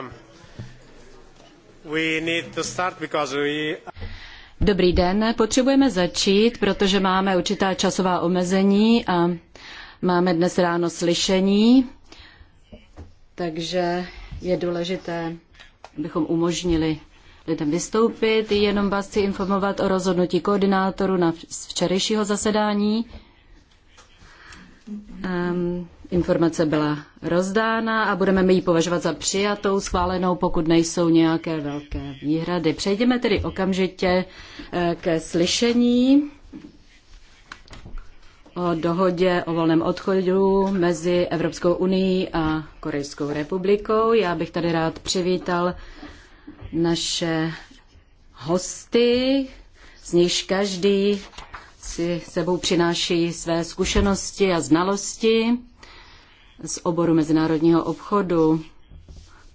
Um, Dobrý den, potřebujeme začít, protože máme určitá časová omezení a máme dnes ráno slyšení, takže je důležité, abychom umožnili lidem vystoupit. Jenom vás chci informovat o rozhodnutí koordinátoru na včerejšího zasedání. Um, informace byla rozdána a budeme ji považovat za přijatou, schválenou, pokud nejsou nějaké velké výhrady. Přejdeme tedy okamžitě eh, ke slyšení o dohodě o volném odchodu mezi Evropskou unii a Korejskou republikou. Já bych tady rád přivítal naše hosty, z nichž každý si sebou přináší své zkušenosti a znalosti z oboru mezinárodního obchodu.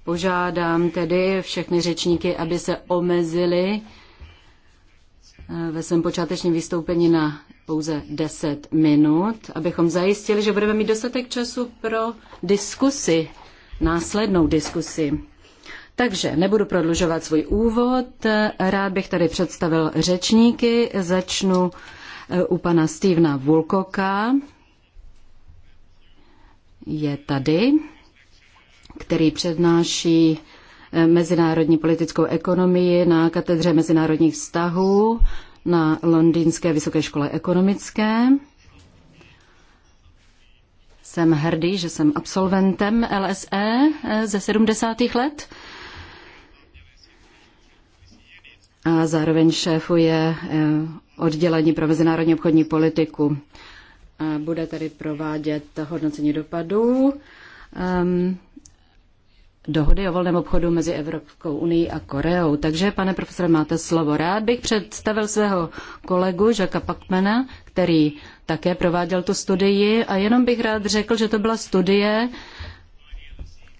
Požádám tedy všechny řečníky, aby se omezili eh, ve svém počátečním vystoupení na pouze 10 minut, abychom zajistili, že budeme mít dostatek času pro diskusi, následnou diskusi. Takže nebudu prodlužovat svůj úvod, rád bych tady představil řečníky, začnu Eh, u pana Stevena Vulkoka. Je tady, který přednáší eh, mezinárodní politickou ekonomii na katedře mezinárodních vztahů na Londýnské vysoké škole ekonomické. Jsem hrdý, že jsem absolventem LSE eh, ze 70. let a zároveň šéfuje oddělení pro mezinárodní obchodní politiku. Bude tady provádět hodnocení dopadů um, dohody o volném obchodu mezi Evropskou unii a Koreou. Takže, pane profesore, máte slovo. Rád bych představil svého kolegu Žaka Pakmana, který také prováděl tu studii a jenom bych rád řekl, že to byla studie,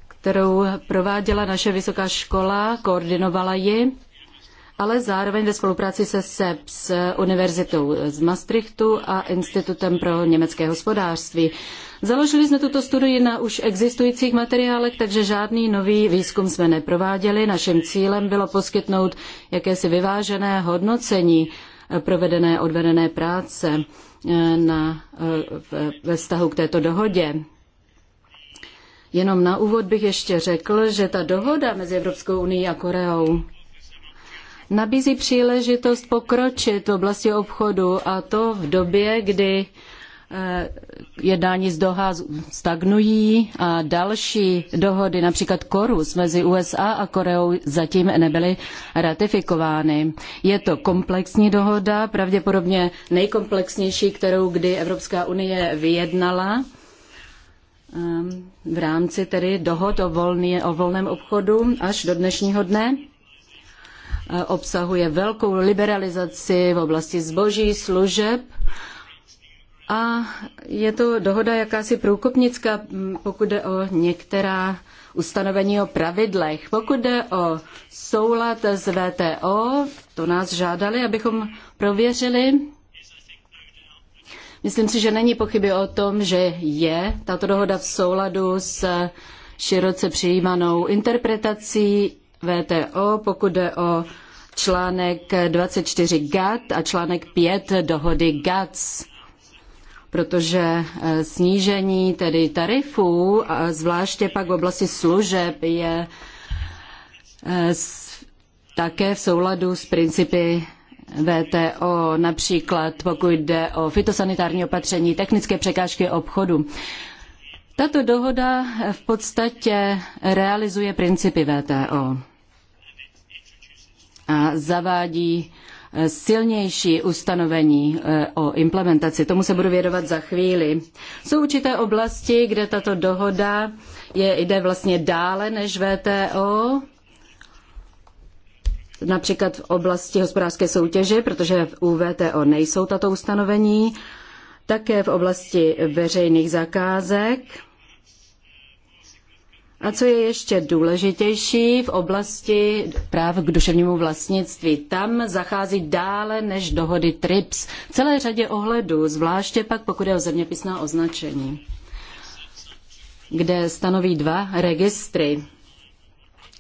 kterou prováděla naše vysoká škola, koordinovala ji ale zároveň ve spolupráci se SEPS, e eh, Univerzitou z Maastrichtu a Institutem pro německé hospodářství. Založili jsme tuto studii na už existujících materiálech, takže žádný nový výzkum jsme neprováděli. Naším cílem bylo poskytnout jakési vyvážené hodnocení eh, provedené odvedené práce eh, na, ve vztahu k této dohodě. Jenom na úvod bych ještě řekl, že ta dohoda mezi Evropskou unii a Koreou nabízí příležitost pokročit v oblasti obchodu a to v době, kdy eh, jednání z Doha stagnují a další dohody, například Korus mezi USA a Koreou, zatím nebyly ratifikovány. Je to komplexní dohoda, pravděpodobně nejkomplexnější, kterou kdy Evropská unie vyjednala ehm, v rámci tedy dohod o, volný, o volném obchodu až do dnešního dne. Eh, obsahuje velkou liberalizaci v oblasti zboží, služeb a je to dohoda jakási průkopnická, mm, pokud jde o některá ustanovení o pravidlech. Pokud jde o soulad s VTO, to nás žádali, abychom prověřili. Myslím si, že není pochyby o tom, že je tato dohoda v souladu s široce přijímanou interpretací VTO, pokud jde o článek 24 GATT a článek 5 dohody GATS protože eh, snížení tedy tarifů, a zvláště pak v oblasti služeb, je eh, také v souladu s principy VTO, například pokud jde o fitosanitární opatření, technické překážky obchodu. Tato dohoda v podstatě realizuje principy VTO zavádí eh, silnější ustanovení eh, o implementaci. Tomu se budu vědovat za chvíli. Jsou určité oblasti, kde tato dohoda je, jde vlastně dále než VTO, například v oblasti hospodářské soutěže, protože u VTO nejsou tato ustanovení, také v oblasti veřejných zakázek a co je ještě důležitější v oblasti práv k duševnímu vlastnictví? Tam zachází dále než dohody TRIPS v celé řadě ohledů, zvláště pak pokud je o zeměpisná označení, kde stanoví dva registry.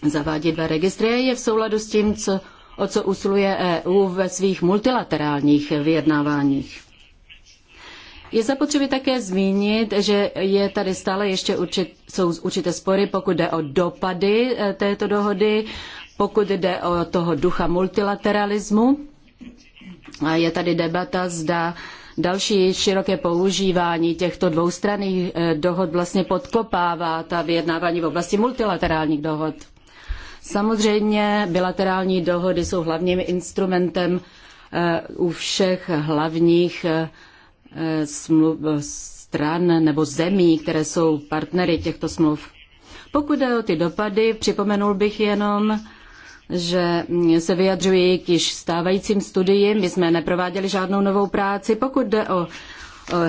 Zavádí dva registry a je v souladu s tím, co, o co usiluje EU ve svých multilaterálních vyjednáváních. Je zapotřebí také zmínit, že je tady stále ještě určit, jsou určité spory, pokud jde o dopady eh, této dohody, pokud jde o toho ducha multilateralismu. A je tady debata, zda další široké používání těchto dvoustranných eh, dohod vlastně podkopává ta vyjednávání v oblasti multilaterálních dohod. Samozřejmě bilaterální dohody jsou hlavním instrumentem eh, u všech hlavních smluv, stran nebo zemí, které jsou partnery těchto smluv. Pokud jde o ty dopady, připomenul bych jenom, že se vyjadřují k již stávajícím studiím. My jsme neprováděli žádnou novou práci. Pokud jde o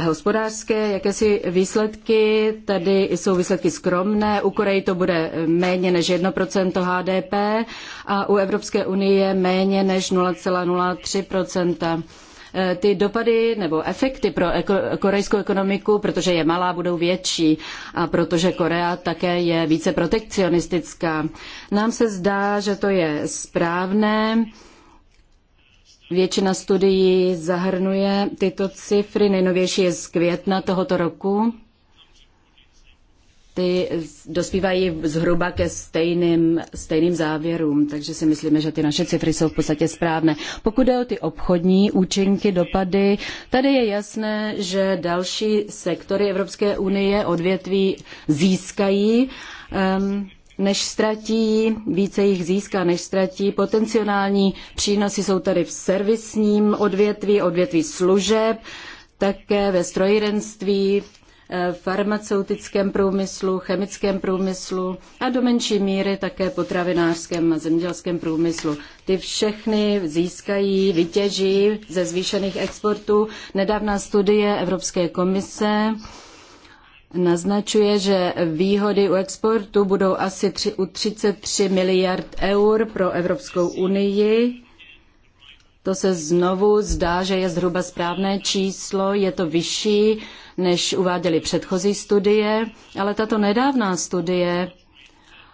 hospodářské jakési výsledky. Tady jsou výsledky skromné. U Koreji to bude méně než 1% HDP a u Evropské unie méně než 0,03%. Eh, ty dopady nebo efekty pro korejskou ekonomiku, protože je malá, budou větší a protože Korea také je více protekcionistická. Nám se zdá, že to je správné. Většina studií zahrnuje tyto cifry. Nejnovější je z května tohoto roku ty dospívají zhruba ke stejným, stejným závěrům, takže si myslíme, že ty naše cifry jsou v podstatě správné. Pokud jde o ty obchodní účinky, dopady, tady je jasné, že další sektory Evropské unie odvětví získají. Um, než ztratí, více jich získá, než ztratí. Potenciální přínosy jsou tady v servisním odvětví, odvětví služeb, také ve strojírenství, farmaceutickém průmyslu, chemickém průmyslu a do menší míry také potravinářském a zemědělském průmyslu. Ty všechny získají, vytěží ze zvýšených exportů. Nedávná studie Evropské komise naznačuje, že výhody u exportu budou asi tři, u 33 miliard eur pro Evropskou unii to se znovu zdá, že je zhruba správné číslo, je to vyšší, než uváděly předchozí studie, ale tato nedávná studie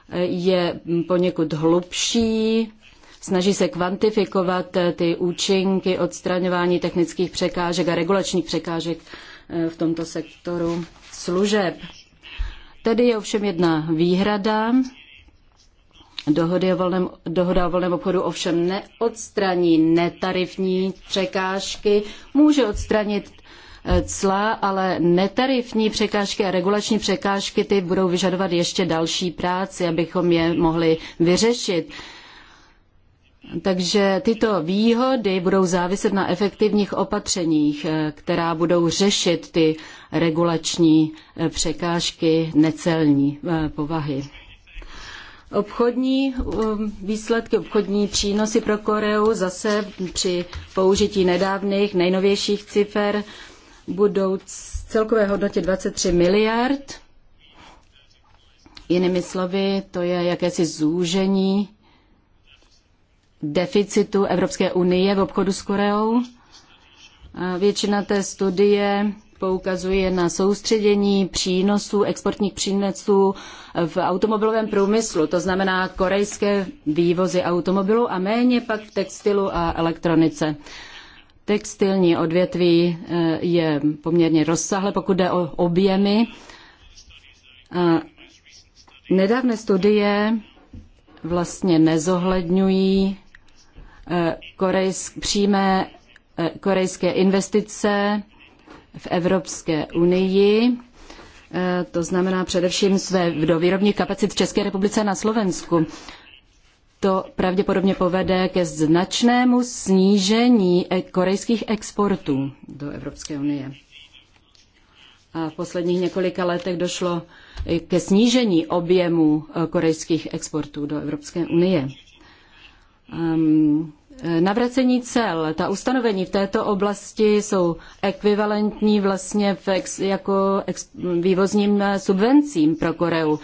eh, je poněkud hlubší, snaží se kvantifikovat eh, ty účinky odstraňování technických překážek a regulačních překážek eh, v tomto sektoru služeb. Tedy je ovšem jedna výhrada, Dohody o volném, dohoda o volném obchodu ovšem neodstraní netarifní překážky, může odstranit eh, cla, ale netarifní překážky a regulační překážky ty budou vyžadovat ještě další práci, abychom je mohli vyřešit. Takže tyto výhody budou záviset na efektivních opatřeních, eh, která budou řešit ty regulační eh, překážky necelní povahy. Obchodní um, výsledky, obchodní přínosy pro Koreu zase při použití nedávných, nejnovějších cifer budou celkové hodnotě 23 miliard. Jinými slovy, to je jakési zúžení deficitu Evropské unie v obchodu s Koreou. Většina té studie poukazuje na soustředění přínosů, exportních přínosů v automobilovém průmyslu, to znamená korejské vývozy automobilů a méně pak v textilu a elektronice. Textilní odvětví eh, je poměrně rozsáhlé, pokud jde o objemy. Nedávné studie vlastně nezohledňují eh, korejsk, přímé eh, korejské investice v Evropské unii, eh, to znamená především své, do výrobních kapacit v České republice a na Slovensku. To pravděpodobně povede ke značnému snížení e, korejských exportů do Evropské unie. A v posledních několika letech došlo ke snížení objemu eh, korejských exportů do Evropské unie. Um, Navracení cel, ta ustanovení v této oblasti jsou ekvivalentní vlastně ex, jako ex, vývozním subvencím pro Koreu.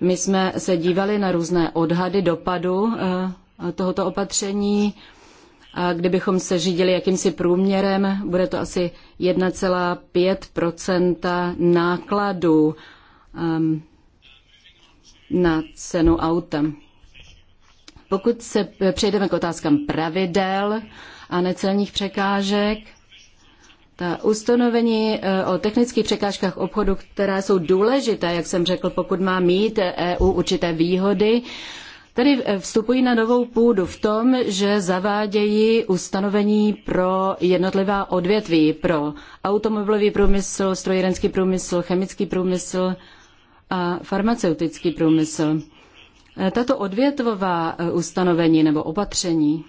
My jsme se dívali na různé odhady dopadu eh, tohoto opatření. A kdybychom se řídili jakýmsi průměrem, bude to asi 1,5 nákladů ehm, na cenu auta. Pokud se eh, přejdeme k otázkám pravidel a necelních překážek, ta ustanovení eh, o technických překážkách obchodu, která jsou důležité, jak jsem řekl, pokud má mít EU eh, e určité výhody, Tady vstupují na novou půdu v tom, že zavádějí ustanovení pro jednotlivá odvětví, pro automobilový průmysl, strojírenský průmysl, chemický průmysl a farmaceutický průmysl. Eh, tato odvětvová eh, ustanovení nebo opatření,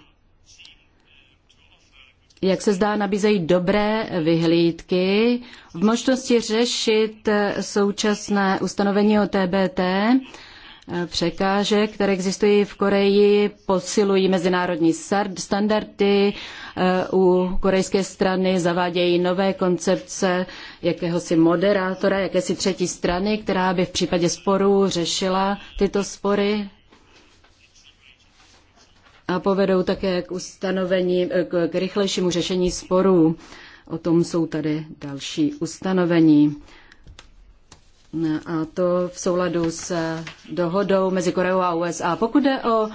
jak se zdá, nabízejí dobré vyhlídky v možnosti řešit eh, současné ustanovení o TBT Eh, překážek, které existují v Koreji, posilují mezinárodní standardy, eh, u korejské strany zavádějí nové koncepce jakéhosi moderátora, jakési třetí strany, která by v případě sporů řešila tyto spory a povedou také k ustanovení, eh, k rychlejšímu řešení sporů. O tom jsou tady další ustanovení. A to v souladu s dohodou mezi Koreou a USA. Pokud jde o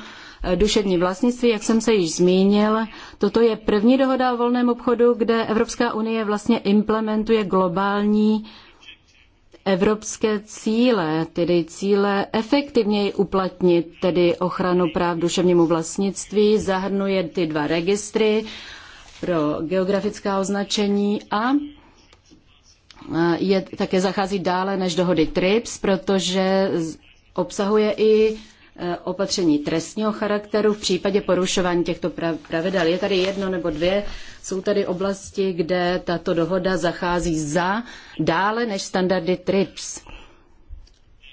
eh, duševní vlastnictví, jak jsem se již zmínil, toto je první dohoda o volném obchodu, kde Evropská unie vlastně implementuje globální evropské cíle, tedy cíle efektivněji uplatnit, tedy ochranu práv duševnímu vlastnictví, zahrnuje ty dva registry pro geografická označení a Eh, je, také zachází dále než dohody TRIPS, protože obsahuje i eh, opatření trestního charakteru v případě porušování těchto pravidel. Je tady jedno nebo dvě, jsou tady oblasti, kde tato dohoda zachází za dále než standardy TRIPS.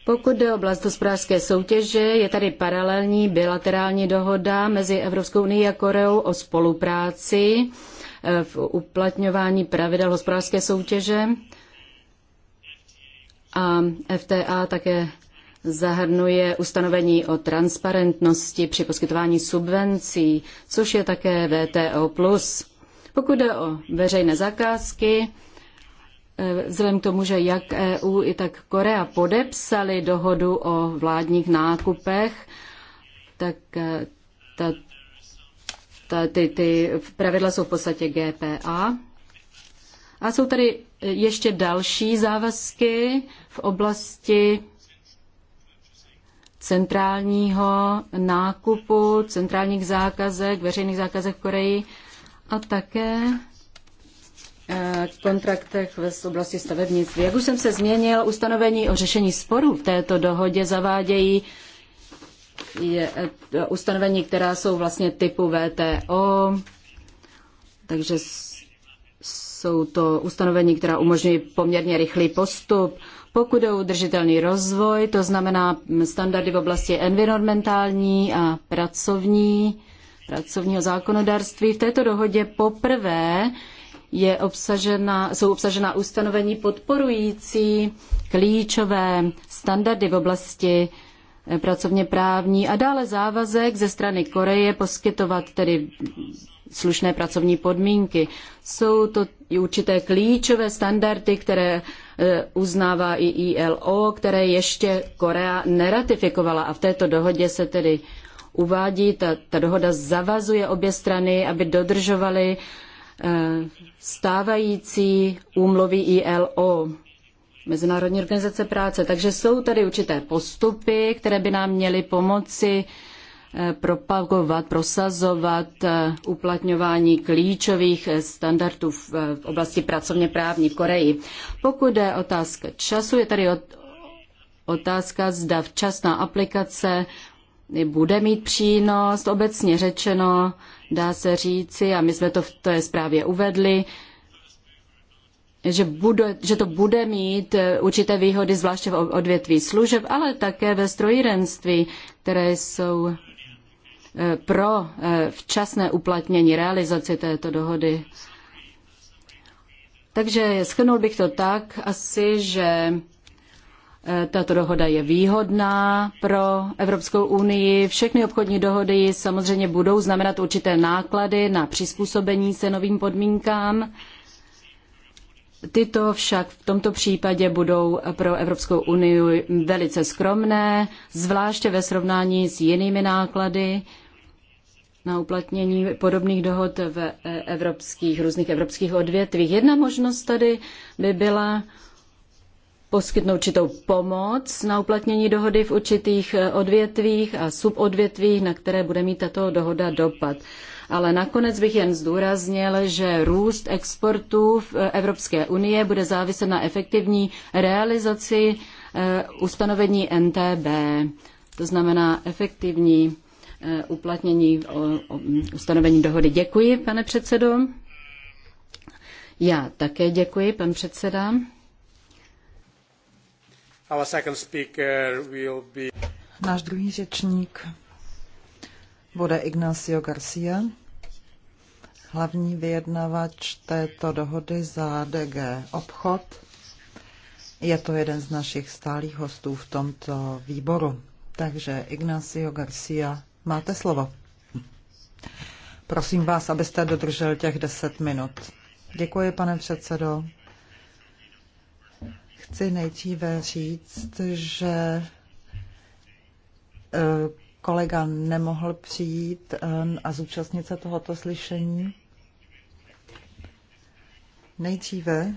Pokud jde o oblast hospodářské soutěže, je tady paralelní bilaterální dohoda mezi Evropskou unii a Koreou o spolupráci eh, v uplatňování pravidel hospodářské soutěže a FTA také zahrnuje ustanovení o transparentnosti při poskytování subvencí, což je také VTO+. Pokud jde o veřejné zakázky, eh, vzhledem k tomu, že jak EU i tak Korea podepsali dohodu o vládních nákupech, tak eh, ta, ta, ty, ty pravidla jsou v podstatě GPA. A jsou tady ještě další závazky v oblasti centrálního nákupu, centrálních zákazek, veřejných zákazek v Koreji a také eh, kontraktech v oblasti stavebnictví. Jak už jsem se změnil, ustanovení o řešení sporů v této dohodě zavádějí eh, ustanovení, která jsou vlastně typu VTO, takže jsou to ustanovení, která umožňují poměrně rychlý postup. Pokud je udržitelný rozvoj, to znamená standardy v oblasti environmentální a pracovní, pracovního zákonodárství. V této dohodě poprvé je obsažena, jsou obsažena ustanovení podporující klíčové standardy v oblasti eh, pracovně právní a dále závazek ze strany Koreje poskytovat tedy slušné pracovní podmínky. Jsou to určité klíčové standardy, které e, uznává i ILO, které ještě Korea neratifikovala a v této dohodě se tedy uvádí, ta, ta dohoda zavazuje obě strany, aby dodržovaly e, stávající úmluvy ILO. Mezinárodní organizace práce. Takže jsou tady určité postupy, které by nám měly pomoci Eh, propagovat, prosazovat eh, uplatňování klíčových eh, standardů v oblasti pracovně právní v Koreji. Pokud je otázka času, je tady otázka, zda včasná aplikace bude mít přínos. Obecně řečeno, dá se říci, a my jsme to v té zprávě uvedli, že, bude, že to bude mít určité výhody, zvláště v odvětví služeb, ale také ve strojírenství, které jsou pro eh, včasné uplatnění realizaci této dohody. Takže schrnul bych to tak asi, že eh, tato dohoda je výhodná pro Evropskou unii. Všechny obchodní dohody samozřejmě budou znamenat určité náklady na přizpůsobení se novým podmínkám. Tyto však v tomto případě budou pro Evropskou unii velice skromné, zvláště ve srovnání s jinými náklady na uplatnění podobných dohod v evropských, různých evropských odvětvích. Jedna možnost tady by byla poskytnout určitou pomoc na uplatnění dohody v určitých odvětvích a subodvětvích, na které bude mít tato dohoda dopad ale nakonec bych jen zdůraznil, že růst exportu v Evropské unie bude záviset na efektivní realizaci eh, ustanovení NTB, to znamená efektivní eh, uplatnění ustanovení dohody. Děkuji, pane předsedo. Já také děkuji, pan předseda. Náš druhý řečník bude Ignacio Garcia, hlavní vyjednavač této dohody za DG Obchod. Je to jeden z našich stálých hostů v tomto výboru. Takže Ignacio Garcia, máte slovo. Prosím vás, abyste dodržel těch deset minut. Děkuji, pane předsedo. Chci nejdříve říct, že eh, kolega nemohl přijít ehm, a zúčastnit se tohoto slyšení. Nejdříve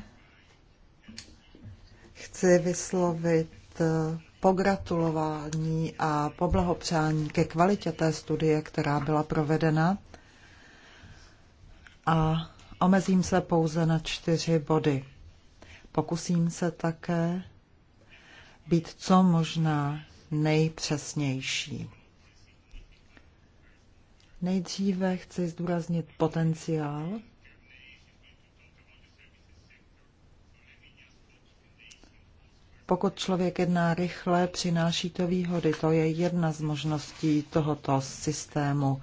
chci vyslovit eh, pogratulování a poblahopřání ke kvalitě té studie, která byla provedena. A omezím se pouze na čtyři body. Pokusím se také být co možná nejpřesnější. Nejdříve chci zdůraznit potenciál. Pokud člověk jedná rychle, přináší to výhody. To je jedna z možností tohoto systému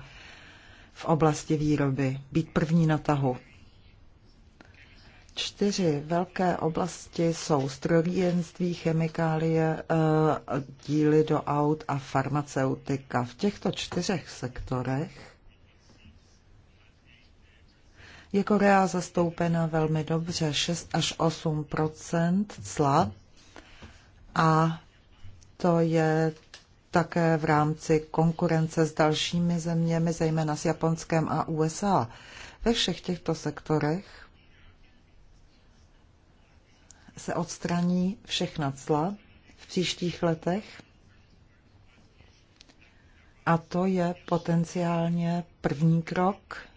v oblasti výroby. Být první na tahu. Čtyři velké oblasti jsou strojírenství, chemikálie, eh, díly do aut a farmaceutika. V těchto čtyřech sektorech je Korea zastoupena velmi dobře, 6 až 8 cla a to je také v rámci konkurence s dalšími zeměmi, zejména s Japonskem a USA. Ve všech těchto sektorech se odstraní všechna cla v příštích letech a to je potenciálně první krok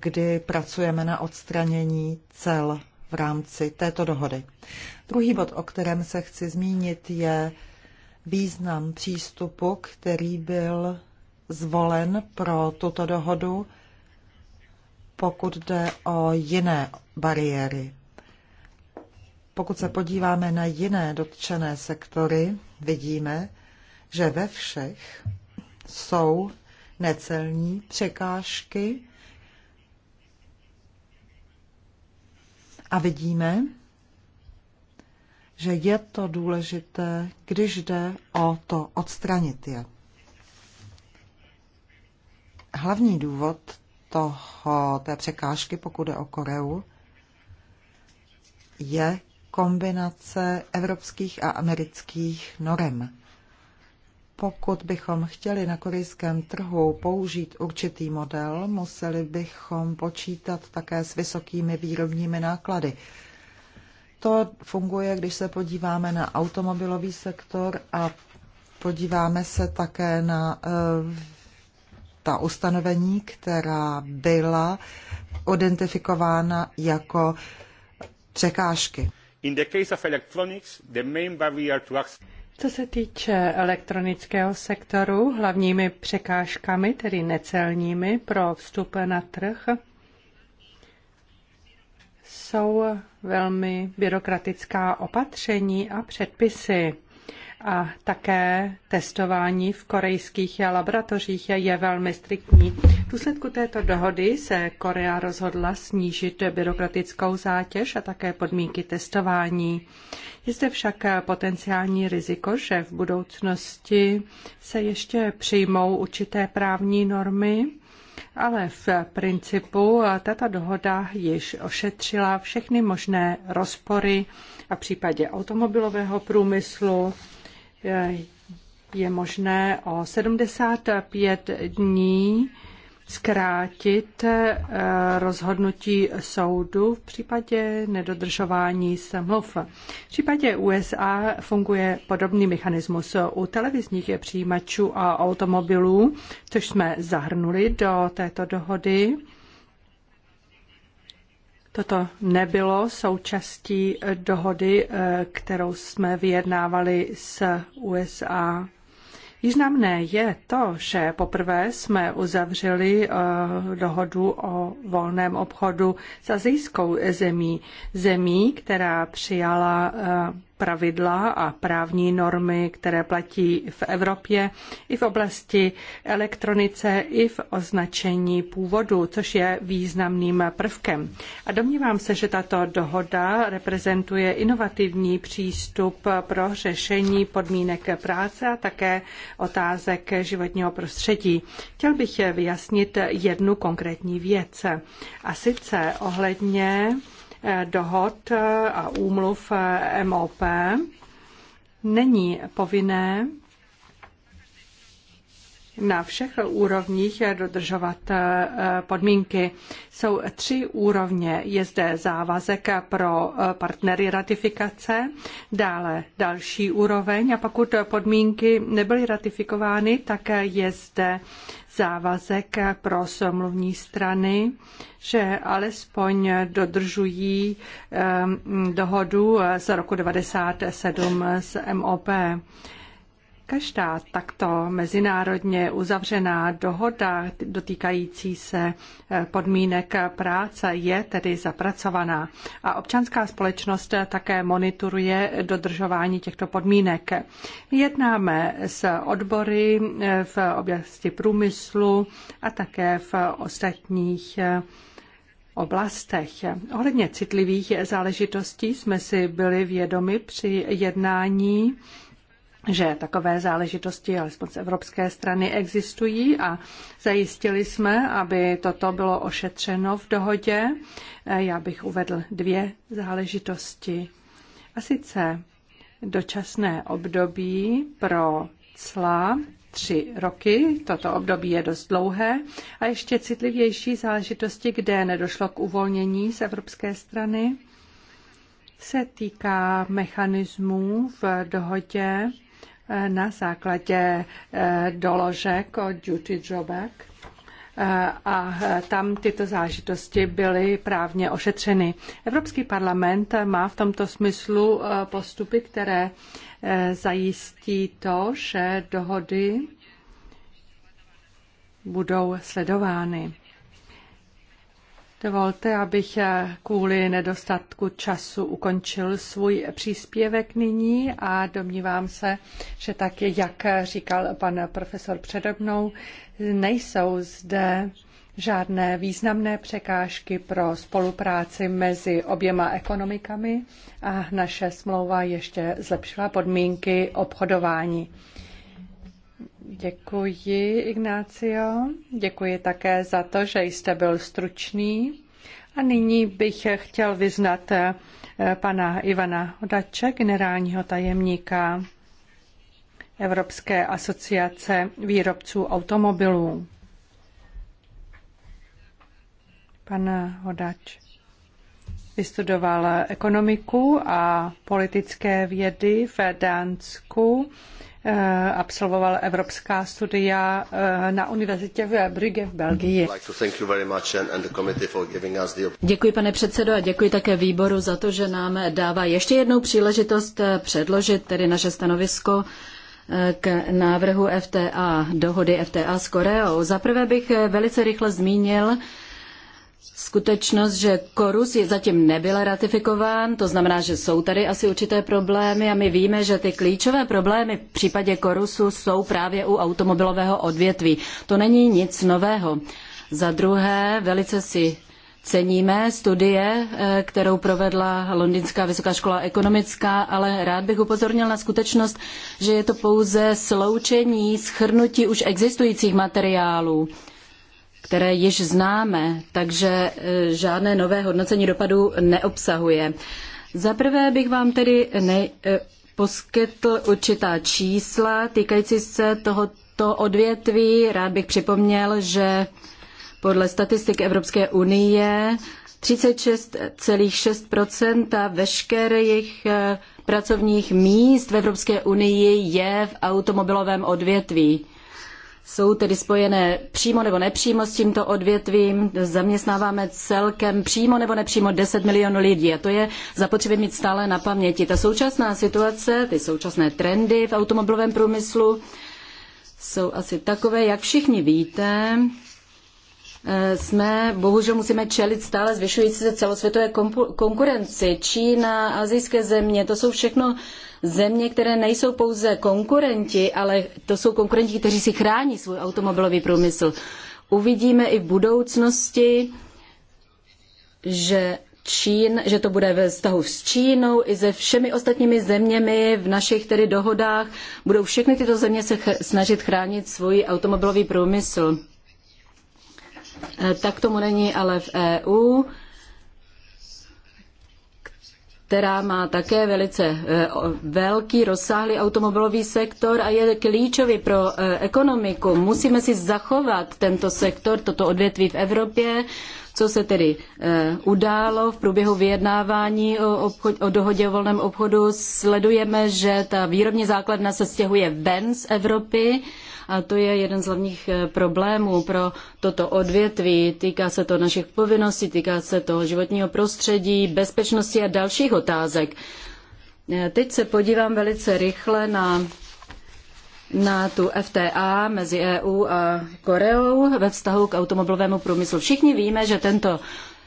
kdy pracujeme na odstranění cel v rámci této dohody. Druhý bod, o kterém se chci zmínit, je význam přístupu, který byl zvolen pro tuto dohodu, pokud jde o jiné bariéry. Pokud se podíváme na jiné dotčené sektory, vidíme, že ve všech jsou necelní překážky, A vidíme, že je to důležité, když jde o to odstranit je. Hlavní důvod toho, té překážky, pokud jde o Koreu, je kombinace evropských a amerických norem pokud bychom chtěli na korejském trhu použít určitý model, museli bychom počítat také s vysokými výrobními náklady. To funguje, když se podíváme na automobilový sektor a podíváme se také na eh, ta ustanovení, která byla identifikována jako překážky. Co se týče elektronického sektoru, hlavními překážkami, tedy necelními pro vstup na trh, jsou velmi byrokratická opatření a předpisy a také testování v korejských laboratořích je velmi striktní. V důsledku této dohody se Korea rozhodla snížit byrokratickou zátěž a také podmínky testování. Je zde však potenciální riziko, že v budoucnosti se ještě přijmou určité právní normy, ale v principu tato dohoda již ošetřila všechny možné rozpory a v případě automobilového průmyslu Eh, je možné o 75 dní zkrátit eh, rozhodnutí soudu v případě nedodržování smluv. V případě USA funguje podobný mechanismus u televizních přijímačů a automobilů, což jsme zahrnuli do této dohody. Toto nebylo součástí eh, dohody, eh, kterou jsme vyjednávali s USA. Významné je to, že poprvé jsme uzavřeli eh, dohodu o volném obchodu s azijskou zemí, zemí, která přijala pravidla a právní normy, které platí v Evropě i v oblasti elektronice, i v označení původu, což je významným prvkem. A domnívám se, že tato dohoda reprezentuje inovativní přístup pro řešení podmínek práce a také otázek životního prostředí. Chtěl bych vyjasnit jednu konkrétní věc. A sice ohledně Eh, dohod eh, a úmluv eh, MOP není povinné na všech úrovních dodržovat podmínky. Jsou tři úrovně. Je zde závazek pro partnery ratifikace, dále další úroveň a pokud podmínky nebyly ratifikovány, tak je zde závazek pro smluvní strany, že alespoň dodržují ehm, dohodu z roku 1997 s MOP. Každá takto mezinárodně uzavřená dohoda dotýkající se eh, podmínek práce je tedy zapracovaná a občanská společnost také monitoruje dodržování těchto podmínek. Jednáme s odbory eh, v oblasti průmyslu a také v ostatních eh, oblastech. Ohledně citlivých záležitostí jsme si byli vědomi při jednání že takové záležitosti, alespoň z evropské strany, existují a zajistili jsme, aby toto bylo ošetřeno v dohodě. Já bych uvedl dvě záležitosti. A sice dočasné období pro cla tři roky. Toto období je dost dlouhé. A ještě citlivější záležitosti, kde nedošlo k uvolnění z evropské strany, se týká mechanismů v dohodě na základě eh, doložek od Judy drawback eh, a eh, tam tyto zážitosti byly právně ošetřeny. Evropský parlament má v tomto smyslu postupy, které zajistí to, že dohody budou sledovány. Dovolte, abych eh, kvůli nedostatku času ukončil svůj příspěvek nyní a domnívám se, že tak, jak říkal pan profesor přede mnou, nejsou zde žádné významné překážky pro spolupráci mezi oběma ekonomikami a naše smlouva ještě zlepšila podmínky obchodování. Děkuji, Ignácio. Děkuji také za to, že jste byl stručný. A nyní bych chtěl vyznat eh, pana Ivana Odače, generálního tajemníka Evropské asociace výrobců automobilů. Pan Hodač vystudoval ekonomiku a politické vědy v Dánsku Eh, absolvoval evropská studia eh, na univerzitě v Brugge v Belgii. Děkuji pane předsedo a děkuji také výboru za to, že nám dává ještě jednou příležitost eh, předložit tedy naše stanovisko k návrhu FTA, dohody FTA s Koreou. Zaprvé bych velice rychle zmínil, skutečnost, že Korus je zatím nebyl ratifikován, to znamená, že jsou tady asi určité problémy a my víme, že ty klíčové problémy v případě Korusu jsou právě u automobilového odvětví. To není nic nového. Za druhé, velice si ceníme studie, eh, kterou provedla Londýnská vysoká škola ekonomická, ale rád bych upozornil na skutečnost, že je to pouze sloučení, schrnutí už existujících materiálů které již známe, takže e, žádné nové hodnocení dopadu neobsahuje. Za prvé bych vám tedy ne, e, poskytl určitá čísla týkající se tohoto odvětví. Rád bych připomněl, že podle statistik Evropské unie 36,6 veškerých e, pracovních míst v Evropské unii je v automobilovém odvětví jsou tedy spojené přímo nebo nepřímo s tímto odvětvím. Zaměstnáváme celkem přímo nebo nepřímo 10 milionů lidí a to je zapotřebí mít stále na paměti. Ta současná situace, ty současné trendy v automobilovém průmyslu jsou asi takové, jak všichni víte, eh, jsme, bohužel musíme čelit stále zvyšující se celosvětové konkurenci. Čína, azijské země, to jsou všechno země, které nejsou pouze konkurenti, ale to jsou konkurenti, kteří si chrání svůj automobilový průmysl. Uvidíme i v budoucnosti, že Čín, že to bude ve vztahu s Čínou i se všemi ostatními zeměmi v našich tedy dohodách. Budou všechny tyto země se snažit chránit svůj automobilový průmysl. E, tak tomu není ale v EU která má také velice eh, velký, rozsáhlý automobilový sektor a je klíčový pro eh, ekonomiku. Musíme si zachovat tento sektor, toto odvětví v Evropě, co se tedy eh, událo v průběhu vyjednávání o, obchod, o dohodě o volném obchodu. Sledujeme, že ta výrobní základna se stěhuje ven z Evropy. A to je jeden z hlavních eh, problémů pro toto odvětví. Týká se to našich povinností, týká se to životního prostředí, bezpečnosti a dalších otázek. Eh, teď se podívám velice rychle na na tu FTA mezi EU a Koreou ve vztahu k automobilovému průmyslu. Všichni víme, že, tento,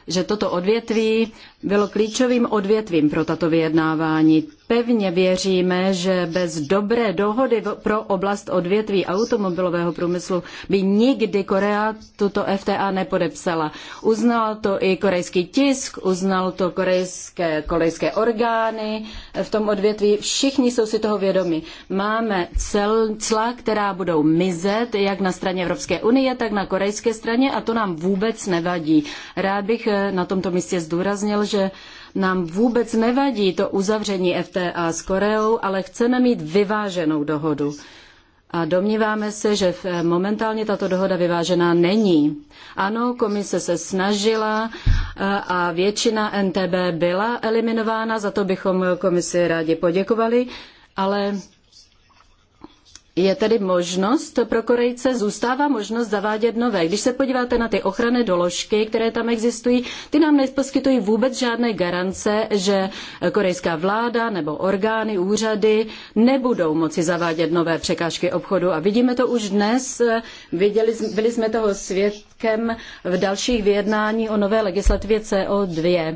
že toto odvětví bylo klíčovým odvětvím pro tato vyjednávání pevně věříme, že bez dobré dohody pro oblast odvětví automobilového průmyslu by nikdy Korea tuto FTA nepodepsala. Uznal to i korejský tisk, uznal to korejské, korejské orgány v tom odvětví. Všichni jsou si toho vědomi. Máme cel, cla, která budou mizet jak na straně Evropské unie, tak na korejské straně a to nám vůbec nevadí. Rád bych eh, na tomto místě zdůraznil, že nám vůbec nevadí to uzavření FTA s Koreou, ale chceme mít vyváženou dohodu. A domníváme se, že eh, momentálně tato dohoda vyvážená není. Ano, komise se snažila eh, a většina NTB byla eliminována, za to bychom eh, komisi rádi poděkovali, ale je tedy možnost pro Korejce, zůstává možnost zavádět nové. Když se podíváte na ty ochranné doložky, které tam existují, ty nám neposkytují vůbec žádné garance, že korejská vláda nebo orgány, úřady nebudou moci zavádět nové překážky obchodu. A vidíme to už dnes, viděli, byli jsme toho svědkem v dalších vyjednání o nové legislativě CO2.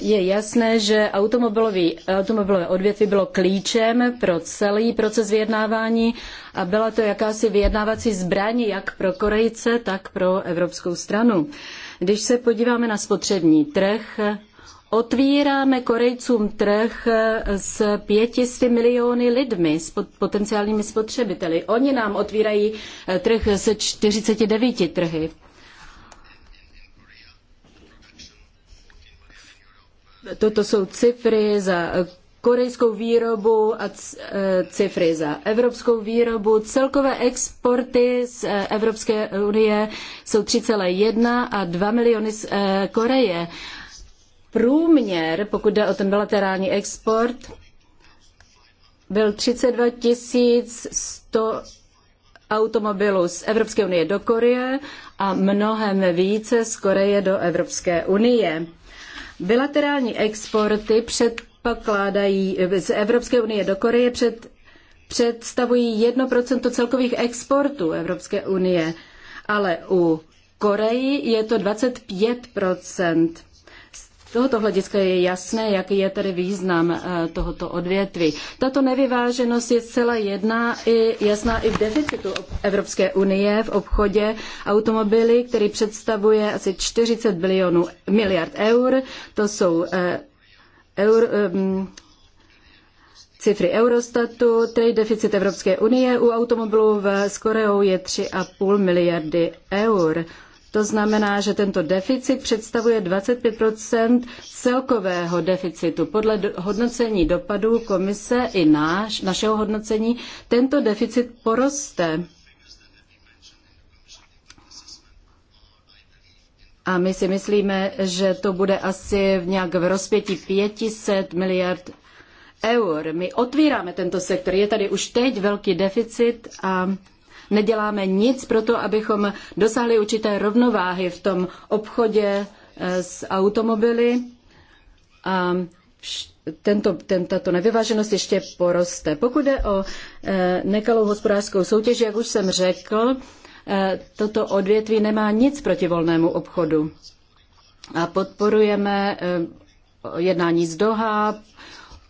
Je jasné, že automobilové odvětví bylo klíčem pro celý proces vyjednávání a byla to jakási vyjednávací zbraň jak pro Korejce, tak pro evropskou stranu. Když se podíváme na spotřební trh, Otvíráme Korejcům trh s 500 miliony lidmi, s potenciálními spotřebiteli. Oni nám otvírají trh se 49 trhy toto jsou cifry za eh, korejskou výrobu a eh, cifry za evropskou výrobu. Celkové exporty z eh, Evropské unie jsou 3,1 a 2 miliony z Koreje. Průměr, pokud jde o ten bilaterální export, byl 32 100 automobilů z Evropské unie do Koreje a mnohem více z Koreje do Evropské unie. Bilaterální exporty předpokládají z Evropské unie do Koreje před, představují 1% celkových exportů Evropské unie, ale u Koreji je to 25 tohoto hlediska je jasné, jaký je tedy význam eh, tohoto odvětví. Tato nevyváženost je zcela jedna i jasná i v deficitu Evropské unie v obchodě automobily, který představuje asi 40 bilionů miliard eur. To jsou eh, eur, ehm, cifry Eurostatu, tedy deficit Evropské unie u automobilů v, s Koreou je 3,5 miliardy eur. To znamená, že tento deficit představuje 25 celkového deficitu. Podle hodnocení dopadů komise i náš, našeho hodnocení tento deficit poroste. A my si myslíme, že to bude asi v nějak v rozpětí 500 miliard eur. My otvíráme tento sektor. Je tady už teď velký deficit a neděláme nic pro to, abychom dosáhli určité rovnováhy v tom obchodě eh, s automobily. A tento, ten, tato nevyváženost ještě poroste. Pokud jde o eh, nekalou hospodářskou soutěž, jak už jsem řekl, eh, toto odvětví nemá nic proti volnému obchodu. A podporujeme jednání z Doha,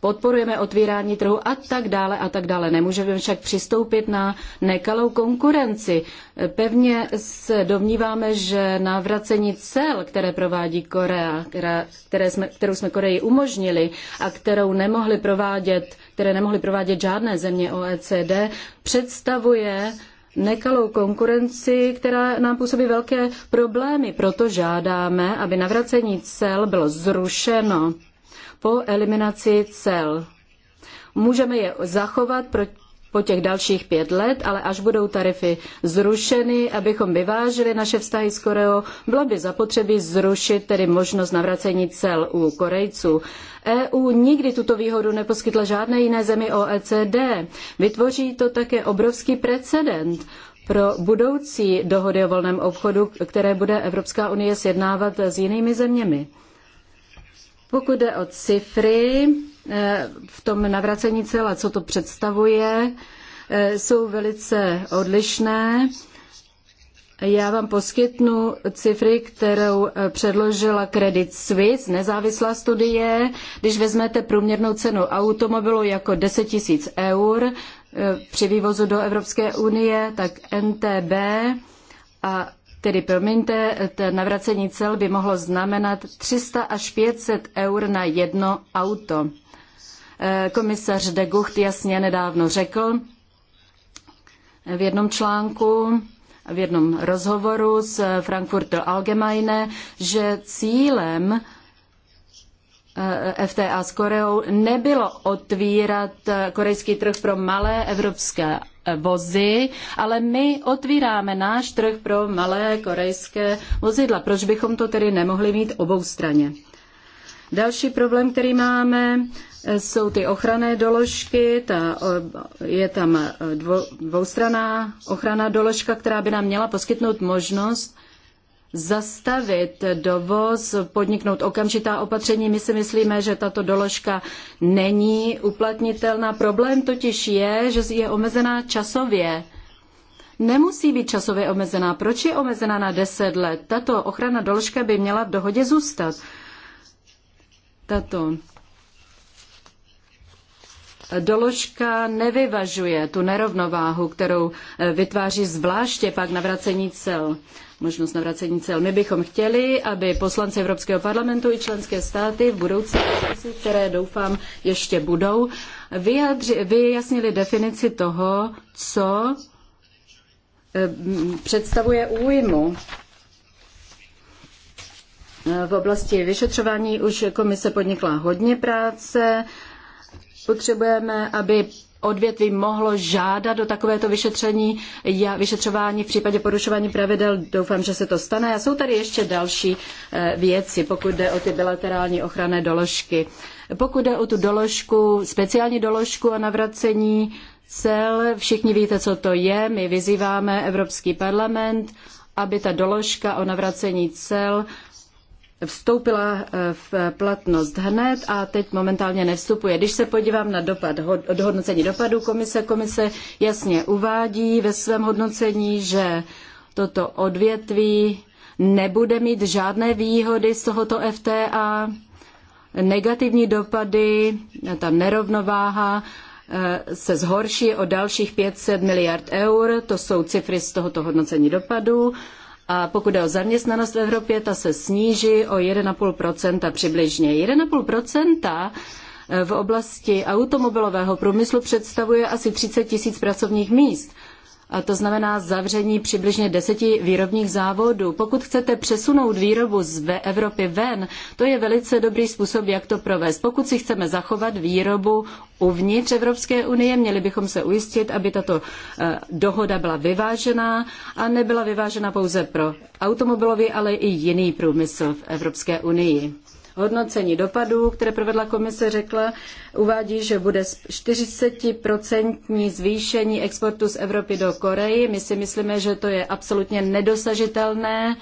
podporujeme otvírání trhu a tak dále a tak dále. Nemůžeme však přistoupit na nekalou konkurenci. Pevně se domníváme, že navracení cel, které provádí Korea, která, které jsme, kterou jsme Koreji umožnili a kterou nemohli provádět, které nemohly provádět žádné země OECD, představuje nekalou konkurenci, která nám působí velké problémy. Proto žádáme, aby navracení cel bylo zrušeno po eliminaci cel. Můžeme je zachovat pro, po těch dalších pět let, ale až budou tarify zrušeny, abychom vyvážili naše vztahy s Koreou, bylo by zapotřebí zrušit tedy možnost navracení cel u Korejců. EU nikdy tuto výhodu neposkytla žádné jiné zemi OECD. Vytvoří to také obrovský precedent pro budoucí dohody o volném obchodu, které bude Evropská unie sjednávat s jinými zeměmi. Pokud jde o cifry eh, v tom navracení cela, co to představuje, eh, jsou velice odlišné. Já vám poskytnu cifry, kterou eh, předložila Credit Suisse, nezávislá studie. Když vezmete průměrnou cenu automobilu jako 10 tisíc eur při vývozu do Evropské unie, tak NTB a Tedy promiňte, navracení cel by mohlo znamenat 300 až 500 eur na jedno auto. Eh, komisař de Gucht jasně nedávno řekl v jednom článku, v jednom rozhovoru s Frankfurter Allgemeine, že cílem eh, FTA s Koreou nebylo otvírat eh, korejský trh pro malé evropské Eh, vozy, ale my otvíráme náš trh pro malé korejské vozidla. Proč bychom to tedy nemohli mít obou straně? Další problém, který máme, eh, jsou ty ochranné doložky. Ta, eh, je tam dvou, dvoustraná ochranná doložka, která by nám měla poskytnout možnost zastavit dovoz, podniknout okamžitá opatření. My si myslíme, že tato doložka není uplatnitelná. Problém totiž je, že je omezená časově. Nemusí být časově omezená. Proč je omezená na 10 let? Tato ochrana doložka by měla v dohodě zůstat. Tato doložka nevyvažuje tu nerovnováhu, kterou eh, vytváří zvláště pak navracení cel možnost navracení cel. My bychom chtěli, aby poslanci Evropského parlamentu i členské státy v budoucí diskusi, které doufám ještě budou, vyjadři, vyjasnili definici toho, co eh, představuje újmu. Eh, v oblasti vyšetřování už komise podnikla hodně práce, Potřebujeme, aby odvětví mohlo žádat do takovéto vyšetření, vyšetřování v případě porušování pravidel. Doufám, že se to stane. A jsou tady ještě další eh, věci, pokud jde o ty bilaterální ochranné doložky. Pokud jde o tu doložku, speciální doložku o navracení cel, všichni víte, co to je. My vyzýváme Evropský parlament, aby ta doložka o navracení cel vstoupila eh, v platnost hned a teď momentálně nevstupuje. Když se podívám na dopad, hodnocení dopadu komise, komise jasně uvádí ve svém hodnocení, že toto odvětví nebude mít žádné výhody z tohoto FTA, negativní dopady, ta nerovnováha eh, se zhorší o dalších 500 miliard eur, to jsou cifry z tohoto hodnocení dopadu a pokud je o zaměstnanost v Evropě, ta se sníží o 1,5 přibližně. 1,5 eh, v oblasti automobilového průmyslu představuje asi 30 tisíc pracovních míst to znamená zavření přibližně deseti výrobních závodů. Pokud chcete přesunout výrobu z Evropy ven, to je velice dobrý způsob, jak to provést. Pokud si chceme zachovat výrobu uvnitř Evropské unie, měli bychom se ujistit, aby tato eh, dohoda byla vyvážená a nebyla vyvážená pouze pro automobilový, ale i jiný průmysl v Evropské unii hodnocení dopadů, které provedla komise, řekla, uvádí, že bude 40% zvýšení exportu z Evropy do Koreji. My si myslíme, že to je absolutně nedosažitelné.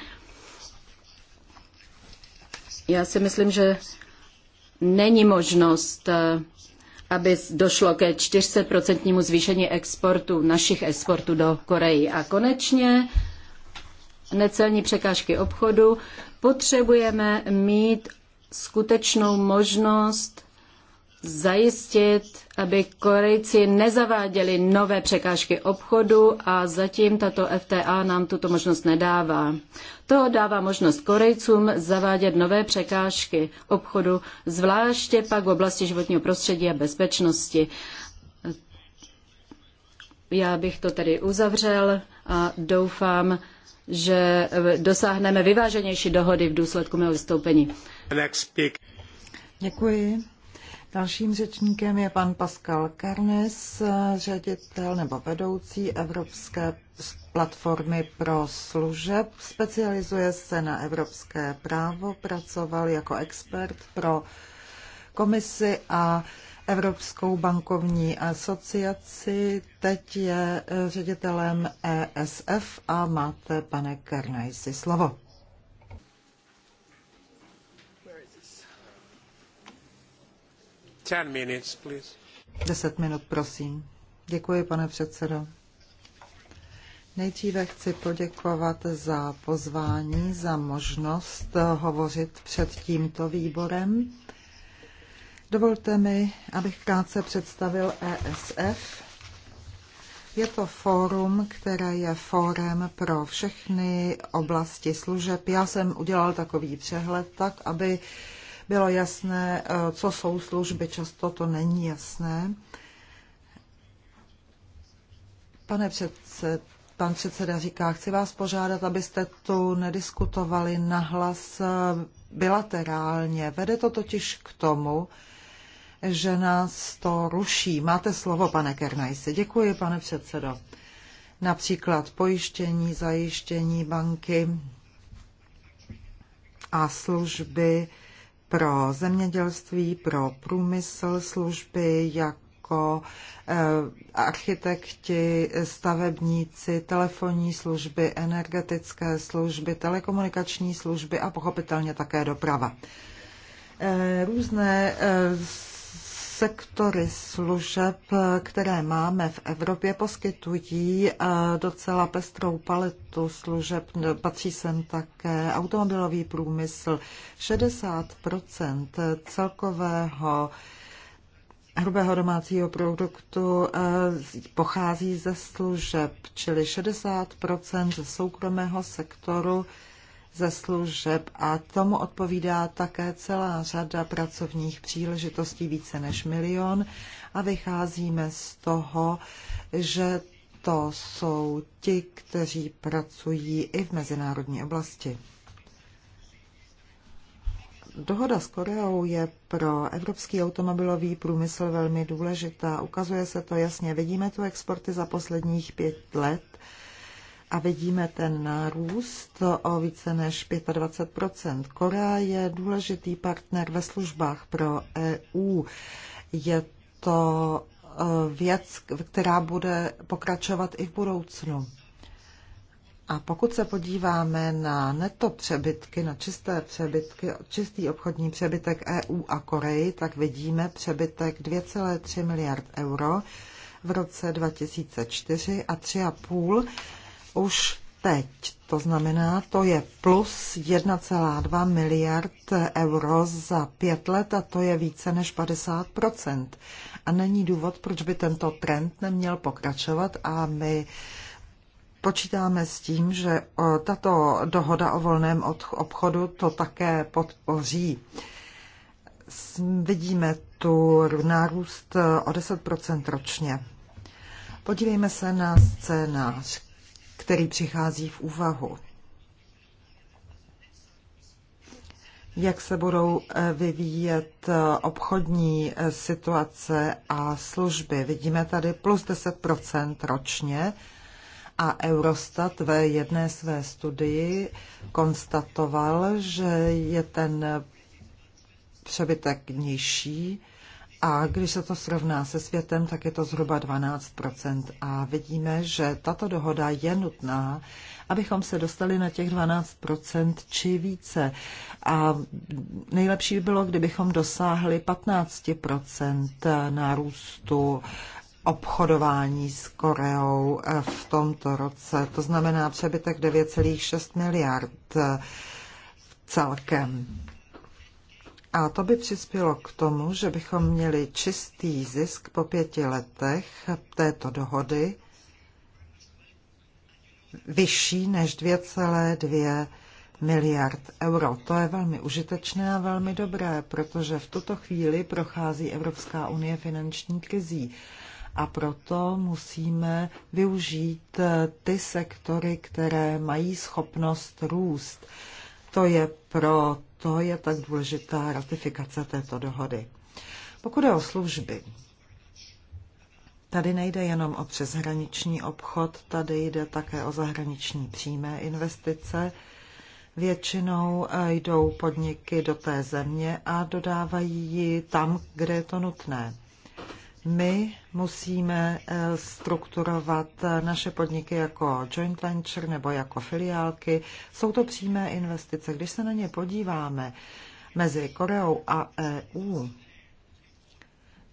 Já si myslím, že není možnost eh, aby došlo ke 400% zvýšení exportu, našich exportů do Koreji. A konečně necelní překážky obchodu. Potřebujeme mít skutečnou možnost zajistit, aby Korejci nezaváděli nové překážky obchodu a zatím tato FTA nám tuto možnost nedává. To dává možnost Korejcům zavádět nové překážky obchodu, zvláště pak v oblasti životního prostředí a bezpečnosti. Já bych to tedy uzavřel a doufám, že eh, dosáhneme vyváženější dohody v důsledku mého vystoupení. Děkuji. Dalším řečníkem je pan Pascal Karnes, ředitel nebo vedoucí Evropské platformy pro služeb. Specializuje se na evropské právo, pracoval jako expert pro komisi a Evropskou bankovní asociaci, teď je eh, ředitelem ESF a máte, pane Karnajsi, slovo. Ten Deset minut, prosím. Děkuji, pane předsedo. Nejdříve chci poděkovat za pozvání, za možnost hovořit před tímto výborem. Dovolte mi, abych krátce představil ESF. Je to fórum, které je fórem pro všechny oblasti služeb. Já jsem udělal takový přehled tak, aby bylo jasné, eh, co jsou služby. Často to není jasné. Pane předsed, pan předseda říká, chci vás požádat, abyste tu nediskutovali nahlas eh, bilaterálně. Vede to totiž k tomu, že nás to ruší. Máte slovo, pane Kernajsi. Děkuji, pane předsedo. Například pojištění, zajištění banky a služby pro zemědělství, pro průmysl, služby jako eh, architekti, stavebníci, telefonní služby, energetické služby, telekomunikační služby a pochopitelně také doprava. Eh, různé eh, sektory služeb, které máme v Evropě, poskytují eh, docela pestrou paletu služeb. Patří sem také automobilový průmysl. 60 celkového hrubého domácího produktu eh, pochází ze služeb, čili 60 ze soukromého sektoru ze služeb a tomu odpovídá také celá řada pracovních příležitostí, více než milion a vycházíme z toho, že to jsou ti, kteří pracují i v mezinárodní oblasti. Dohoda s Koreou je pro evropský automobilový průmysl velmi důležitá. Ukazuje se to jasně. Vidíme tu exporty za posledních pět let a vidíme ten nárůst o více než 25 Korea je důležitý partner ve službách pro EU. Je to e, věc, která bude pokračovat i v budoucnu. A pokud se podíváme na neto přebytky, na čisté přebytky, čistý obchodní přebytek EU a Koreji, tak vidíme přebytek 2,3 miliard euro v roce 2004 a 3,5 už teď. To znamená, to je plus 1,2 miliard euro za pět let a to je více než 50 A není důvod, proč by tento trend neměl pokračovat a my Počítáme s tím, že tato dohoda o volném obchodu to také podpoří. Vidíme tu nárůst o 10 ročně. Podívejme se na scénář který přichází v úvahu. jak se budou eh, vyvíjet eh, obchodní eh, situace a služby. Vidíme tady plus 10 ročně a Eurostat ve jedné své studii konstatoval, že je ten přebytek nižší a když se to srovná se světem, tak je to zhruba 12 A vidíme, že tato dohoda je nutná, abychom se dostali na těch 12 či více. A nejlepší by bylo, kdybychom dosáhli 15 nárůstu obchodování s Koreou v tomto roce. To znamená přebytek 9,6 miliard celkem. A to by přispělo k tomu, že bychom měli čistý zisk po pěti letech této dohody vyšší než 2,2 miliard euro. To je velmi užitečné a velmi dobré, protože v tuto chvíli prochází Evropská unie finanční krizí. A proto musíme využít eh, ty sektory, které mají schopnost růst. To je pro to je tak důležitá ratifikace této dohody. Pokud je o služby, tady nejde jenom o přeshraniční obchod, tady jde také o zahraniční přímé investice. Většinou eh, jdou podniky do té země a dodávají ji tam, kde je to nutné. My musíme eh, strukturovat eh, naše podniky jako joint venture nebo jako filiálky. Jsou to přímé investice. Když se na ně podíváme mezi Koreou a EU,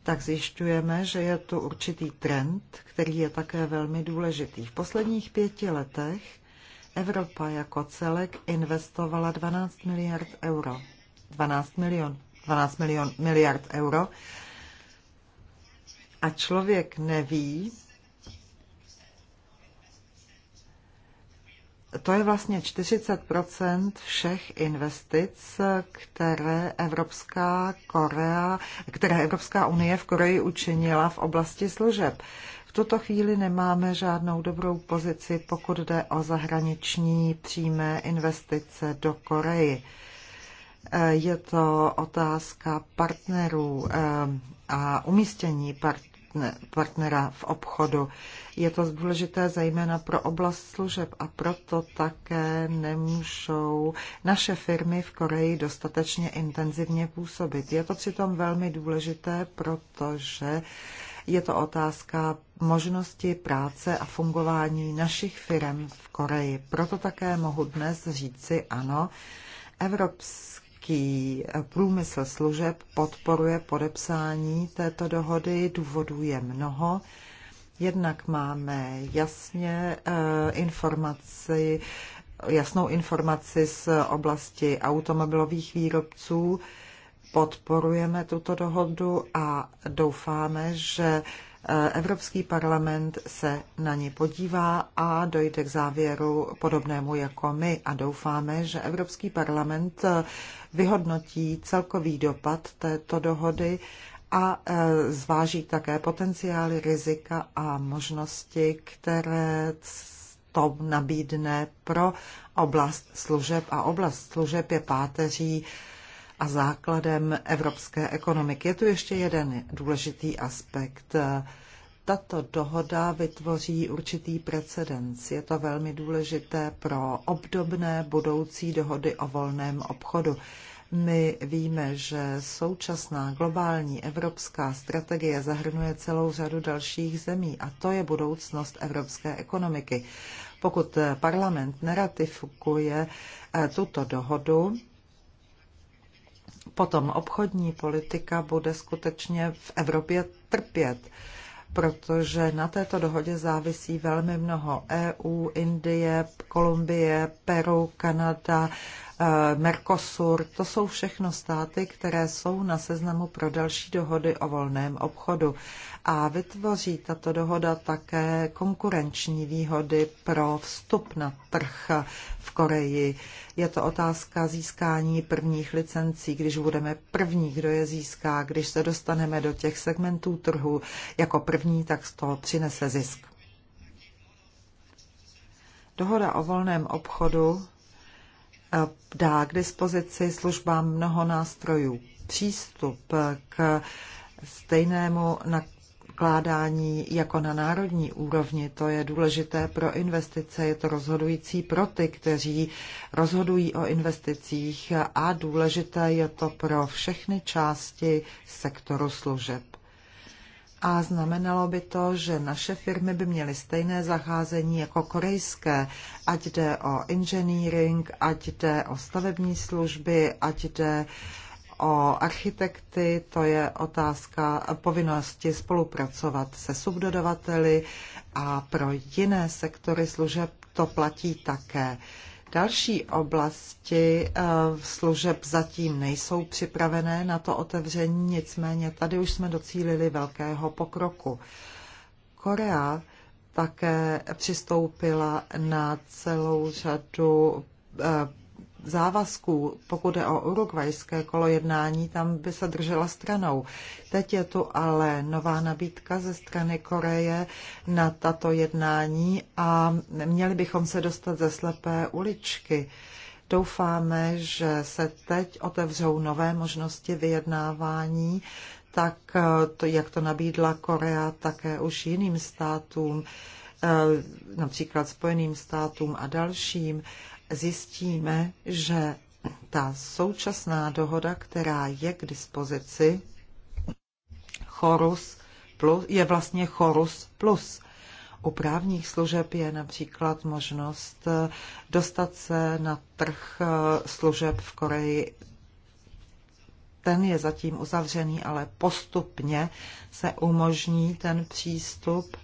tak zjišťujeme, že je tu určitý trend, který je také velmi důležitý. V posledních pěti letech Evropa jako celek investovala 12 miliard euro. 12 milion, 12 milion, miliard euro a člověk neví, to je vlastně 40 všech investic, které Evropská, Korea, které Evropská unie v Koreji učinila v oblasti služeb. V tuto chvíli nemáme žádnou dobrou pozici, pokud jde o zahraniční přímé investice do Koreji. Eh, je to otázka partnerů eh, a umístění partnera v obchodu. Je to důležité zejména pro oblast služeb a proto také nemůžou naše firmy v Koreji dostatečně intenzivně působit. Je to přitom velmi důležité, protože je to otázka možnosti práce a fungování našich firm v Koreji. Proto také mohu dnes říci ano, evropské Evropský eh, průmysl služeb podporuje podepsání této dohody. Důvodů je mnoho. Jednak máme jasně eh, informaci, jasnou informaci z oblasti automobilových výrobců. Podporujeme tuto dohodu a doufáme, že Evropský parlament se na ní podívá a dojde k závěru podobnému jako my a doufáme, že Evropský parlament eh, vyhodnotí celkový dopad této dohody a eh, zváží také potenciály rizika a možnosti, které to nabídne pro oblast služeb a oblast služeb je páteří a základem evropské ekonomiky. Je tu ještě jeden důležitý aspekt. Tato dohoda vytvoří určitý precedens. Je to velmi důležité pro obdobné budoucí dohody o volném obchodu. My víme, že současná globální evropská strategie zahrnuje celou řadu dalších zemí a to je budoucnost evropské ekonomiky. Pokud parlament neratifikuje eh, tuto dohodu, potom obchodní politika bude skutečně v Evropě trpět, protože na této dohodě závisí velmi mnoho EU, Indie, Kolumbie, Peru, Kanada Eh, Mercosur, to jsou všechno státy, které jsou na seznamu pro další dohody o volném obchodu. A vytvoří tato dohoda také konkurenční výhody pro vstup na trh v Koreji. Je to otázka získání prvních licencí, když budeme první, kdo je získá, když se dostaneme do těch segmentů trhu jako první, tak to přinese zisk. Dohoda o volném obchodu dá k dispozici službám mnoho nástrojů. Přístup k stejnému nakládání jako na národní úrovni, to je důležité pro investice, je to rozhodující pro ty, kteří rozhodují o investicích a důležité je to pro všechny části sektoru služeb a znamenalo by to, že naše firmy by měly stejné zacházení jako korejské, ať jde o engineering, ať jde o stavební služby, ať jde o architekty, to je otázka povinnosti spolupracovat se subdodavateli a pro jiné sektory služeb to platí také. Další oblasti eh, služeb zatím nejsou připravené na to otevření, nicméně tady už jsme docílili velkého pokroku. Korea také přistoupila na celou řadu eh, závazků, pokud je o urugvajské kolo jednání, tam by se držela stranou. Teď je tu ale nová nabídka ze strany Koreje na tato jednání a měli bychom se dostat ze slepé uličky. Doufáme, že se teď otevřou nové možnosti vyjednávání, tak to, jak to nabídla Korea také už jiným státům, eh, například Spojeným státům a dalším zjistíme, že ta současná dohoda, která je k dispozici, Chorus plus, je vlastně Chorus plus. U právních služeb je například možnost eh, dostat se na trh eh, služeb v Koreji. Ten je zatím uzavřený, ale postupně se umožní ten přístup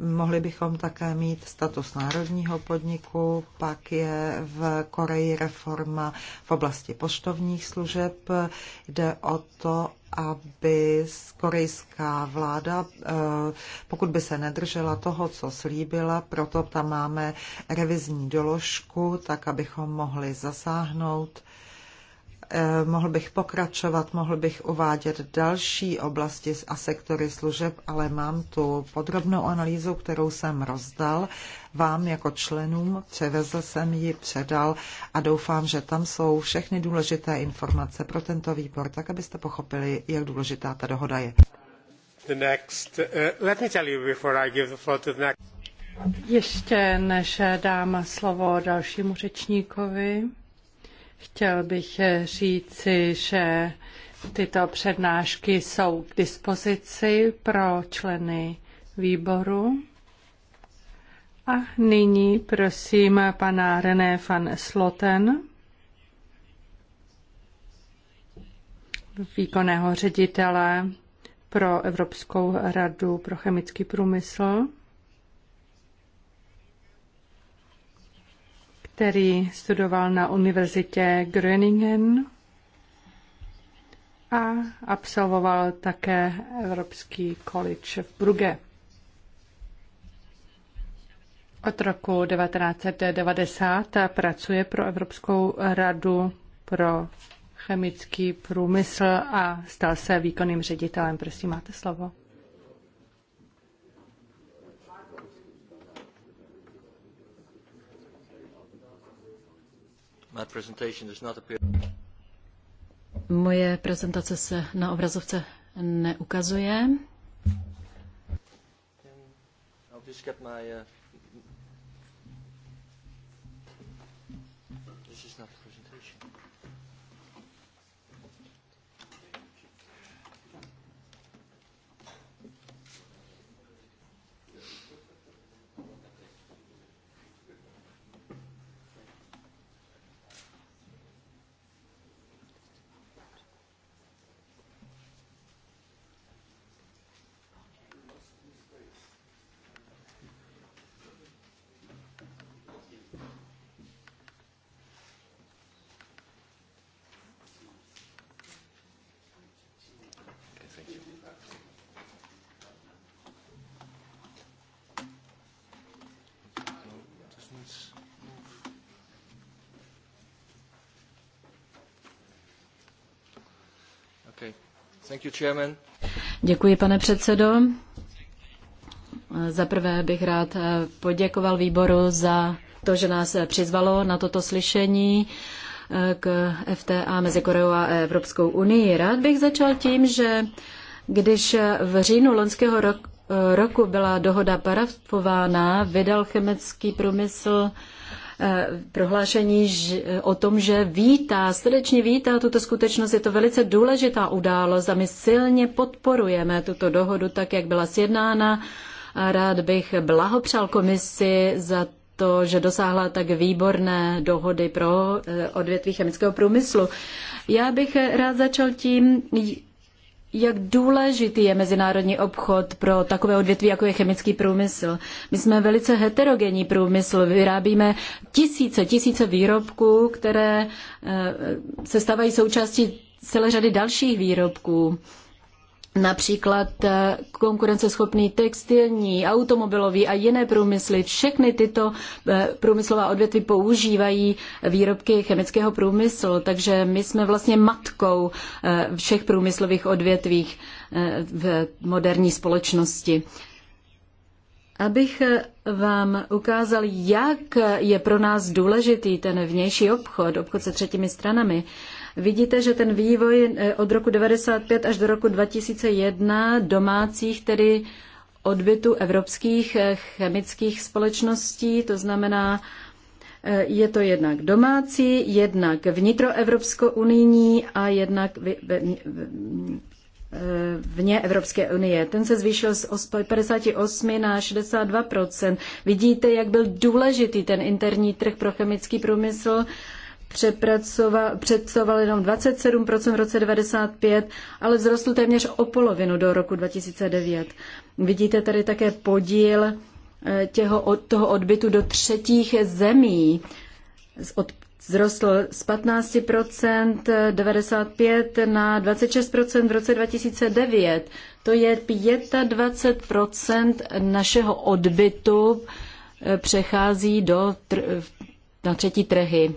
Mohli bychom také mít status národního podniku, pak je v Koreji reforma v oblasti poštovních služeb. Jde o to, aby korejská vláda, eh, pokud by se nedržela toho, co slíbila, proto tam máme revizní doložku, tak abychom mohli zasáhnout Eh, mohl bych pokračovat, mohl bych uvádět další oblasti a sektory služeb, ale mám tu podrobnou analýzu, kterou jsem rozdal vám jako členům, převezl jsem ji, předal a doufám, že tam jsou všechny důležité informace pro tento výbor, tak abyste pochopili, jak důležitá ta dohoda je. Eh, Ještě než dám slovo dalšímu řečníkovi, Chtěl bych eh, říci, že tyto přednášky jsou k dispozici pro členy výboru. A nyní prosím pana René van Sloten, výkonného ředitele pro Evropskou radu pro chemický průmysl. který studoval na univerzitě Gröningen a absolvoval také Evropský college v Brugge. Od roku 1990 pracuje pro Evropskou radu pro chemický průmysl a stal se výkonným ředitelem. Prosím, máte slovo. Moje prezentace se na obrazovce neukazuje. Uh, Okay. Thank you, chairman. Děkuji, pane předsedo. Za prvé bych rád poděkoval výboru za to, že nás přizvalo na toto slyšení k FTA mezi Koreou a Evropskou unii. Rád bych začal tím, že když v říjnu loňského roku byla dohoda parafována, vydal chemický průmysl Eh, prohlášení eh, o tom, že vítá, srdečně vítá tuto skutečnost. Je to velice důležitá událost a my silně podporujeme tuto dohodu tak, jak byla sjednána. A rád bych blahopřál komisi za to, že dosáhla tak výborné dohody pro eh, odvětví chemického průmyslu. Já bych rád začal tím, jak důležitý je mezinárodní obchod pro takové odvětví, jako je chemický průmysl. My jsme velice heterogenní průmysl, vyrábíme tisíce, tisíce výrobků, které eh, se stávají součástí celé řady dalších výrobků. Například eh, konkurenceschopný textilní, automobilový a jiné průmysly. Všechny tyto eh, průmyslová odvětví používají výrobky chemického průmyslu, takže my jsme vlastně matkou eh, všech průmyslových odvětvích v moderní společnosti. Abych vám ukázal, jak je pro nás důležitý ten vnější obchod, obchod se třetími stranami, Vidíte, že ten vývoj eh, od roku 95 až do roku 2001 domácích, tedy odbytu evropských eh, chemických společností, to znamená, eh, je to jednak domácí, jednak vnitroevropsko-unijní a jednak vně Evropské unie. Ten se zvýšil z 58 na 62 Vidíte, jak byl důležitý ten interní trh pro chemický průmysl Přepracovali jenom 27% v roce 95, ale vzrostl téměř o polovinu do roku 2009. Vidíte tady také podíl eh, těho, toho odbytu do třetích zemí. Od, vzrostl z 15% 95 na 26% v roce 2009. To je 25% našeho odbytu eh, přechází do, na třetí trhy.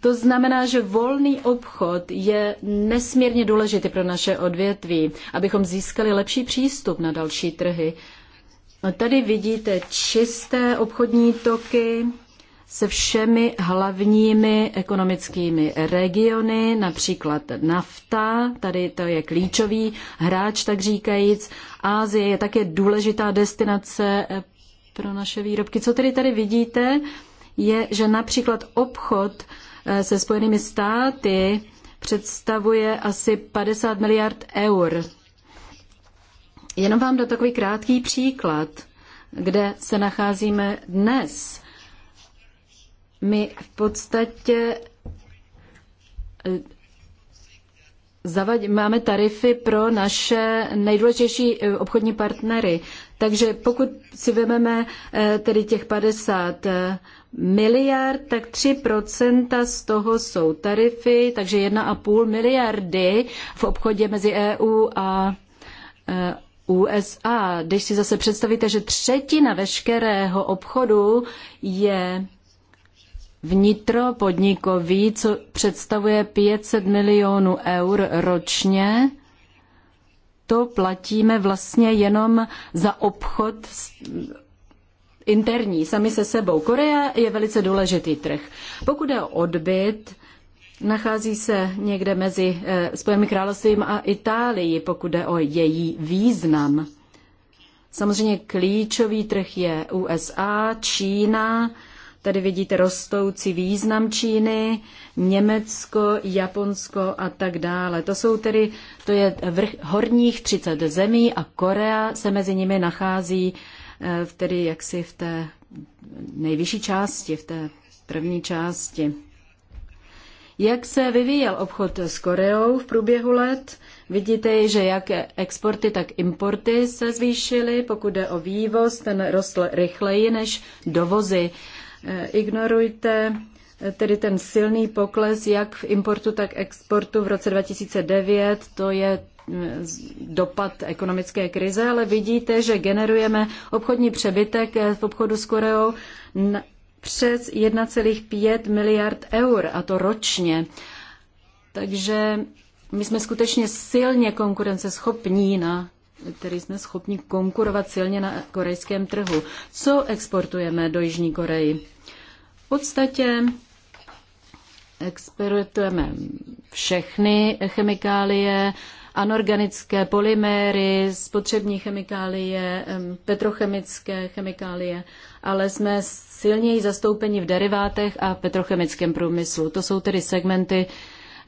To znamená, že volný obchod je nesmírně důležitý pro naše odvětví, abychom získali lepší přístup na další trhy. Tady vidíte čisté obchodní toky se všemi hlavními ekonomickými regiony, například nafta, tady to je klíčový hráč, tak říkajíc. Ázie je také důležitá destinace pro naše výrobky. Co tedy tady vidíte, je, že například obchod se Spojenými státy představuje asi 50 miliard eur. Jenom vám do takový krátký příklad, kde se nacházíme dnes. My v podstatě eh, Zavadí, máme tarify pro naše nejdůležitější eh, obchodní partnery. Takže pokud si vezmeme eh, tedy těch 50 miliard, tak 3% z toho jsou tarify, takže 1,5 miliardy v obchodě mezi EU a e, USA. Když si zase představíte, že třetina veškerého obchodu je vnitropodnikový, co představuje 500 milionů eur ročně, to platíme vlastně jenom za obchod interní, sami se sebou. Korea je velice důležitý trh. Pokud je o odbyt, nachází se někde mezi eh, Spojeným královstvím a Itálií, pokud je o její význam. Samozřejmě klíčový trh je USA, Čína, Tady vidíte rostoucí význam Číny, Německo, Japonsko a tak dále. To jsou tedy, to je vrch, horních 30 zemí a Korea se mezi nimi nachází Eh, tedy jaksi v té nejvyšší části, v té první části. Jak se vyvíjel obchod s Koreou v průběhu let? Vidíte, že jak exporty, tak importy se zvýšily. Pokud jde o vývoz, ten rostl rychleji než dovozy. Eh, ignorujte eh, tedy ten silný pokles jak v importu, tak exportu v roce 2009. To je dopad ekonomické krize, ale vidíte, že generujeme obchodní přebytek v obchodu s Koreou přes 1,5 miliard eur, a to ročně. Takže my jsme skutečně silně konkurenceschopní na který jsme schopni konkurovat silně na korejském trhu. Co exportujeme do Jižní Koreji? V podstatě exportujeme všechny chemikálie, anorganické polyméry, spotřební chemikálie, petrochemické chemikálie, ale jsme silněji zastoupeni v derivátech a petrochemickém průmyslu. To jsou tedy segmenty,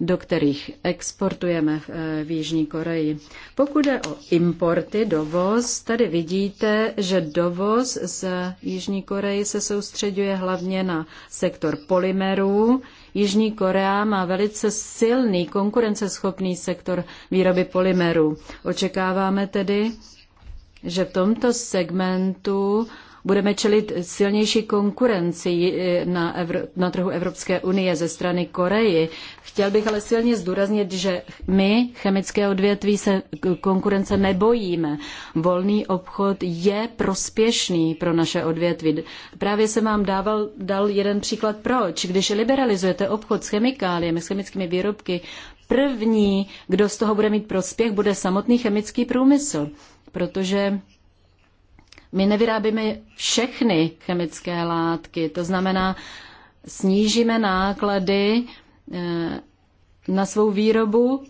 do kterých exportujeme v eh, Jižní Koreji. Pokud je o importy, dovoz, tady vidíte, že dovoz z Jižní Koreji se soustředuje hlavně na sektor polymerů. Jižní Korea má velice silný konkurenceschopný sektor výroby polymerů. Očekáváme tedy, že v tomto segmentu budeme čelit silnější konkurenci eh, na, Evro- na trhu Evropské unie ze strany Koreji. Chtěl bych ale silně zdůraznit, že my, chemické odvětví, se konkurence nebojíme. Volný obchod je prospěšný pro naše odvětví. Právě jsem vám dával, dal jeden příklad proč. Když liberalizujete obchod s chemikáliemi, s chemickými výrobky, první, kdo z toho bude mít prospěch, bude samotný chemický průmysl, protože my nevyrábíme všechny chemické látky, to znamená, snížíme náklady eh, na svou výrobu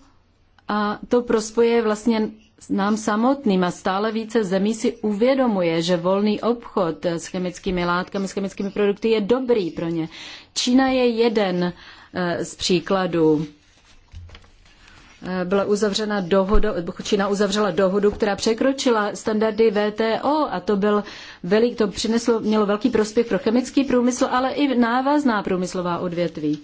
a to prospoje vlastně nám samotným a stále více zemí si uvědomuje, že volný obchod s chemickými látkami, s chemickými produkty je dobrý pro ně. Čína je jeden eh, z příkladů. Eh, byla uzavřena dohoda, Čína uzavřela dohodu, která překročila standardy VTO a to byl velik, to přineslo, mělo velký prospěch pro chemický průmysl, ale i návazná průmyslová odvětví.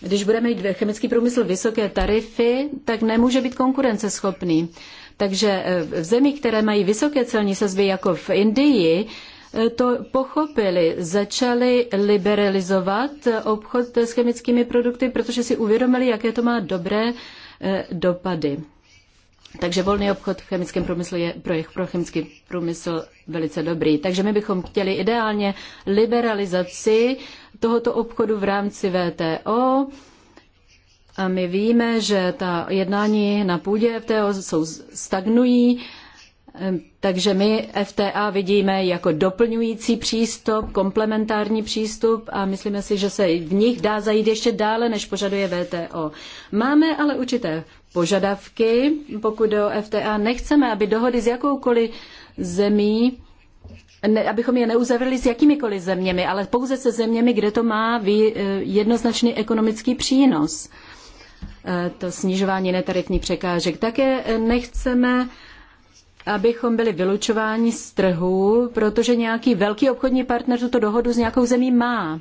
Když budeme mít chemický průmysl vysoké tarify, tak nemůže být konkurenceschopný. Takže eh, v zemi, které mají vysoké celní sazby, jako v Indii, eh, to pochopili, začali liberalizovat obchod s chemickými produkty, protože si uvědomili, jaké to má dobré E, dopady. Takže volný obchod v chemickém průmyslu je pro chemický průmysl velice dobrý. Takže my bychom chtěli ideálně liberalizaci tohoto obchodu v rámci VTO. A my víme, že ta jednání na půdě VTO jsou stagnují Ehm, takže my FTA vidíme jako doplňující přístup, komplementární přístup a myslíme si, že se v nich dá zajít ještě dále, než požaduje VTO. Máme ale určité požadavky, pokud jde o FTA. Nechceme, aby dohody s jakoukoliv zemí ne, abychom je neuzavřeli s jakýmikoliv zeměmi, ale pouze se zeměmi, kde to má vý, eh, jednoznačný ekonomický přínos. Eh, to snižování netarifních překážek. Také eh, nechceme abychom byli vylučováni z trhu, protože nějaký velký obchodní partner tuto dohodu s nějakou zemí má.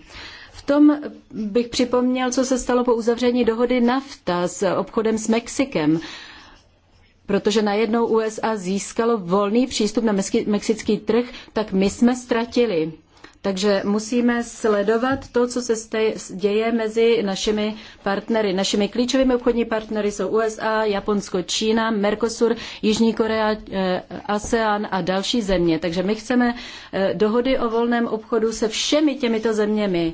V tom bych připomněl, co se stalo po uzavření dohody NAFTA s obchodem s Mexikem protože najednou USA získalo volný přístup na mexický trh, tak my jsme ztratili. Takže musíme sledovat to, co se děje mezi našimi partnery. Našimi klíčovými obchodní partnery jsou USA, Japonsko, Čína, Mercosur, Jižní Korea, eh, ASEAN a další země. Takže my chceme eh, dohody o volném obchodu se všemi těmito zeměmi.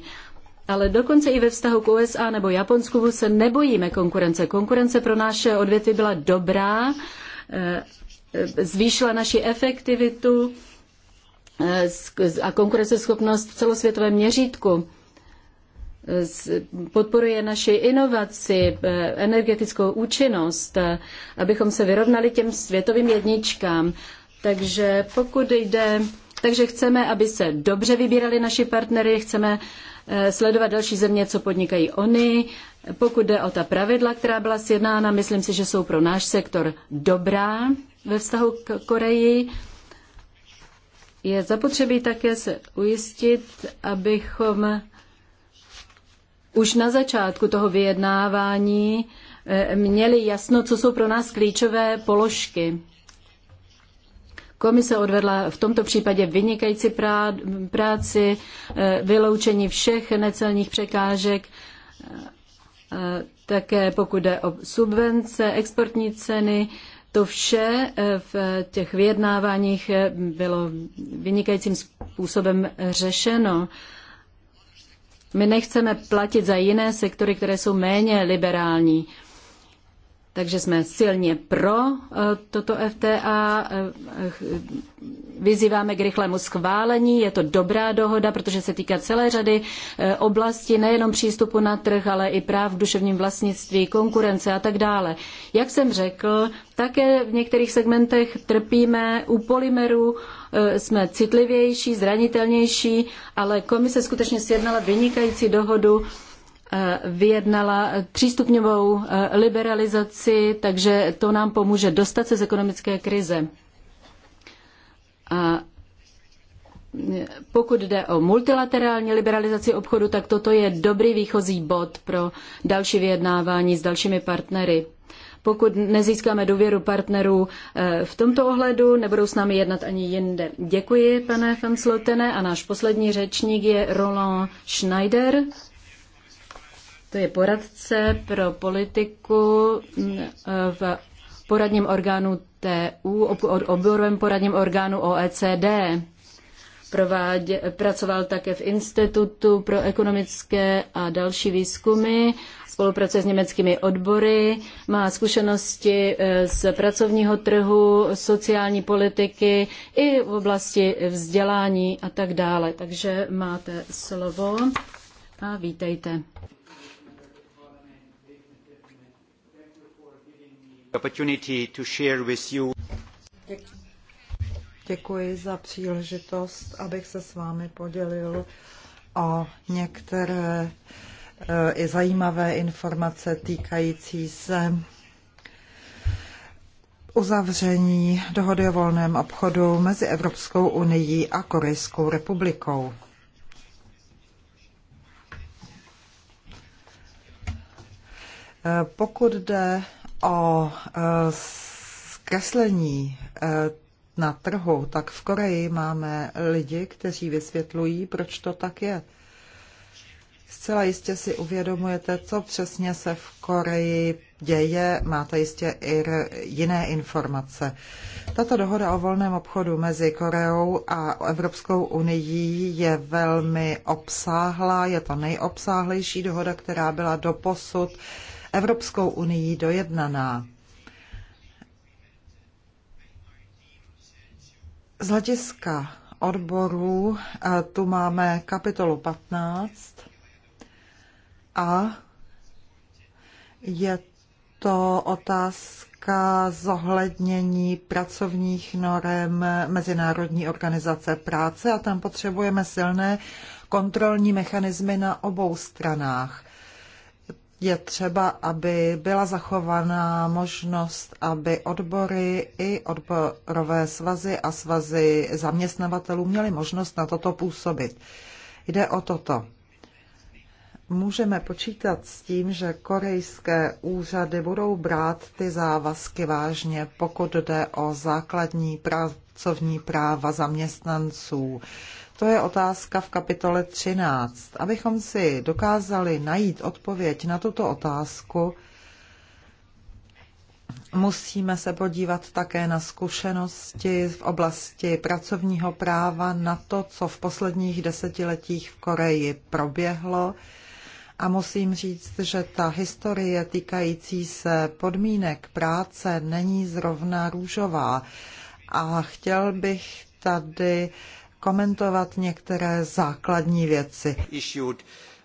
Ale dokonce i ve vztahu k USA nebo Japonsku se nebojíme konkurence. Konkurence pro naše odvětví byla dobrá, eh, zvýšila naši efektivitu a konkurenceschopnost v celosvětovém měřítku. Podporuje naši inovaci, eh, energetickou účinnost, eh, abychom se vyrovnali těm světovým jedničkám. Takže pokud jde, takže chceme, aby se dobře vybírali naši partnery, chceme eh, sledovat další země, co podnikají oni. Pokud jde o ta pravidla, která byla sjednána, myslím si, že jsou pro náš sektor dobrá ve vztahu k Koreji. Je zapotřebí také se ujistit, abychom už na začátku toho vyjednávání eh, měli jasno, co jsou pro nás klíčové položky. Komise odvedla v tomto případě vynikající práci, eh, vyloučení všech necelních překážek, eh, také pokud jde o subvence, exportní ceny, to vše eh, v těch vyjednáváních eh, bylo vynikajícím způsobem řešeno. My nechceme platit za jiné sektory, které jsou méně liberální. Takže jsme silně pro eh, toto FTA. Vyzýváme k rychlému schválení. Je to dobrá dohoda, protože se týká celé řady oblastí, nejenom přístupu na trh, ale i práv v duševním vlastnictví, konkurence a tak dále. Jak jsem řekl, také v některých segmentech trpíme u polymerů, e, jsme citlivější, zranitelnější, ale komise skutečně sjednala vynikající dohodu, e, vyjednala třístupňovou e, liberalizaci, takže to nám pomůže dostat se z ekonomické krize. A pokud jde o multilaterální liberalizaci obchodu, tak toto je dobrý výchozí bod pro další vyjednávání s dalšími partnery pokud nezískáme důvěru partnerů eh, v tomto ohledu, nebudou s námi jednat ani jinde. Děkuji, pane van Slotene, a náš poslední řečník je Roland Schneider. To je poradce pro politiku mm, eh, v poradním orgánu TU, oborovém poradním orgánu OECD provádě, pracoval také v Institutu pro ekonomické a další výzkumy, spolupracuje s německými odbory, má zkušenosti eh, z pracovního trhu, sociální politiky i v oblasti vzdělání a tak dále. Takže máte slovo a vítejte. opportunity to share with you Děkuji za příležitost, abych se s vámi podělil o některé eh, i zajímavé informace týkající se uzavření dohody o volném obchodu mezi Evropskou unií a Korejskou republikou. Eh, pokud jde o eh, zkreslení na trhu, tak v Koreji máme lidi, kteří vysvětlují, proč to tak je. Zcela jistě si uvědomujete, co přesně se v Koreji děje, máte jistě i jiné informace. Tato dohoda o volném obchodu mezi Koreou a Evropskou unii je velmi obsáhlá, je to nejobsáhlejší dohoda, která byla doposud Evropskou unii dojednaná. Z hlediska odborů eh, tu máme kapitolu 15 a je to otázka zohlednění pracovních norem Mezinárodní organizace práce a tam potřebujeme silné kontrolní mechanismy na obou stranách je třeba, aby byla zachována možnost, aby odbory i odborové svazy a svazy zaměstnavatelů měly možnost na toto působit. Jde o toto. Můžeme počítat s tím, že korejské úřady budou brát ty závazky vážně, pokud jde o základní pracovní práva zaměstnanců. To je otázka v kapitole 13. Abychom si dokázali najít odpověď na tuto otázku, musíme se podívat také na zkušenosti v oblasti pracovního práva, na to, co v posledních desetiletích v Koreji proběhlo. A musím říct, že ta historie týkající se podmínek práce není zrovna růžová. A chtěl bych tady komentovat některé základní věci.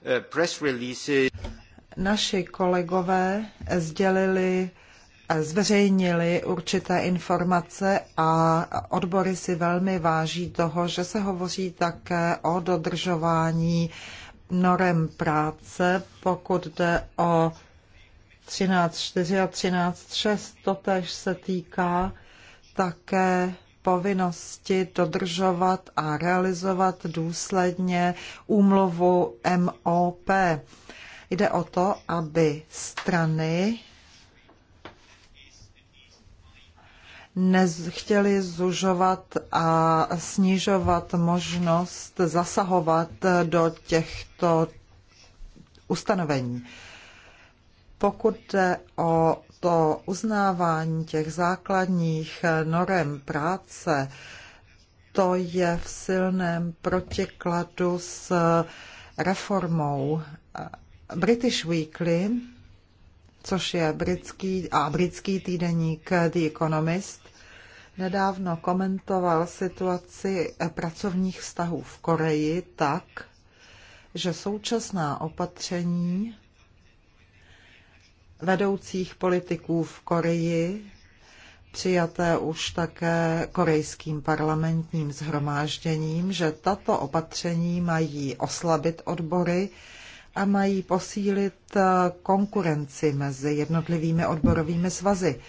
Eh, Naši kolegové sdělili, eh, zveřejnili určité informace a odbory si velmi váží toho, že se hovoří také o dodržování norem práce, pokud jde o 13.4 a 13.6. Totež se týká také povinnosti dodržovat a realizovat důsledně úmluvu MOP. Jde o to, aby strany nechtěli zužovat a snižovat možnost zasahovat do těchto ustanovení. Pokud jde o to uznávání těch základních norem práce, to je v silném protikladu s reformou eh, British Weekly, což je britský a britský týdeník The Economist, nedávno komentoval situaci pracovních vztahů v Koreji tak, že současná opatření vedoucích politiků v Koreji, přijaté už také korejským parlamentním zhromážděním, že tato opatření mají oslabit odbory a mají posílit eh, konkurenci mezi jednotlivými odborovými svazy.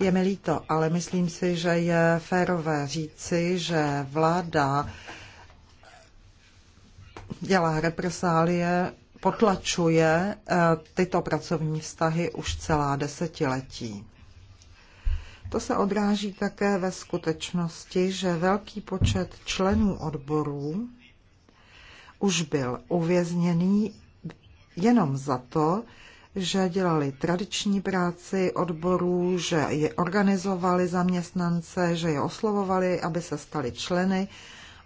Je mi líto, ale myslím si, že je férové říci, že vláda dělá represálie potlačuje eh, tyto pracovní vztahy už celá desetiletí. To se odráží také ve skutečnosti, že velký počet členů odborů už byl uvězněný jenom za to, že dělali tradiční práci odborů, že je organizovali zaměstnance, že je oslovovali, aby se stali členy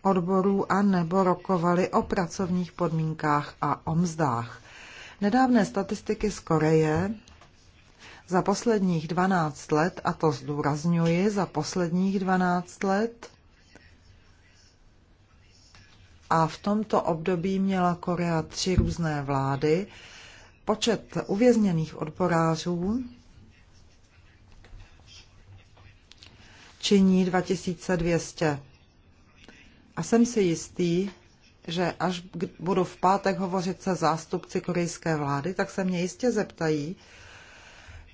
odborů a nebo rokovali o pracovních podmínkách a o mzdách. Nedávné statistiky z Koreje za posledních 12 let, a to zdůrazňuji, za posledních 12 let, a v tomto období měla Korea tři různé vlády, počet uvězněných odborářů činí 2200. A jsem si jistý, že až budu v pátek hovořit se zástupci korejské vlády, tak se mě jistě zeptají,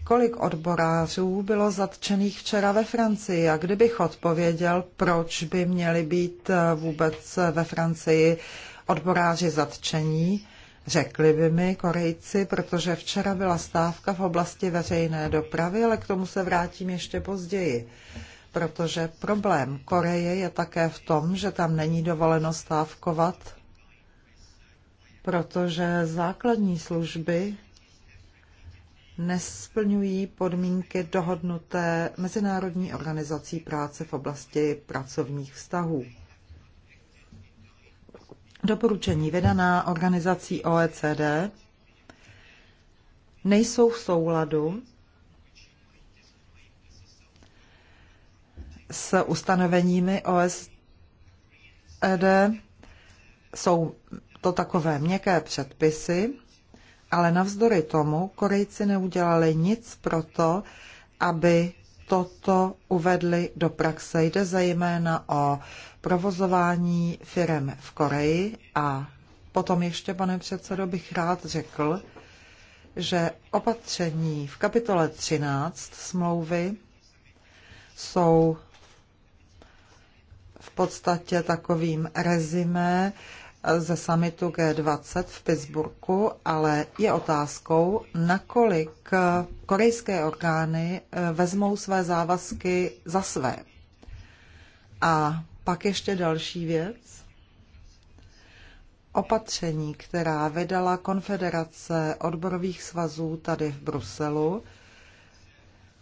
kolik odborářů bylo zatčených včera ve Francii. A kdybych odpověděl, proč by měli být eh, vůbec ve Francii odboráři zatčení, řekli by mi Korejci, protože včera byla stávka v oblasti veřejné dopravy, ale k tomu se vrátím ještě později protože problém Koreje je také v tom, že tam není dovoleno stávkovat, protože základní služby nesplňují podmínky dohodnuté Mezinárodní organizací práce v oblasti pracovních vztahů. Doporučení vydaná organizací OECD nejsou v souladu s ustanoveními OSD. E jsou to takové měkké předpisy, ale navzdory tomu Korejci neudělali nic pro to, aby toto uvedli do praxe. Jde zejména o provozování firem v Koreji a potom ještě, pane předsedo, bych rád řekl, že opatření v kapitole 13 smlouvy jsou v podstatě takovým rezimé eh, ze samitu G20 v Pittsburghu, ale je otázkou, nakolik eh, korejské orgány eh, vezmou své závazky za své. A pak ještě další věc. Opatření, která vydala Konfederace odborových svazů tady v Bruselu,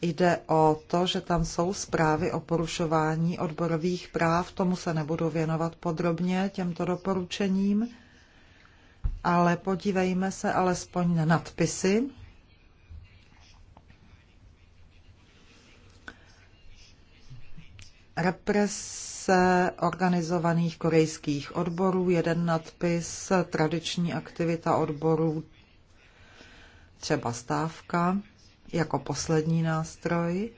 Jde o to, že tam jsou zprávy o porušování odborových práv, tomu se nebudu věnovat podrobně, těmto doporučením, ale podívejme se alespoň na nadpisy. Represe organizovaných korejských odborů, jeden nadpis, tradiční aktivita odborů, třeba stávka jako poslední nástroj.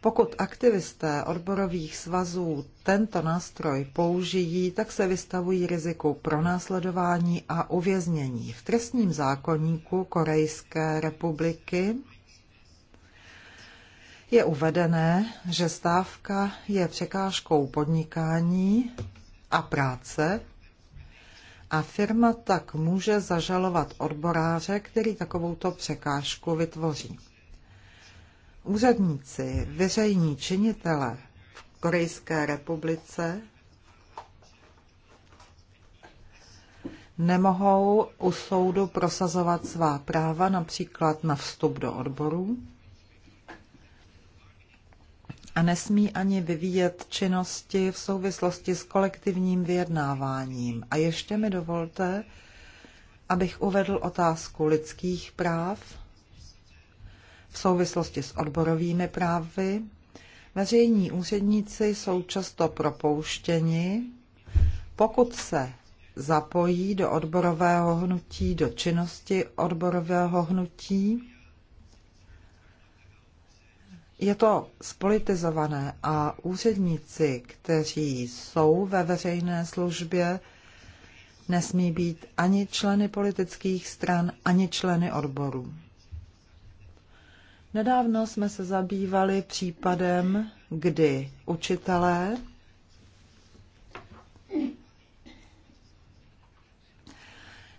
Pokud aktivisté odborových svazů tento nástroj použijí, tak se vystavují riziku pronásledování a uvěznění. V trestním zákonníku Korejské republiky je uvedené, že stávka je překážkou podnikání a práce a firma tak může zažalovat odboráře, který takovouto překážku vytvoří. Úředníci, veřejní činitele v Korejské republice nemohou u soudu prosazovat svá práva, například na vstup do odborů, a nesmí ani vyvíjet činnosti v souvislosti s kolektivním vyjednáváním. A ještě mi dovolte, abych uvedl otázku lidských práv v souvislosti s odborovými právy. Veřejní úředníci jsou často propouštěni, pokud se zapojí do odborového hnutí, do činnosti odborového hnutí je to spolitizované a úředníci, kteří jsou ve veřejné službě, nesmí být ani členy politických stran, ani členy odborů. Nedávno jsme se zabývali případem, kdy učitelé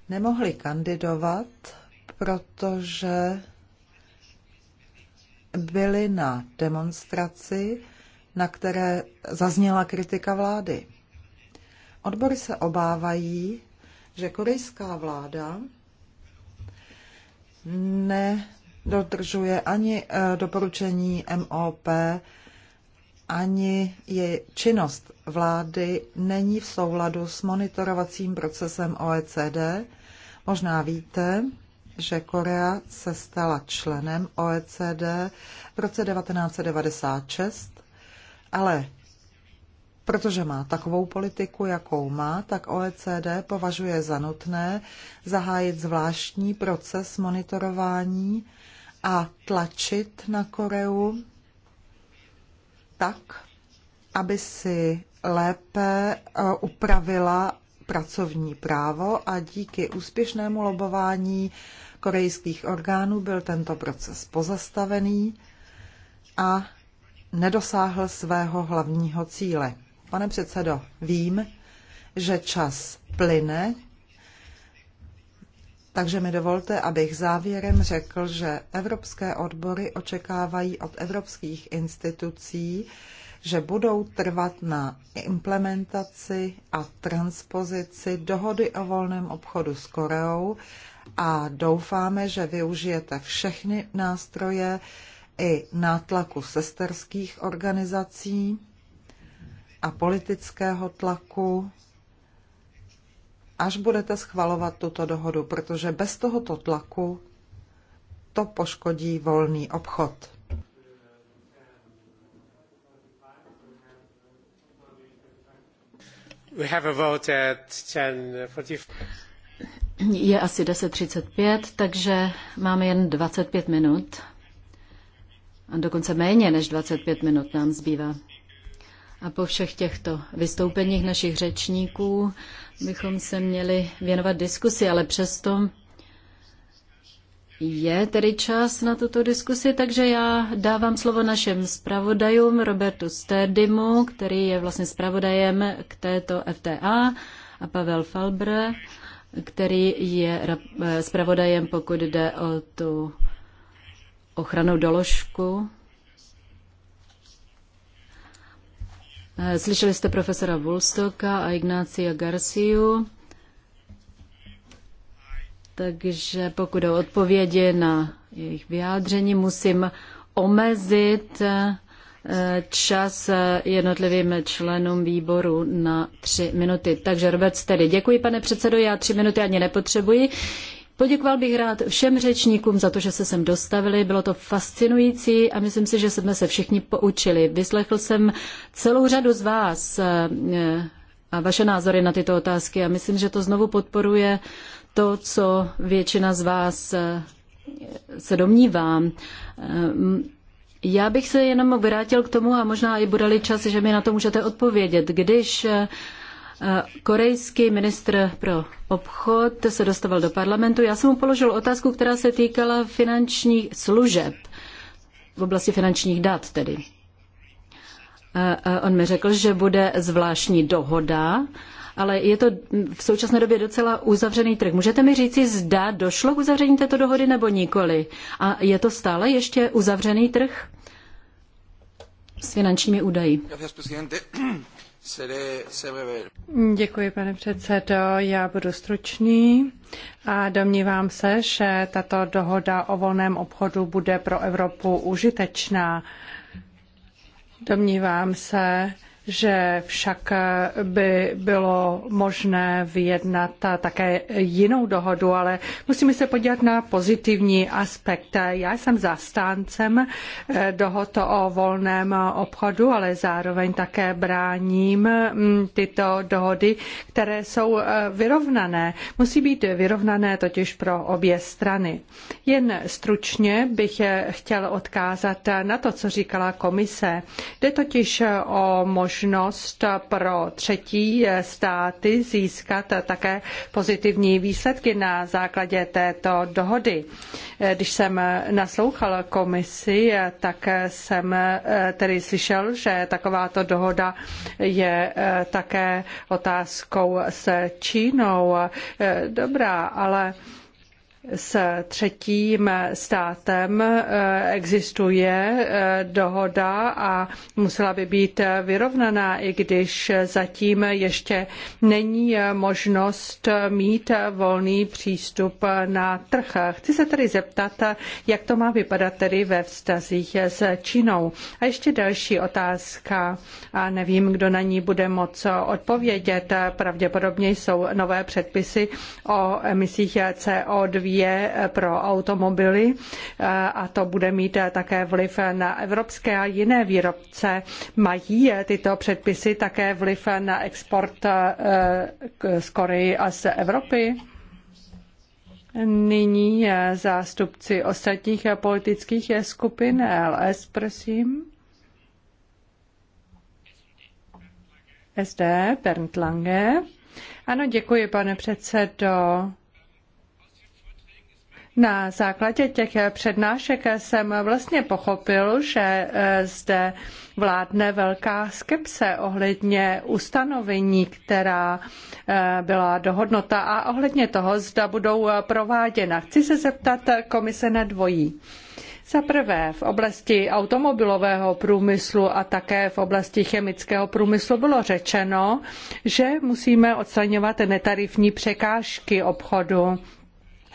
nemohli kandidovat, protože byli na demonstraci, na které zazněla kritika vlády. Odbory se obávají, že korejská vláda nedodržuje ani eh, doporučení MOP, ani je činnost vlády není v souladu s monitorovacím procesem OECD. Možná víte, že Korea se stala členem OECD v roce 1996, ale protože má takovou politiku, jakou má, tak OECD považuje za nutné zahájit zvláštní proces monitorování a tlačit na Koreu tak, aby si lépe eh, upravila pracovní právo a díky úspěšnému lobování korejských orgánů byl tento proces pozastavený a nedosáhl svého hlavního cíle. Pane předsedo, vím, že čas plyne, takže mi dovolte, abych závěrem řekl, že evropské odbory očekávají od evropských institucí, že budou trvat na implementaci a transpozici dohody o volném obchodu s Koreou a doufáme, že využijete všechny nástroje i nátlaku sesterských organizací a politického tlaku, až budete schvalovat tuto dohodu, protože bez tohoto tlaku to poškodí volný obchod. Uh, Je asi 10.35, takže máme jen 25 minut. A dokonce méně než 25 minut nám zbývá. A po všech těchto vystoupeních našich řečníků bychom se měli věnovat diskusi, ale přesto je tedy čas na tuto diskusi, takže já dávám slovo našim zpravodajům Robertu Stédimu, který je vlastně zpravodajem k této FTA, a Pavel Falbr, který je eh, zpravodajem, pokud jde o tu ochranu doložku. Eh, slyšeli jste profesora Woolstocka a Ignácia Garciu. Takže pokud o odpovědi na jejich vyjádření, musím omezit eh, čas eh, jednotlivým členům výboru na tři minuty. Takže Robert tedy děkuji, pane předsedo, já tři minuty ani nepotřebuji. Poděkoval bych rád všem řečníkům za to, že se sem dostavili. Bylo to fascinující a myslím si, že jsme se všichni poučili. Vyslechl jsem celou řadu z vás eh, a vaše názory na tyto otázky a myslím, že to znovu podporuje to, co většina z vás eh, se domnívá. Eh, já bych se jenom vrátil k tomu a možná i bude-li čas, že mi na to můžete odpovědět. Když eh, korejský ministr pro obchod se dostával do parlamentu, já jsem mu položil otázku, která se týkala finančních služeb v oblasti finančních dat tedy. On mi řekl, že bude zvláštní dohoda ale je to v současné době docela uzavřený trh. Můžete mi říci, zda došlo k uzavření této dohody nebo nikoli? A je to stále ještě uzavřený trh s finančními údaji? Děkuji, pane předsedo. Já budu stručný a domnívám se, že tato dohoda o volném obchodu bude pro Evropu užitečná. Domnívám se, že však by bylo možné vyjednat také jinou dohodu, ale musíme se podívat na pozitivní aspekt. Já jsem zastáncem eh, dohod o volném obchodu, ale zároveň také bráním mm, tyto dohody, které jsou eh, vyrovnané. Musí být vyrovnané totiž pro obě strany. Jen stručně bych eh, chtěl odkázat na to, co říkala komise. Jde totiž o možnost možnost pro třetí státy získat také pozitivní výsledky na základě této dohody. Když jsem naslouchal komisi, tak jsem tedy slyšel, že takováto dohoda je také otázkou s Čínou. Dobrá, ale s třetím státem eh, existuje eh, dohoda a musela by být eh, vyrovnaná, i když zatím ještě není možnost mít volný přístup na trh. Chci se tedy zeptat, jak to má vypadat tedy ve vztazích s Čínou. A ještě další otázka, a nevím, kdo na ní bude moc odpovědět. Pravděpodobně jsou nové předpisy o emisích CO2 je pro automobily a to bude mít také vliv na evropské a jiné výrobce. Mají tyto předpisy také vliv na export eh, z Koreji a z Evropy? Nyní eh, zástupci ostatních politických skupin LS, prosím. SD, Bernd Lange. Ano, děkuji, pane předsedo. Na základě těch přednášek jsem vlastně pochopil, že eh, zde vládne velká skepse ohledně ustanovení, která eh, byla dohodnota a ohledně toho, zda budou prováděna. Chci se zeptat komise na dvojí. Za prvé, v oblasti automobilového průmyslu a také v oblasti chemického průmyslu bylo řečeno, že musíme odstraňovat netarifní překážky obchodu.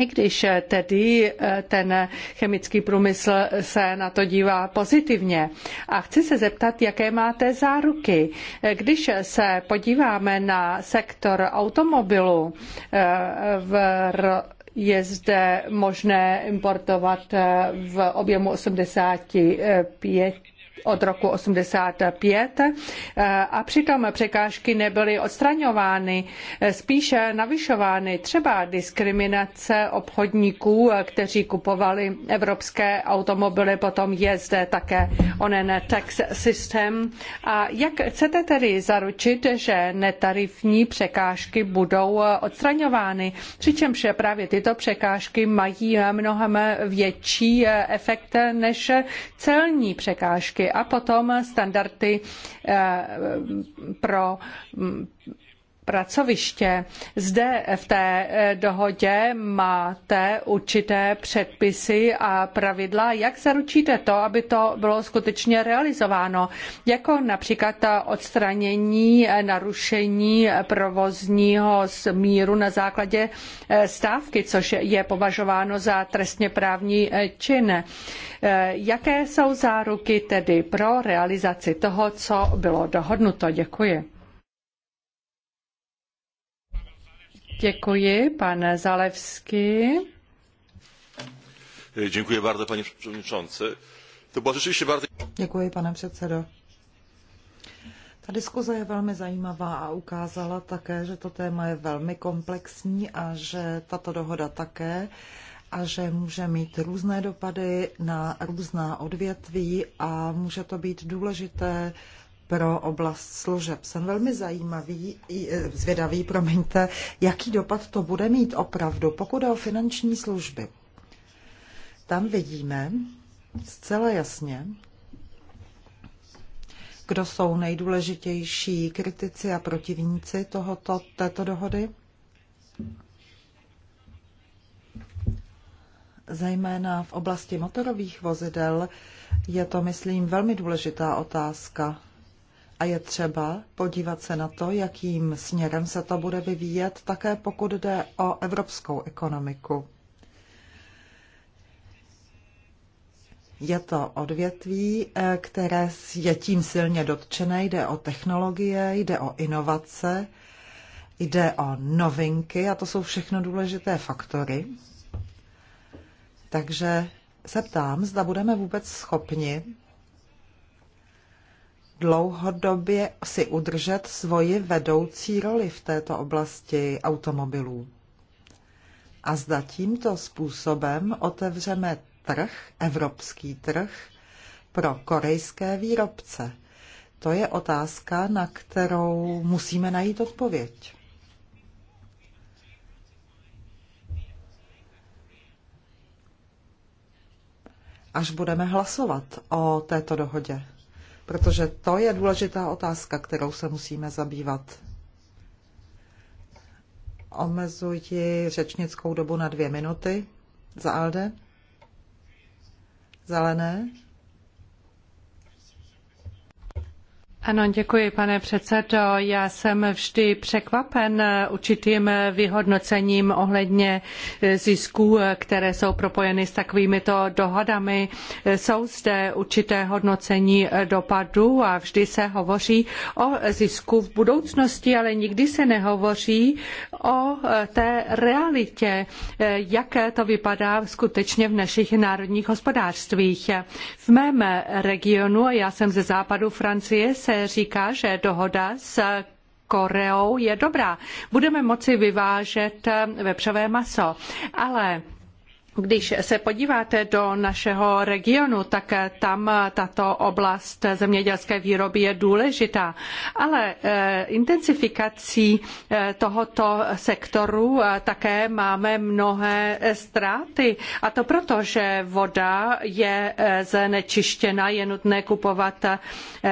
I když eh, tedy eh, ten chemický průmysl se na to dívá pozitivně. A chci se zeptat, jaké máte záruky. Eh, když se podíváme na sektor automobilů v je zde možné importovat v objemu 85 od roku 85 eh, a přitom překážky nebyly odstraňovány, eh, spíše navyšovány třeba diskriminace obchodníků, eh, kteří kupovali evropské automobily, potom je zde také onen tax systém. A jak chcete tedy zaručit, že netarifní překážky budou odstraňovány, přičemž právě tyto překážky mají mnohem větší efekt než celní překážky a potom standardy eh, pro mm, pracoviště. Zde v té eh, dohodě máte určité předpisy a pravidla. Jak zaručíte to, aby to bylo skutečně realizováno? Jako například odstranění eh, narušení provozního smíru na základě eh, stávky, což je považováno za trestně právní čin. Jaké jsou záruky tedy pro realizaci toho, co bylo dohodnuto? Děkuji. Děkuji, pane Zalewski. Děkuji bardzo, panie przewodniczący. To byla rzeczywiście bardzo... Děkuji, pane předsedo. Ta diskuze je velmi zajímavá a ukázala také, že to téma je velmi komplexní a že tato dohoda také a že může mít různé dopady na různá odvětví a může to být důležité pro oblast služeb. Jsem velmi zajímavý, e, zvědavý, promiňte, jaký dopad to bude mít opravdu, pokud o finanční služby. Tam vidíme zcela jasně, kdo jsou nejdůležitější kritici a protivníci tohoto, této dohody. Zejména v oblasti motorových vozidel je to, myslím, velmi důležitá otázka a je třeba podívat se na to, jakým směrem se to bude vyvíjet, také pokud jde o evropskou ekonomiku. Je to odvětví, eh, které je tím silně dotčené. Jde o technologie, jde o inovace, jde o novinky a to jsou všechno důležité faktory. Takže se ptám, zda budeme vůbec schopni dlouhodobě si udržet svoji vedoucí roli v této oblasti automobilů. A zda tímto způsobem otevřeme trh, evropský trh, pro korejské výrobce. To je otázka, na kterou musíme najít odpověď. Až budeme hlasovat o této dohodě protože to je důležitá otázka, kterou se musíme zabývat. Omezuji řečnickou dobu na dvě minuty. Za Alde? Zelené? Ano, děkuji, pane předsedo. Já jsem vždy překvapen určitým vyhodnocením ohledně zisků, které jsou propojeny s takovýmito dohodami. Jsou zde určité hodnocení dopadů a vždy se hovoří o zisku v budoucnosti, ale nikdy se nehovoří o té realitě, jak to vypadá skutečně v našich národních hospodářstvích. V mém regionu, já jsem ze západu Francie, se říká, že dohoda s Koreou je dobrá. Budeme moci vyvážet vepřové maso, ale když se podíváte do našeho regionu, tak tam tato oblast zemědělské výroby je důležitá, ale eh, intenzifikací eh, tohoto sektoru eh, také máme mnohé ztráty. A to proto, že voda je znečištěna, je nutné kupovat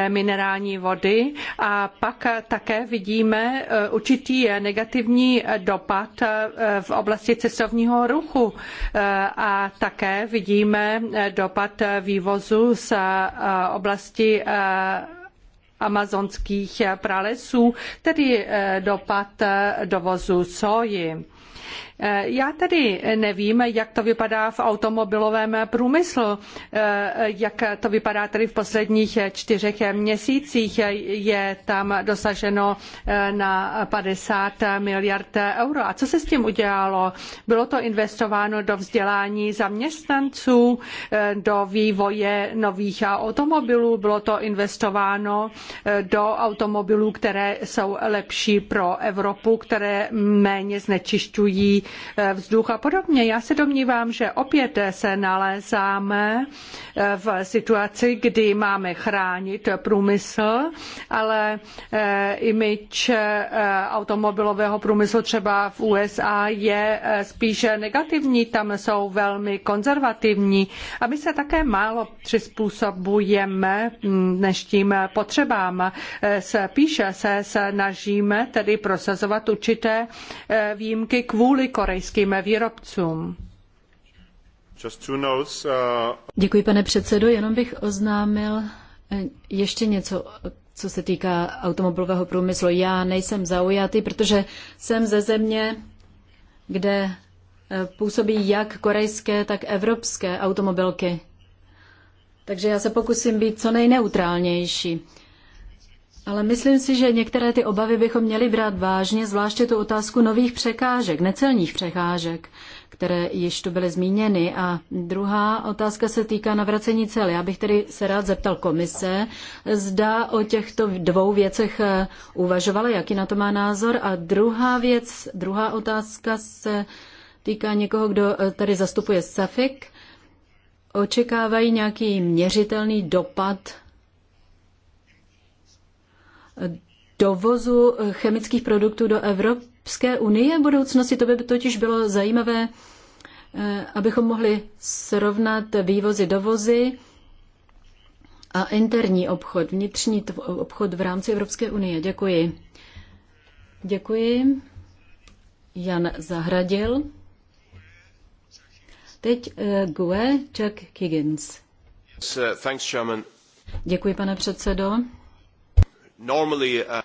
minerální vody a pak také vidíme určitý negativní dopad v oblasti cestovního ruchu a také vidíme dopad vývozu z eh, oblasti eh, amazonských pralesů, tedy eh, dopad dovozu soji. Já tedy nevím, jak to vypadá v automobilovém průmyslu, eh, jak to vypadá tedy v posledních čtyřech měsících. Je tam dosaženo eh, na 50 miliard euro. A co se s tím udělalo? Bylo to investováno do vzdělání zaměstnanců, eh, do vývoje nových automobilů, bylo to investováno do automobilů, které jsou lepší pro Evropu, které méně znečišťují vzduch a podobně. Já se domnívám, že opět se nalézáme v situaci, kdy máme chránit průmysl, ale eh, image eh, automobilového průmyslu třeba v USA je eh, spíše negativní, tam jsou velmi konzervativní a my se také málo přizpůsobujeme hm, dnešním potřebám. Spíše se snažíme tedy prosazovat určité výjimky kvůli korejským výrobcům. Uh, pane předsedo. Jenom bych oznámil eh, ještě něco, co se týká automobilového průmyslu. Já nejsem zaujatý, protože jsem ze země, kde eh, působí jak korejské, tak evropské automobilky. Takže já se pokusím být co nejneutrálnější. Ale myslím si, že některé ty obavy bychom měli brát vážně, zvláště tu otázku nových překážek, necelních překážek, které již tu byly zmíněny. A druhá otázka se týká navracení cel. Já bych tedy se rád zeptal komise, zda o těchto dvou věcech eh, uvažovala, jaký na to má názor. A druhá věc, druhá otázka se týká někoho, kdo eh, tady zastupuje SAFIK. Očekávají nějaký měřitelný dopad dovozu chemických produktů do Evropské unie v budoucnosti. To by totiž bylo zajímavé, eh, abychom mohli srovnat vývozy, dovozy a interní obchod, vnitřní obchod v rámci Evropské unie. Děkuji. Děkuji. Jan Zahradil. Teď uh, GUE Jack Higgins. Děkuji, pane předsedo. Uh,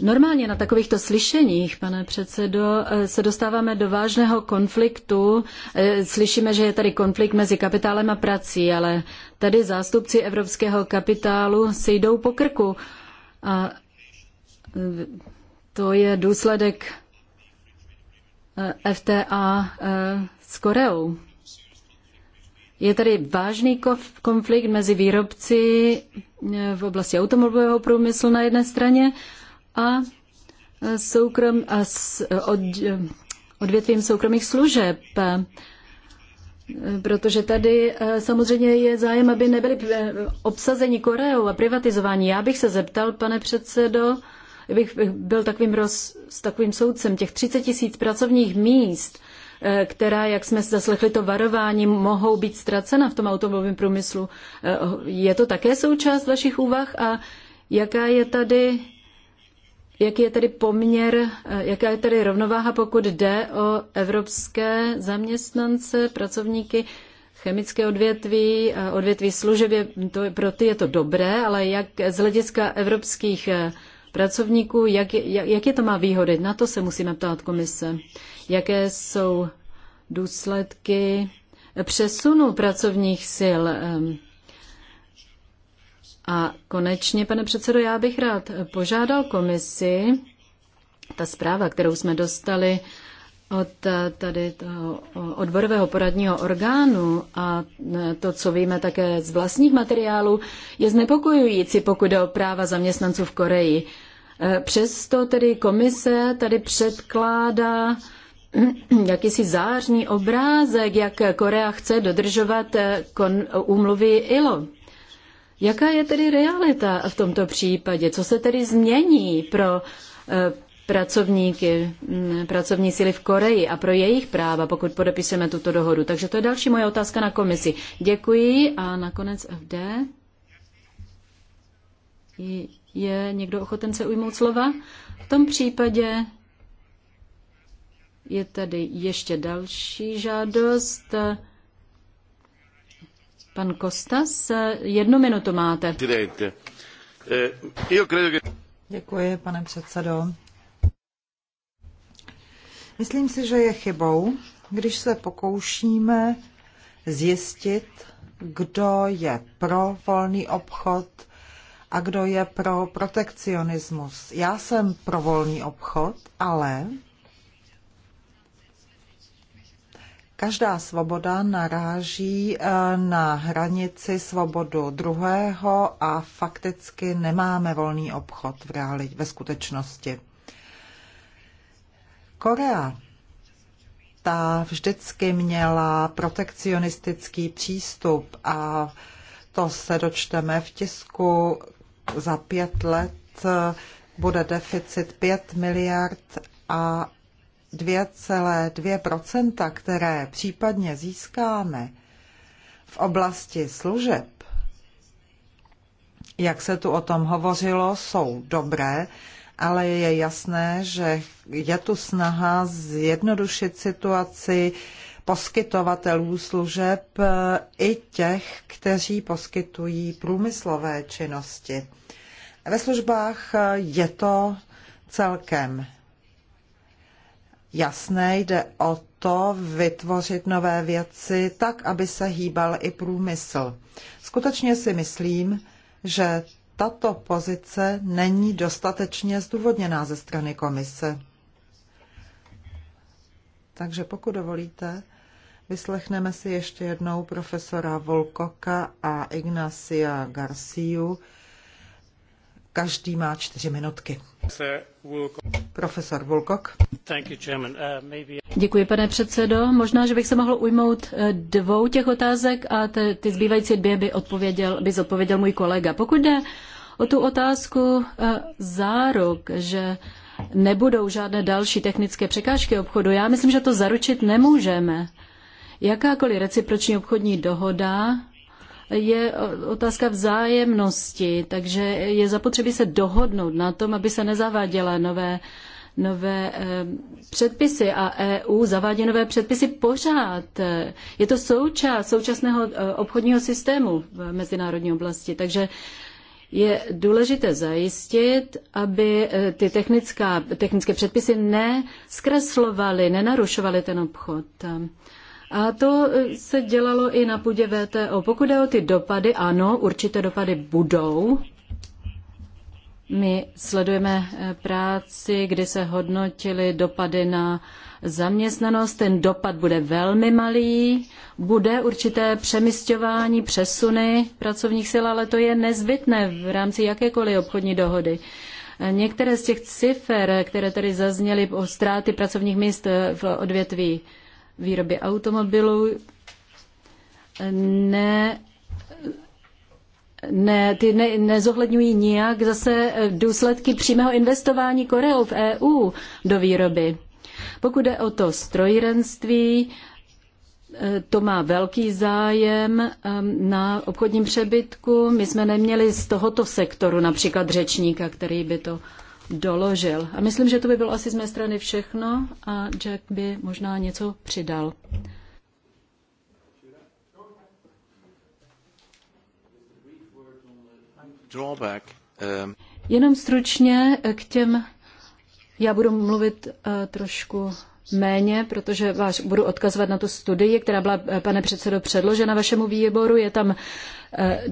Normálně na takovýchto slyšeních, pane předsedo, eh, se dostáváme do vážného konfliktu. Eh, slyšíme, že je tady konflikt mezi kapitálem a prací, ale tady zástupci evropského kapitálu si jdou po krku. A eh, to je důsledek FTA s Koreou. Je tady vážný konflikt mezi výrobci eh, v oblasti automobilového průmyslu na jedné straně a, eh, soukrom, a s, eh, od, odvětvím soukromých služeb. Protože tady samozřejmě je zájem, aby nebyly obsazení Koreou a privatizování. Já bych se zeptal, pane předsedo, bych byl takovým roz, s takovým soudcem těch 30 tisíc pracovních míst – Eh, která, jak jsme zaslechli to varování, mohou být ztracena v tom automobilovém průmyslu. Eh, je to také součást vašich úvah a jaká je tady Jaký je tady poměr, eh, jaká je tady rovnováha, pokud jde o evropské zaměstnance, pracovníky chemické odvětví, odvětví služeb, je, to, pro ty je to dobré, ale jak z hlediska evropských pracovníků, jak, jak, jaké to má výhody? Na to se musíme ptát komise. Jaké jsou důsledky přesunu pracovních sil? A konečně, pane předsedo, já bych rád požádal komisi, ta zpráva, kterou jsme dostali od eh, tady toho odborového poradního orgánu a eh, to, co víme také z vlastních materiálů, je znepokojující, pokud jde o práva zaměstnanců v Koreji. Eh, přesto tedy komise tady předkládá jakýsi zářný obrázek, jak Korea chce dodržovat úmluvy ILO. Jaká je tedy realita v tomto případě? Co se tedy změní pro pracovníky, mm, pracovní síly v Koreji a pro jejich práva, pokud podepisujeme tuto dohodu. Takže to je další moje otázka na komisi. Děkuji a nakonec FD. Je někdo ochoten se ujmout slova? V tom případě je tady ještě další žádost. Pan Kostas, jednu minutu máte. Eh, Děkuji, pane předsedo. Myslím si, že je chybou, když se pokoušíme zjistit, kdo je pro volný obchod a kdo je pro protekcionismus. Já jsem pro volný obchod, ale každá svoboda naráží eh, na hranici svobodu druhého a fakticky nemáme volný obchod v reali- ve skutečnosti. Korea ta vždycky měla protekcionistický přístup a to se dočteme v tisku za pět let bude deficit 5 miliard a 2,2%, které případně získáme v oblasti služeb, jak se tu o tom hovořilo, jsou dobré, ale je jasné, že je tu snaha zjednodušit situaci poskytovatelů služeb e, i těch, kteří poskytují průmyslové činnosti. Ve službách e, je to celkem jasné, jde o to vytvořit nové věci tak, aby se hýbal i průmysl. Skutečně si myslím, že tato pozice není dostatečně zdůvodněná ze strany komise. Takže pokud dovolíte, vyslechneme si ještě jednou profesora Volkoka a Ignacia Garciu, Každý má čtyři minutky. Profesor Vulkok. Uh, Děkuji, pane předsedo. Možná, že bych se mohl ujmout eh, dvou těch otázek a ty zbývající dvě by, odpověděl, by zodpověděl můj kolega. Pokud jde o tu otázku eh, záruk, že nebudou žádné další technické překážky obchodu, já myslím, že to zaručit nemůžeme. Jakákoliv reciproční obchodní dohoda je otázka vzájemnosti, takže je zapotřebí se dohodnout na tom, aby se nezaváděla nové nové eh, předpisy a EU zavádí nové předpisy pořád. Je to součást současného eh, obchodního systému v mezinárodní oblasti, takže je důležité zajistit, aby eh, ty technická, technické předpisy neskreslovaly, nenarušovaly ten obchod. A to e, se dělalo i na půdě VTO. Pokud jde o ty dopady, ano, určité dopady budou. My sledujeme e, práci, kdy se hodnotily dopady na zaměstnanost. Ten dopad bude velmi malý, bude určité přemysťování, přesuny pracovních sil, ale to je nezbytné v rámci jakékoliv obchodní dohody. E, některé z těch cifer, které tady zazněly o ztráty pracovních míst v odvětví výrobě automobilů, ne, ne, ty ne, nezohledňují nijak zase eh, důsledky přímého investování Koreou v EU do výroby. Pokud jde o to strojírenství, eh, to má velký zájem ehm, na obchodním přebytku. My jsme neměli z tohoto sektoru například řečníka, který by to doložil. A myslím, že to by bylo asi z mé strany všechno a Jack by možná něco přidal. Drawback. Um... Jenom stručně k těm, já budu mluvit uh, trošku méně, protože vás budu odkazovat na tu studii, která byla, eh, pane předsedo, předložena vašemu výboru. Je tam eh,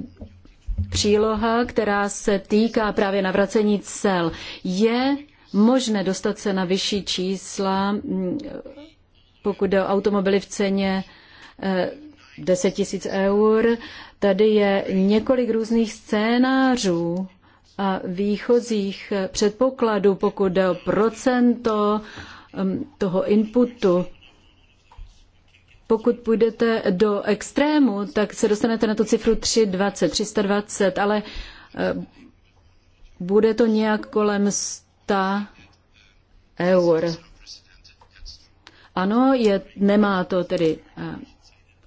příloha, která se týká právě navracení cel. Je možné dostat se na vyšší čísla, mm, pokud jde o automobily v ceně 10 eh, tisíc eur. Tady je několik různých scénářů a výchozích předpokladů, pokud jde o procento mm, toho inputu pokud půjdete do extrému, tak se dostanete na tu cifru 320, 320, ale eh, bude to nějak kolem 100 eur. Ano, je, nemá to tedy eh,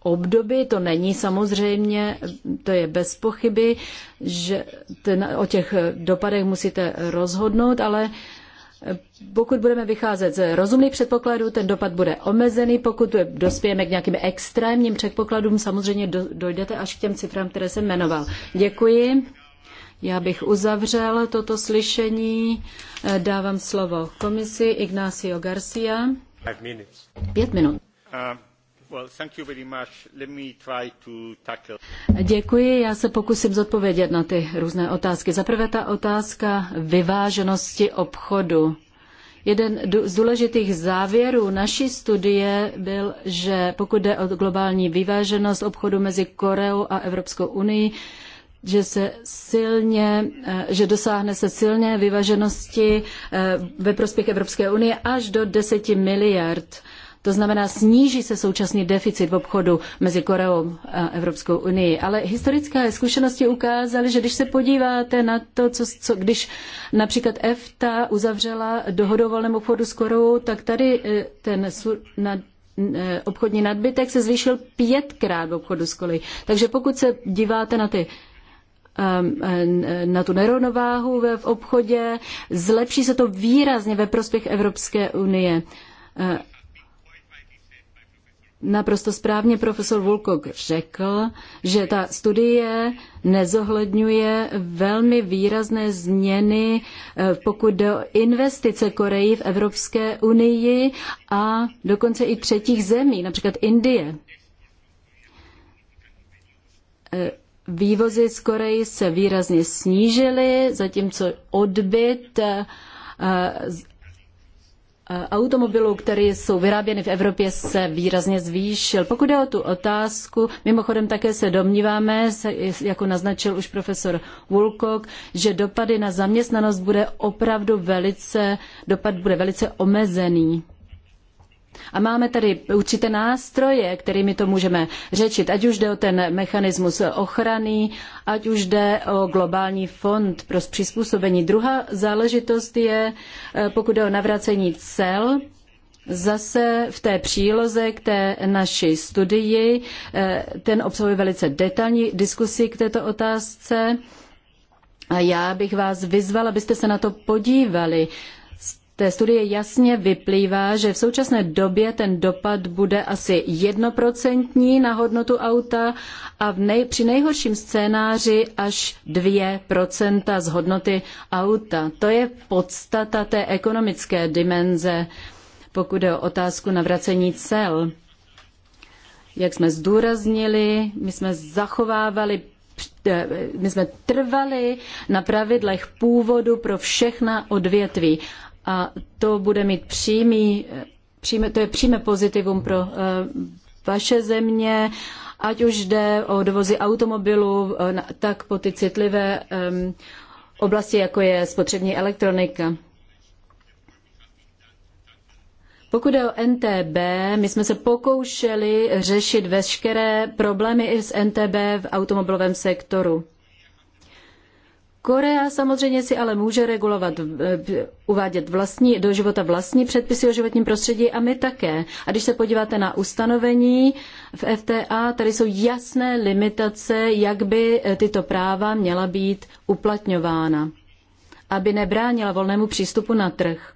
období, to není samozřejmě, to je bez pochyby, že ten, o těch dopadech musíte rozhodnout, ale pokud budeme vycházet z rozumných předpokladů, ten dopad bude omezený. Pokud dospějeme k nějakým extrémním předpokladům, samozřejmě dojdete až k těm cifrám, které jsem jmenoval. Děkuji. Já bych uzavřel toto slyšení. Dávám slovo komisi Ignacio Garcia. Pět minut. Pět uh, minut. Děkuji, já se pokusím zodpovědět na ty různé otázky. Za prvé ta otázka vyváženosti obchodu. Jeden z důležitých závěrů naší studie byl, že pokud jde o globální vyváženost obchodu mezi Koreou a Evropskou unii, že se silně, eh, že dosáhne se silné vyváženosti eh, ve prospěch Evropské unie až do 10 miliard to znamená, sníží se současný deficit v obchodu mezi Koreou a Evropskou unii. Ale historické zkušenosti ukázaly, že když se podíváte na to, co, co když například EFTA uzavřela dohodu o volném obchodu s Koreou, tak tady eh, ten na eh, obchodní nadbytek se zvýšil pětkrát v obchodu s kolejí. Takže pokud se díváte na ty ehm, eh, na tu nerovnováhu v obchodě, zlepší se to výrazně ve prospěch Evropské unie. Naprosto správně profesor Vulkok řekl, že ta studie nezohledňuje velmi výrazné změny, eh, pokud jde o investice Koreji v Evropské unii a dokonce i třetích zemí, například Indie. Eh, vývozy z Koreji se výrazně snížily, zatímco odbyt eh, automobilů, které jsou vyráběny v Evropě, se výrazně zvýšil. Pokud jde o tu otázku, mimochodem také se domníváme, jako naznačil už profesor Woolcock, že dopady na zaměstnanost bude opravdu velice, dopad bude velice omezený. A máme tady určité nástroje, kterými to můžeme řečit, ať už jde o ten mechanismus ochrany, ať už jde o globální fond pro přizpůsobení. Druhá záležitost je, eh, pokud jde o navracení cel, Zase v té příloze k té naší studii, eh, ten obsahuje velice detailní diskusi k této otázce. A já bych vás vyzvala, abyste se na to podívali té studie jasně vyplývá, že v současné době ten dopad bude asi jednoprocentní na hodnotu auta a nej, při nejhorším scénáři až 2% z hodnoty auta. To je podstata té ekonomické dimenze, pokud jde o otázku navracení cel. Jak jsme zdůraznili, my jsme zachovávali eh, my jsme trvali na pravidlech původu pro všechna odvětví a to bude mít přímý, přímé, to je přímé pozitivum pro eh, vaše země, ať už jde o dovozy automobilů, eh, tak po ty citlivé ehm, oblasti, jako je spotřební elektronika. Pokud je o NTB, my jsme se pokoušeli řešit veškeré problémy i s NTB v automobilovém sektoru. Korea samozřejmě si ale může regulovat, eh, uvádět vlastní, do života vlastní předpisy o životním prostředí a my také. A když se podíváte na ustanovení v FTA, tady jsou jasné limitace, jak by eh, tyto práva měla být uplatňována, aby nebránila volnému přístupu na trh.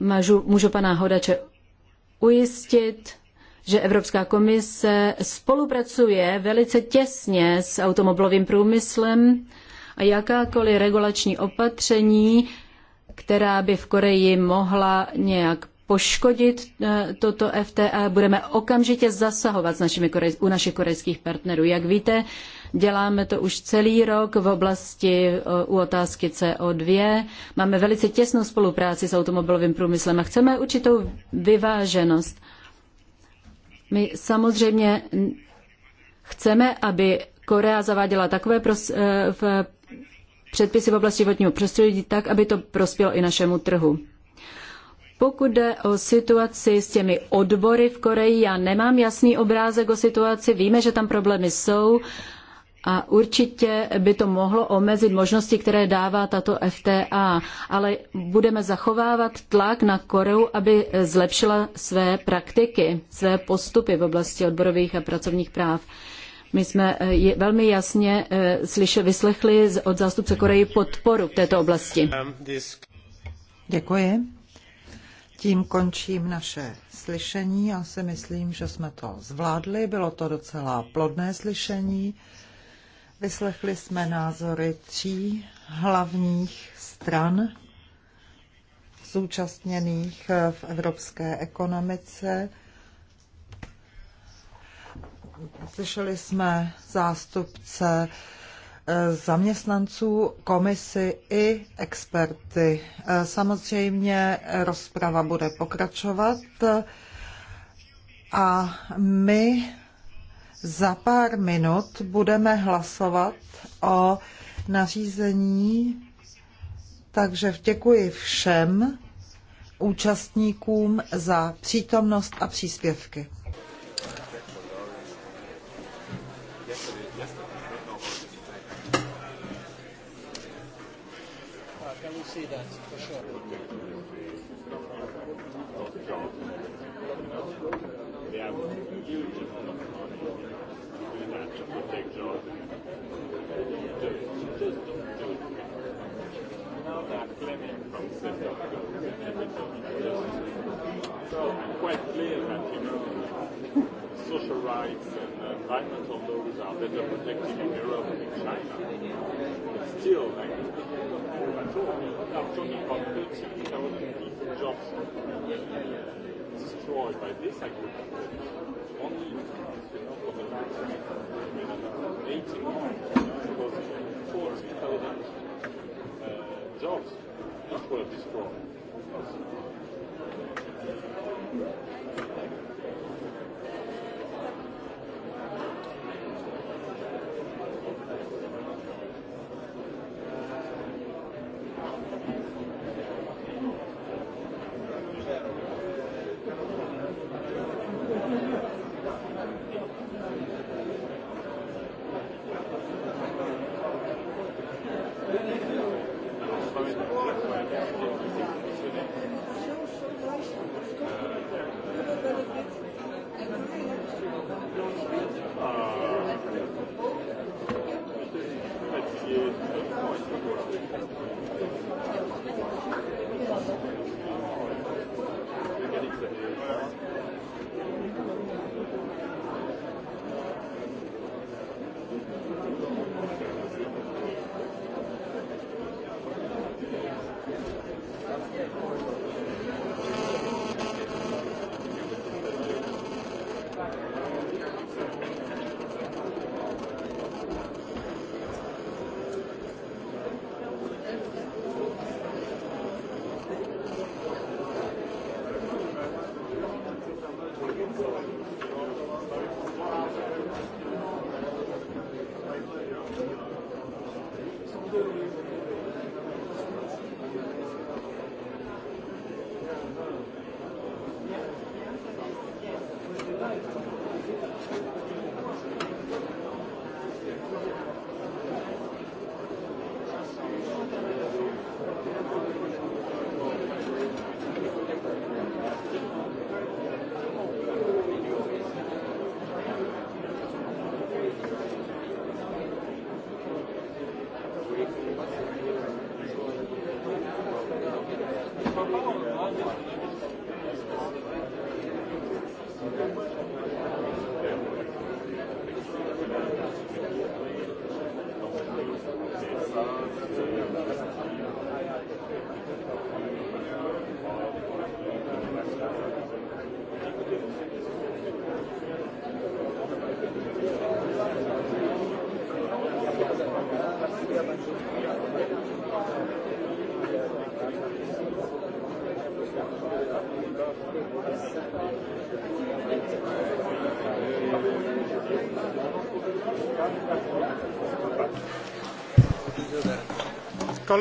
Můžu, můžu pana Hodače ujistit, že Evropská komise spolupracuje velice těsně s automobilovým průmyslem a jakákoliv regulační opatření, která by v Koreji mohla nějak poškodit eh, toto FTA, budeme okamžitě zasahovat s našimi, u našich korejských partnerů. Jak víte, děláme to už celý rok v oblasti eh, u otázky CO2. Máme velice těsnou spolupráci s automobilovým průmyslem a chceme určitou vyváženost my samozřejmě chceme, aby Korea zaváděla takové pros, eh, v předpisy v oblasti životního prostředí tak, aby to prospělo i našemu trhu. Pokud jde o situaci s těmi odbory v Koreji, já nemám jasný obrázek o situaci, víme, že tam problémy jsou, a určitě by to mohlo omezit možnosti, které dává tato FTA, ale budeme zachovávat tlak na Koreu, aby zlepšila své praktiky, své postupy v oblasti odborových a pracovních práv. My jsme eh, velmi jasně eh, slyšeli, vyslechli od zástupce Koreji podporu v této oblasti. Děkuji. Tím končím naše slyšení. Já si myslím, že jsme to zvládli. Bylo to docela plodné slyšení. Vyslechli jsme názory tří hlavních stran zúčastněných v evropské ekonomice. Slyšeli jsme zástupce eh, zaměstnanců, komisy i experty. Eh, samozřejmě rozprava bude pokračovat a my za pár minut budeme hlasovat o nařízení, takže děkuji všem účastníkům za přítomnost a příspěvky. So I'm quite clear that, you know, social rights and environment, although those are better protected in Europe than in China, but still, like, at all, we are talking about 13,000 people jobs destroyed by this agriculture. Only, you know, for the last I mean, 18 months, it was 40,000 uh, jobs That's what it's for.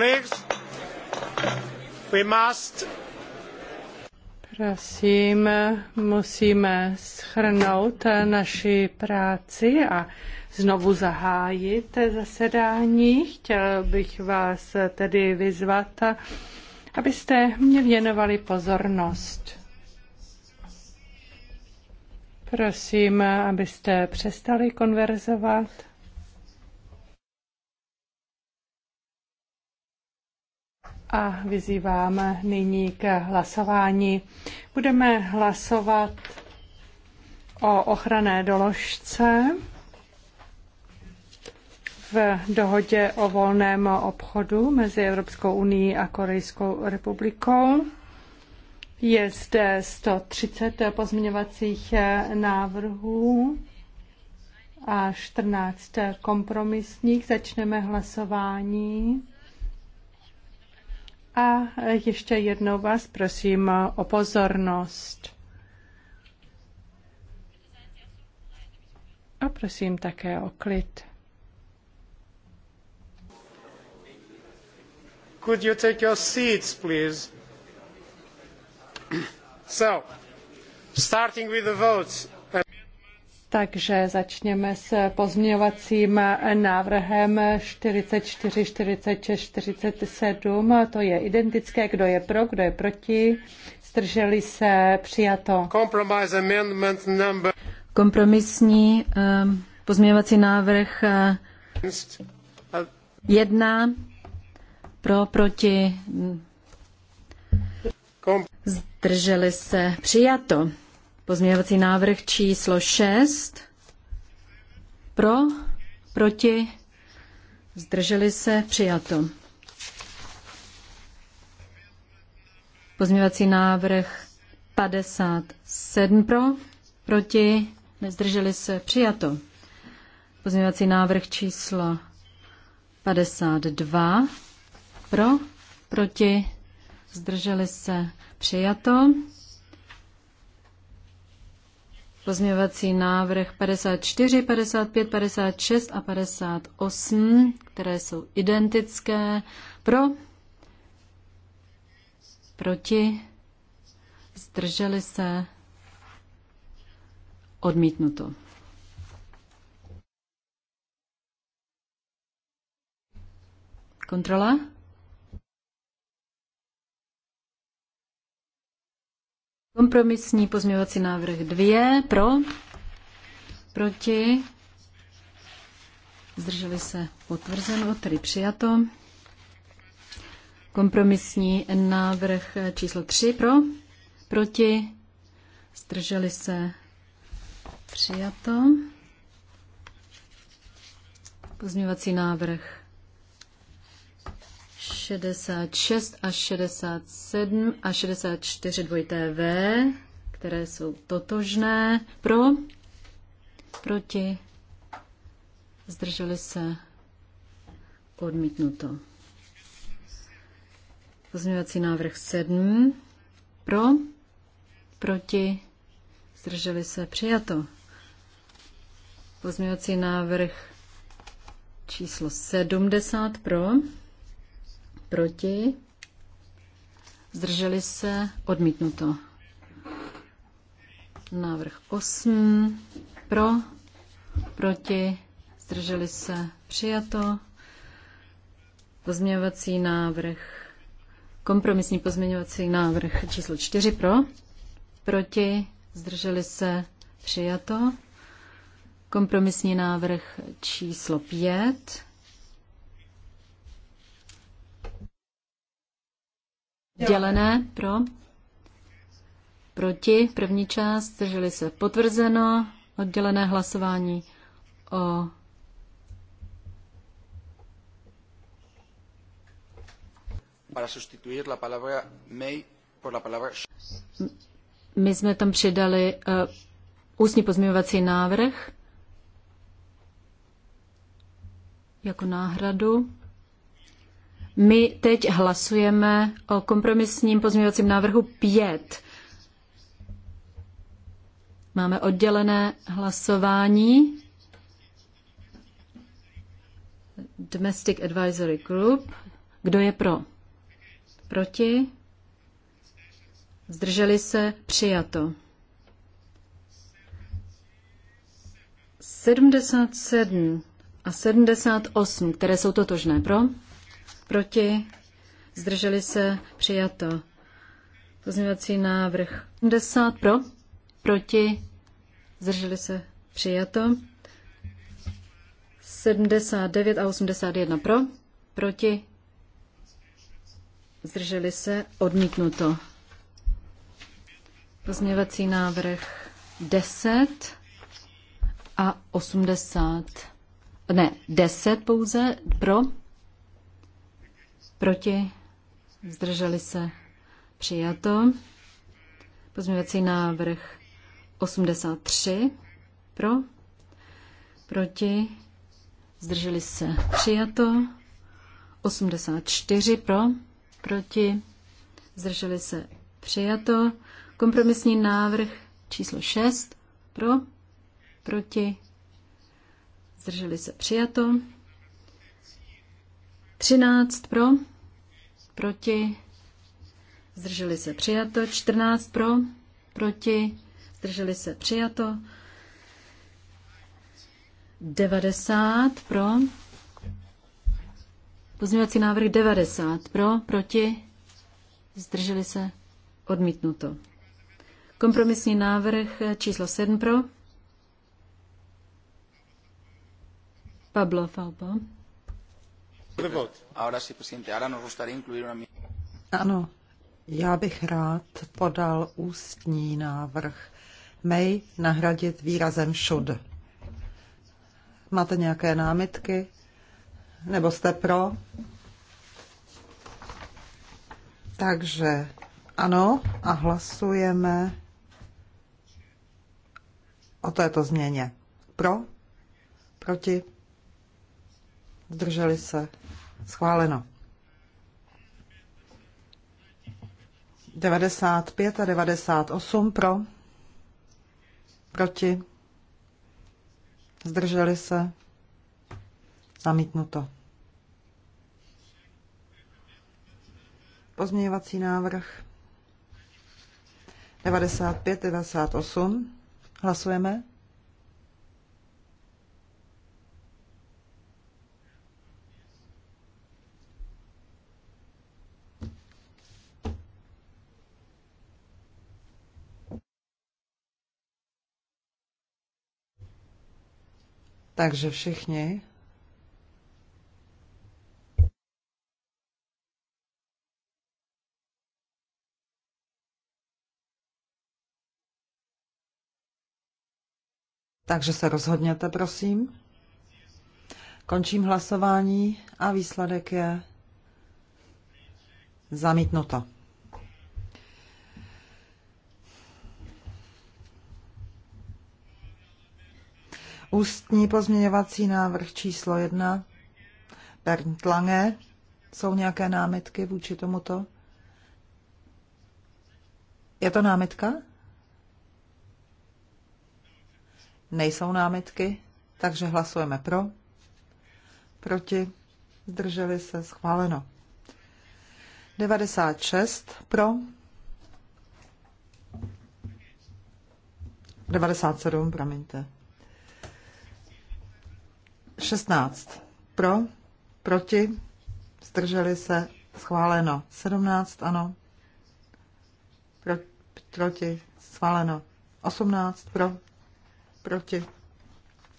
colleagues, we must... Prosím, musíme schrnout naši práci a znovu zahájit zasedání. Chtěl bych vás tedy vyzvat, abyste mě věnovali pozornost. Prosím, abyste přestali konverzovat. a vyzývám nyní k hlasování. Budeme hlasovat o ochranné doložce v dohodě o volném obchodu mezi Evropskou unii a Korejskou republikou. Je zde 130 pozměňovacích návrhů a 14 kompromisních. Začneme hlasování. A ještě jednou vás prosím o pozornost. A prosím také o klid. Could you take your seats, please? So, starting with the votes. Takže začněme s pozměňovacím návrhem 44, 46, 47. To je identické, kdo je pro, kdo je proti. Zdrželi se, přijato. Kompromisní ehm, pozměňovací návrh eh, jedna pro, proti. Zdrželi se, přijato. Pozměňovací návrh číslo 6. Pro, proti, zdrželi se, přijato. Pozměňovací návrh 57 pro, proti, nezdrželi se, přijato. Pozměňovací návrh číslo 52 pro, proti, zdrželi se, přijato. Pozměňovací návrh 54, 55, 56 a 58, které jsou identické. Pro? Proti? Zdrželi se? Odmítnuto. Kontrola? Kompromisní pozměňovací návrh 2 pro, proti, zdrželi se potvrzeno, tedy přijato. Kompromisní návrh číslo 3 pro, proti, zdrželi se přijato. Pozměňovací návrh 66 a 67 a 64 dvojité V, které jsou totožné. Pro, proti, zdrželi se, odmítnuto. Pozměňovací návrh 7. Pro, proti, zdrželi se, přijato. Pozměňovací návrh číslo 70 pro, proti, zdrželi se, odmítnuto. Návrh 8, pro, proti, zdrželi se, přijato. Pozměňovací návrh, kompromisní pozměňovací návrh číslo 4 pro, proti, zdrželi se, přijato. Kompromisní návrh číslo 5 Dělené pro. Proti. První část. drželi se. Potvrzeno. Oddělené hlasování o para sustituir la palabra may por la palabra My jsme tam přidali uh, ústní pozměňovací návrh jako náhradu. My teď hlasujeme o kompromisním pozměňovacím návrhu 5. Máme oddělené hlasování. Domestic Advisory Group. Kdo je pro? Proti? Zdrželi se? Přijato. 77 a 78, které jsou totožné pro? proti, zdrželi se, přijato. Pozměňovací návrh 80 pro, proti, zdrželi se, přijato. 79 a 81 pro, proti, zdrželi se, odmítnuto. Pozměňovací návrh 10 a 80, ne, 10 pouze pro, proti, zdrželi se, přijato. Pozměňovací návrh 83 pro, proti, zdrželi se, přijato. 84 pro, proti, zdrželi se, přijato. Kompromisní návrh číslo 6 pro, proti, zdrželi se, přijato. 13 pro, proti, zdrželi se přijato, 14 pro, proti, zdrželi se přijato, 90 pro, pozměňovací návrh 90 pro, proti, zdrželi se odmítnuto. Kompromisní návrh číslo 7 pro, Pablo Falbo. Ano, já bych rád podal ústní návrh. May nahradit výrazem should. Máte nějaké námitky? Nebo jste pro? Takže ano a hlasujeme o této změně. Pro? Proti? Zdrželi se? Schváleno. 95 a 98 pro. Proti. Zdrželi se. Zamítnuto. Pozměňovací návrh 95, 98. Hlasujeme. Takže všichni. Takže se rozhodněte, prosím. Končím hlasování a výsledek je zamítnuto. Ústní pozměňovací návrh číslo jedna. Bernd Lange. Jsou nějaké námitky vůči tomuto? Je to námitka? Nejsou námitky, takže hlasujeme pro. Proti. Zdrželi se. Schváleno. 96 pro. 97, promiňte. 16 pro, proti, zdrželi se, schváleno. 17, ano, pro, proti, schváleno. 18 pro, proti,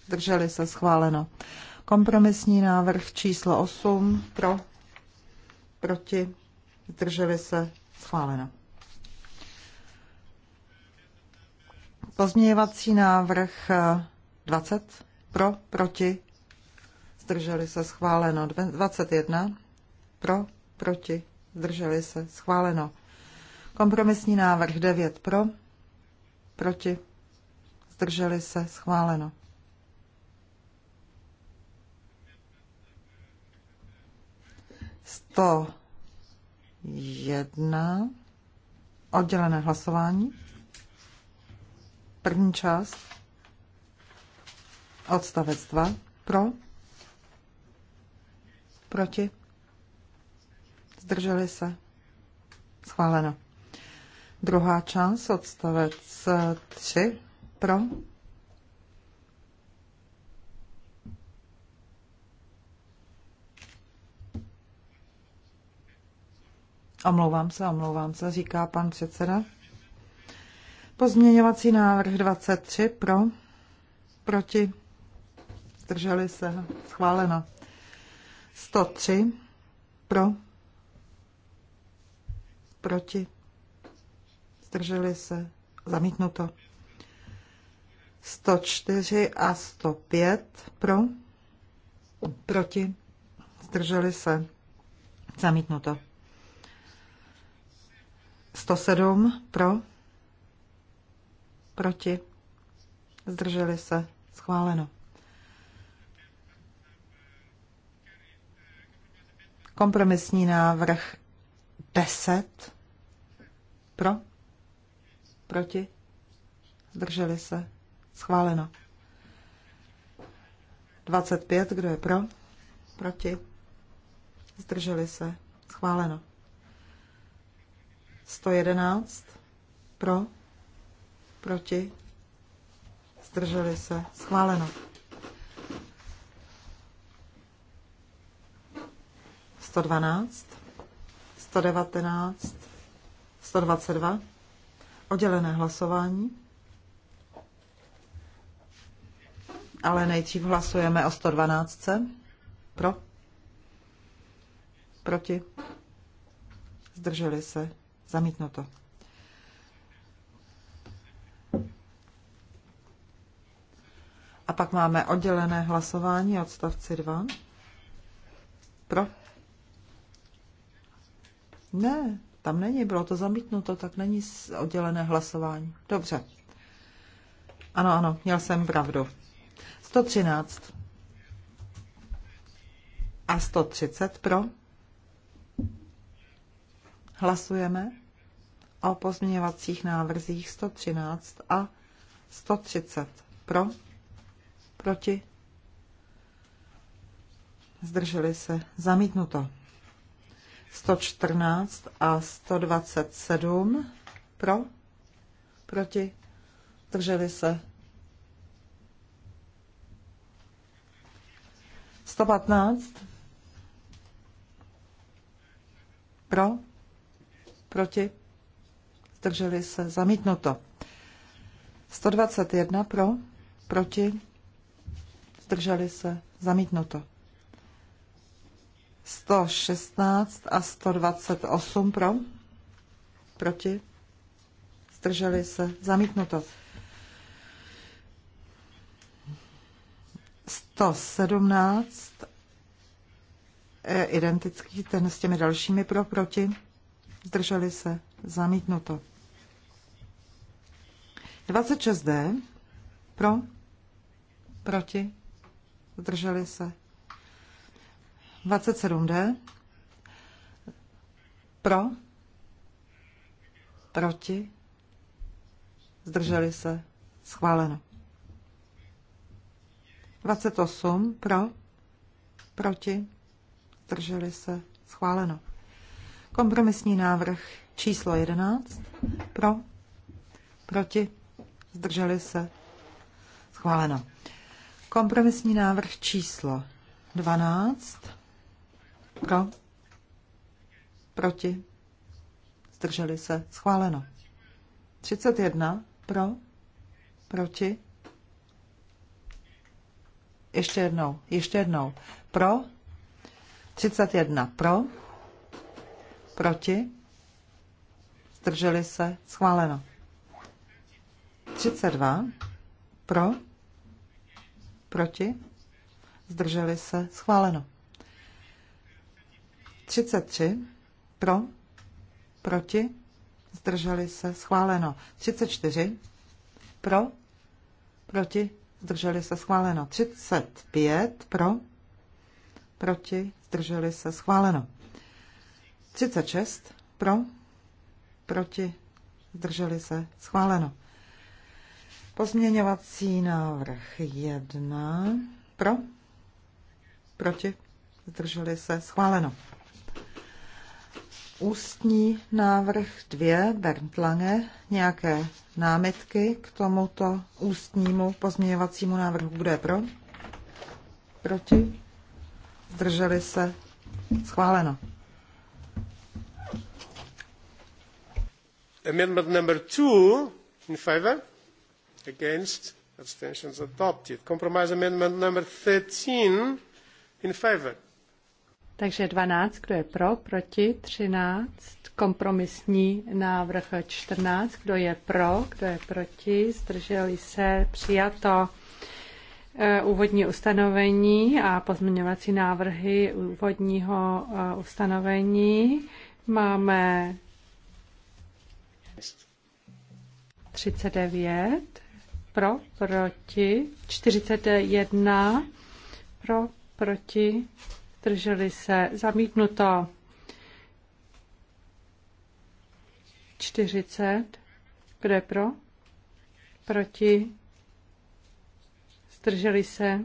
zdrželi se, schváleno. Kompromisní návrh číslo 8 pro, proti, zdrželi se, schváleno. Pozměňovací návrh 20 pro, proti, zdrželi se, schváleno. 21 pro, proti, zdrželi se, schváleno. Kompromisní návrh 9 pro, proti, zdrželi se, schváleno. Sto jedna oddělené hlasování. První část, odstavec 2, pro, Proti? Zdrželi se? Schváleno. Druhá část, odstavec 3. Eh, pro? Omlouvám se, omlouvám se, říká pan předseda. Pozměňovací návrh 23 pro, proti, zdrželi se, schváleno. 103 pro, proti, zdrželi se, zamítnuto. 104 a 105 pro, proti, zdrželi se, zamítnuto. 107 pro, proti, zdrželi se, schváleno. Kompromisní návrh 10. Pro? Proti? Zdrželi se? Schváleno. 25. Kdo je pro? Proti? Zdrželi se? Schváleno. 111. Pro? Proti? Zdrželi se? Schváleno. 112, 119, 122. Oddělené hlasování. Ale nejdřív hlasujeme o 112. Pro? Proti? Zdrželi se? Zamítnuto. A pak máme oddělené hlasování odstavci 2. Pro? Ne, tam není, bylo to zamítnuto, tak není oddělené hlasování. Dobře. Ano, ano, měl jsem pravdu. 113. A 130 pro. Hlasujeme o pozměňovacích návrzích 113 a 130 pro. Proti. Zdrželi se. Zamítnuto. 114 a 127 pro, proti, drželi se. 115 pro, proti, zdrželi se, zamítnuto. 121 pro, proti, zdrželi se, zamítnuto. 116 a 128 pro, proti, zdrželi se, zamítnuto. 117 je identický ten s těmi dalšími pro, proti, zdrželi se, zamítnuto. 26D pro, proti, zdrželi se, 27D. Pro? Proti? Zdrželi se? Schváleno. 28 pro, proti, zdrželi se, schváleno. Kompromisní návrh číslo 11 pro, proti, zdrželi se, schváleno. Kompromisní návrh číslo 12 pro? Proti? Zdrželi se? Schváleno. 31. Pro? Proti? Ještě jednou, ještě jednou. Pro? 31. Pro? Proti? Zdrželi se? Schváleno. 32. Pro? Proti? Zdrželi se? Schváleno. 33 pro, proti, zdrželi se, schváleno. 34 pro, proti, zdrželi se, schváleno. 35 pro, proti, zdrželi se, schváleno. 36 pro, proti, zdrželi se, schváleno. Pozměňovací návrh 1 pro, proti, zdrželi se, schváleno ústní návrh dvě Bernd Lange. Nějaké námitky k tomuto ústnímu pozměňovacímu návrhu? Bude pro? Proti? Zdrželi se? Schváleno. Amendment number two in favor? Against? Abstentions adopted. Compromise amendment number 13 in favor? Takže 12, kdo je pro, proti, 13, kompromisní návrh 14, kdo je pro, kdo je proti, zdrželi se, přijato e, úvodní ustanovení a pozměňovací návrhy úvodního e, ustanovení. Máme 39 pro, proti, 41 pro, proti, zdrželi se. Zamítnuto. 40. Kdo je pro? Proti? Zdrželi se?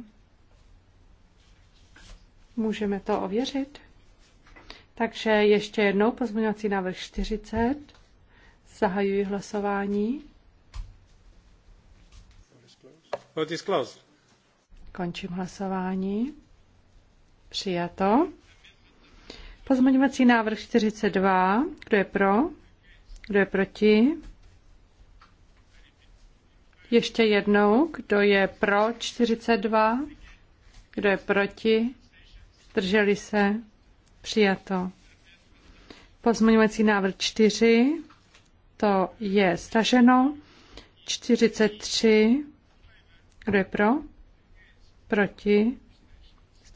Můžeme to ověřit? Takže ještě jednou pozměňovací návrh 40. Zahajuji hlasování. Vote is closed. Končím hlasování. Přijato. Pozměňovací návrh 42. Kdo je pro? Kdo je proti? Ještě jednou. Kdo je pro 42? Kdo je proti? Zdrželi se? Přijato. Pozměňovací návrh 4. To je staženo. 43. Kdo je pro? Proti?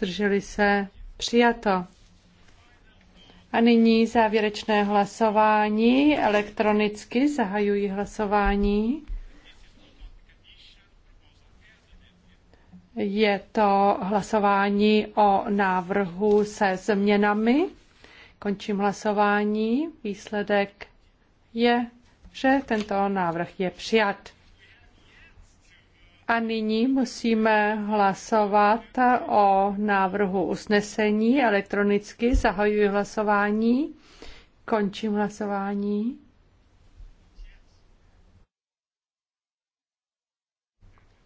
zdrželi se, přijato. A nyní závěrečné hlasování. Elektronicky zahajují hlasování. Je to hlasování o návrhu se změnami. Končím hlasování. Výsledek je, že tento návrh je přijat. A nyní musíme hlasovat o návrhu usnesení elektronicky. Zahajuji hlasování. Končím hlasování.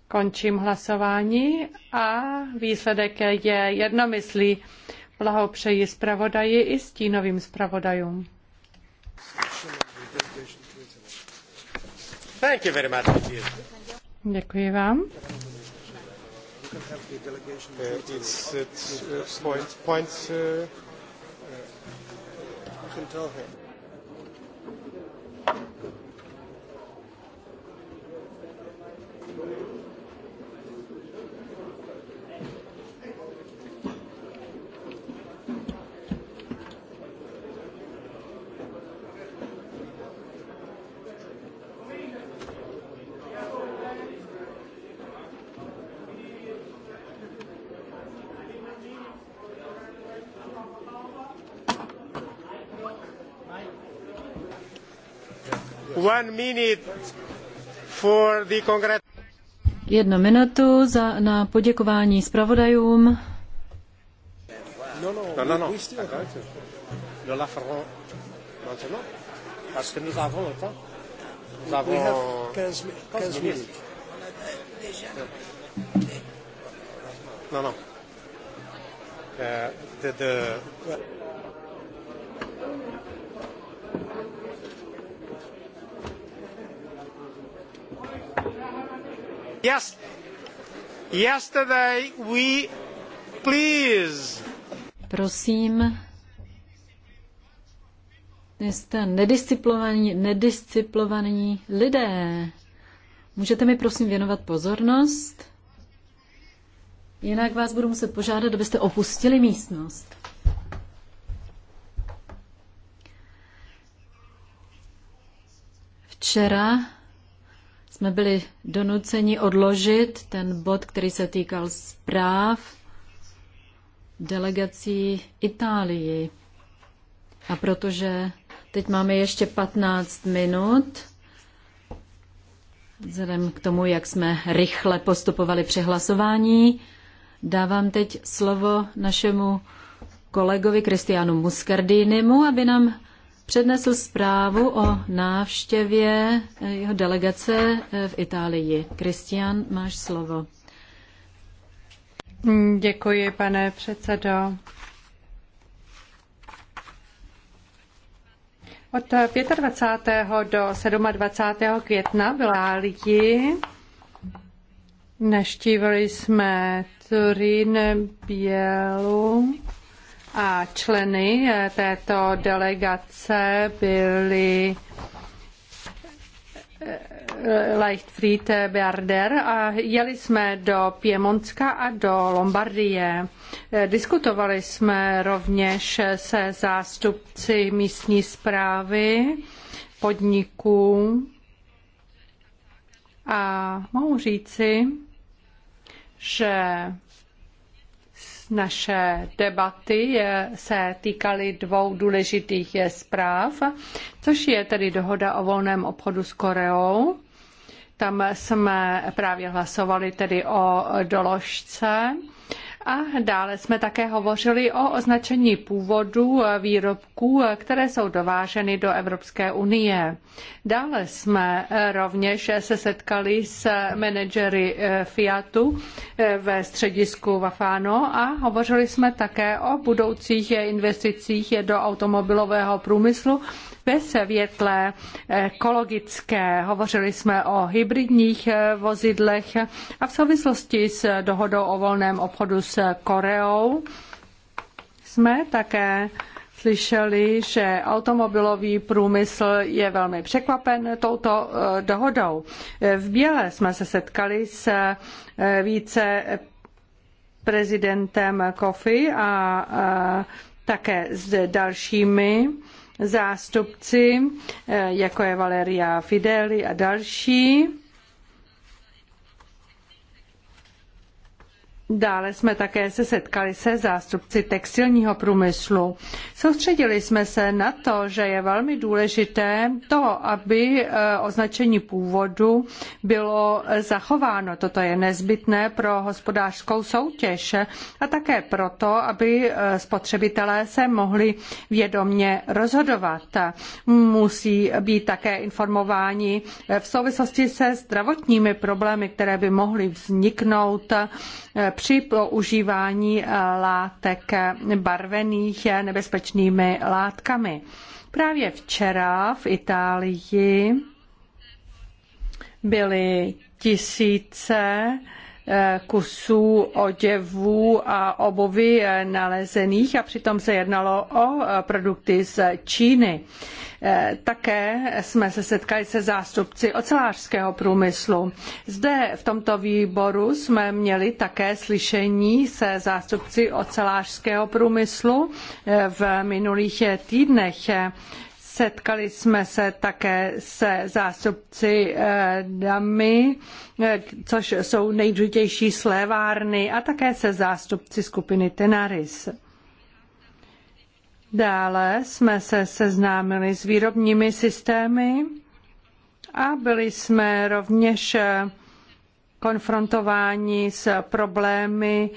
Končím hlasování a výsledek je jednomyslí. Blahopřeji zpravodaji i stínovým zpravodajům. Thank you very much. Děkuji vám. Uh, uh, you Jednu minutu za, na poděkování zpravodajům. No, no, no, no. no. no la maintenant, no, no, parce que nous avons le temps. Nous avons 15, Non, non. de, de... Yes. Yesterday we please. Prosím, jste nedisciplinovaní lidé. Můžete mi prosím věnovat pozornost? Jinak vás budu muset požádat, abyste opustili místnost. Včera jsme byli donuceni odložit ten bod, který se týkal zpráv delegací Itálii. A protože teď máme ještě 15 minut, vzhledem k tomu, jak jsme rychle postupovali při hlasování, dávám teď slovo našemu kolegovi Kristianu Muscardinimu, aby nám přednesl zprávu o návštěvě eh, jeho delegace eh, v Itálii. Kristian, máš slovo. Mm, děkuji, pane předsedo. Od 25. do 27. května byla lidi. Naštívili jsme Turin, Bělu, a členy eh, této delegace byli eh, Leichtfried Berder a jeli jsme do Piemonska a do Lombardie. Eh, diskutovali jsme rovněž se zástupci místní správy, podniků a mohu říci, že naše debaty eh, se týkaly dvou důležitých eh, zpráv, což je tedy dohoda o volném obchodu s Koreou. Tam jsme právě hlasovali tedy o doložce a dále jsme také hovořili o označení původu výrobků, které jsou dováženy do Evropské unie. Dále jsme rovněž se setkali s manažery eh, Fiatu eh, ve středisku Vafano a hovořili jsme také o budoucích investicích do automobilového průmyslu ve světle ekologické. Hovořili jsme o hybridních eh, vozidlech a v souvislosti s dohodou o volném obchodu s Koreou jsme také slyšeli, že automobilový průmysl je velmi překvapen touto eh, dohodou. V Běle jsme se setkali s eh, více prezidentem Kofi a také s dalšími zástupci, eh, jako je Valeria Fideli a další Dále jsme také se setkali se zástupci textilního průmyslu. Soustředili jsme se na to, že je velmi důležité to, aby e, označení původu bylo zachováno. Toto je nezbytné pro hospodářskou soutěž a také proto, aby e, spotřebitelé se mohli vědomně rozhodovat. Musí být také informováni v souvislosti se zdravotními problémy, které by mohly vzniknout e, při používání eh, látek barvených nebezpečnými látkami. Právě včera v Itálii byly tisíce Eh, kusů oděvů a obovy eh, nalezených a přitom se jednalo o eh, produkty z Číny. Také jsme se setkali se zástupci ocelářského průmyslu. Zde v tomto výboru jsme měli také slyšení se zástupci ocelářského průmyslu v minulých týdnech. Setkali jsme se také se zástupci eh, DAMY, eh, což jsou nejdůležitější slévárny, a také se zástupci skupiny Tenaris. Dále jsme se seznámili s výrobními systémy a byli jsme rovněž eh, konfrontováni s problémy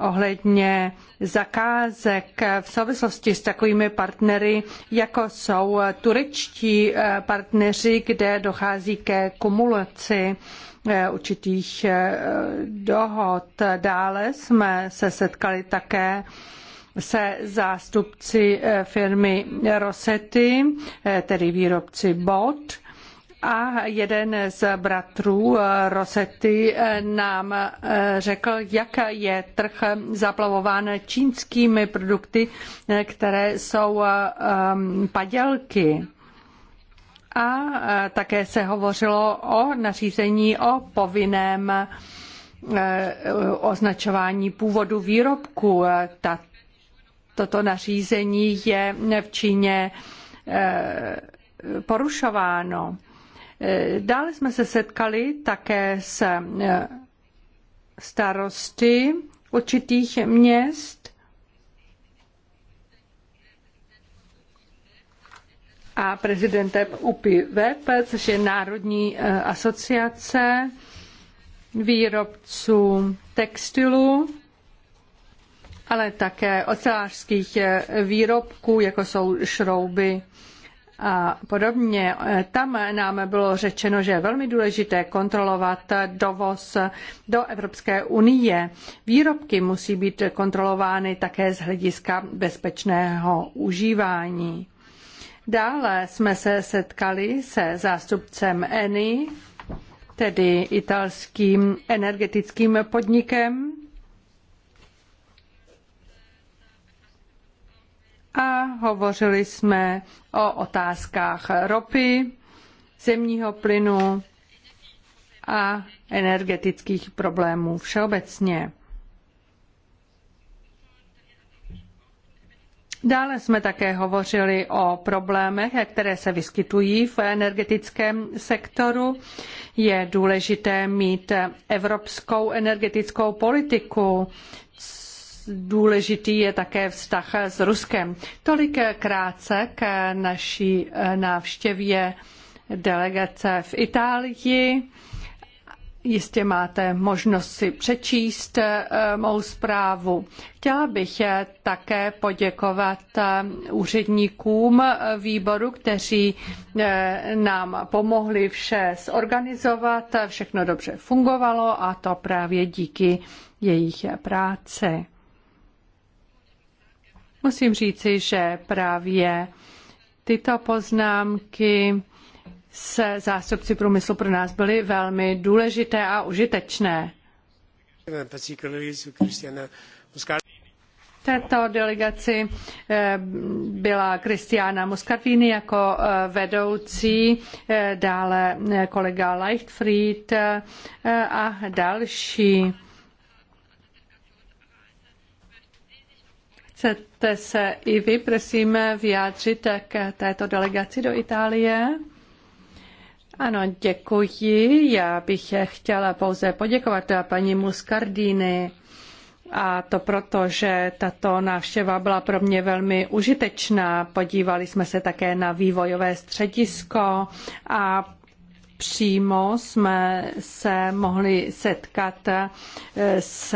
ohledně zakázek v souvislosti s takovými partnery, jako jsou turečtí eh, partneři, kde dochází ke kumulaci eh, určitých eh, dohod. Dále jsme se setkali také se zástupci firmy Rosetti, tedy výrobci bot, a jeden z bratrů eh, Rosetty eh, nám eh, řekl, jak je trh zaplavován čínskými produkty, které jsou padělky. A také se hovořilo o nařízení o povinném označování původu výrobku. Toto nařízení je v Číně porušováno. Eh, dále jsme se setkali také s eh, starosty určitých měst a prezidentem UPIVEP, což je Národní eh, asociace výrobců textilu, ale také ocelářských výrobků, jako jsou šrouby a podobně. Tam nám bylo řečeno, že je velmi důležité kontrolovat dovoz do Evropské unie. Výrobky musí být kontrolovány také z hlediska bezpečného užívání. Dále jsme se setkali se zástupcem ENI, tedy italským energetickým podnikem, a hovořili jsme o otázkách ropy, zemního plynu a energetických problémů všeobecně. Dále jsme také hovořili o problémech, které se vyskytují v energetickém sektoru. Je důležité mít evropskou energetickou politiku, důležitý je také vztah s Ruskem. Tolik krátce k naší eh, návštěvě delegace v Itálii. Jistě máte možnost si přečíst eh, mou zprávu. Chtěla bych eh, také poděkovat úředníkům výboru, kteří nám pomohli vše zorganizovat. Všechno dobře fungovalo a to právě díky jejich práci. Musím říci, že právě tyto poznámky se zástupci průmyslu pro nás byly velmi důležité a užitečné. Této delegaci eh, byla Kristiana Muscardini jako eh, vedoucí, eh, dále kolega Leichtfried a další. Chcete se i vy, prosím, vyjádřit k této delegaci do Itálie? Ano, děkuji. Já bych chtěla pouze poděkovat paní Muscardini a to proto, že tato návštěva byla pro mě velmi užitečná. Podívali jsme se také na vývojové středisko a přímo jsme se mohli setkat s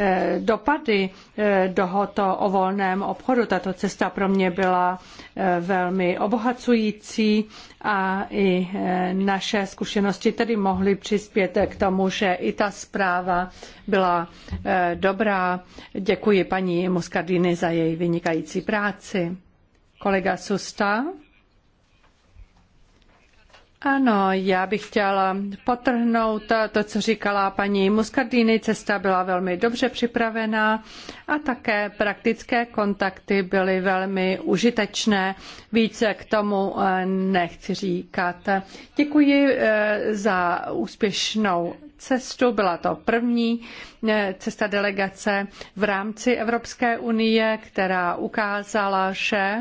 Eh, dopady eh, dohoto o volném obchodu. Tato cesta pro mě byla eh, velmi obohacující a i naše zkušenosti tedy mohly přispět k tomu, že i ta zpráva byla dobrá. Děkuji paní Muscardini za její vynikající práci. Kolega Susta. Ano, já bych chtěla potrhnout to, co říkala paní Muscardini. Cesta byla velmi dobře připravená a také praktické kontakty byly velmi užitečné. Více k tomu eh, nechci říkat. Děkuji eh, za úspěšnou cestu. Byla to první eh, cesta delegace v rámci Evropské unie, která ukázala, že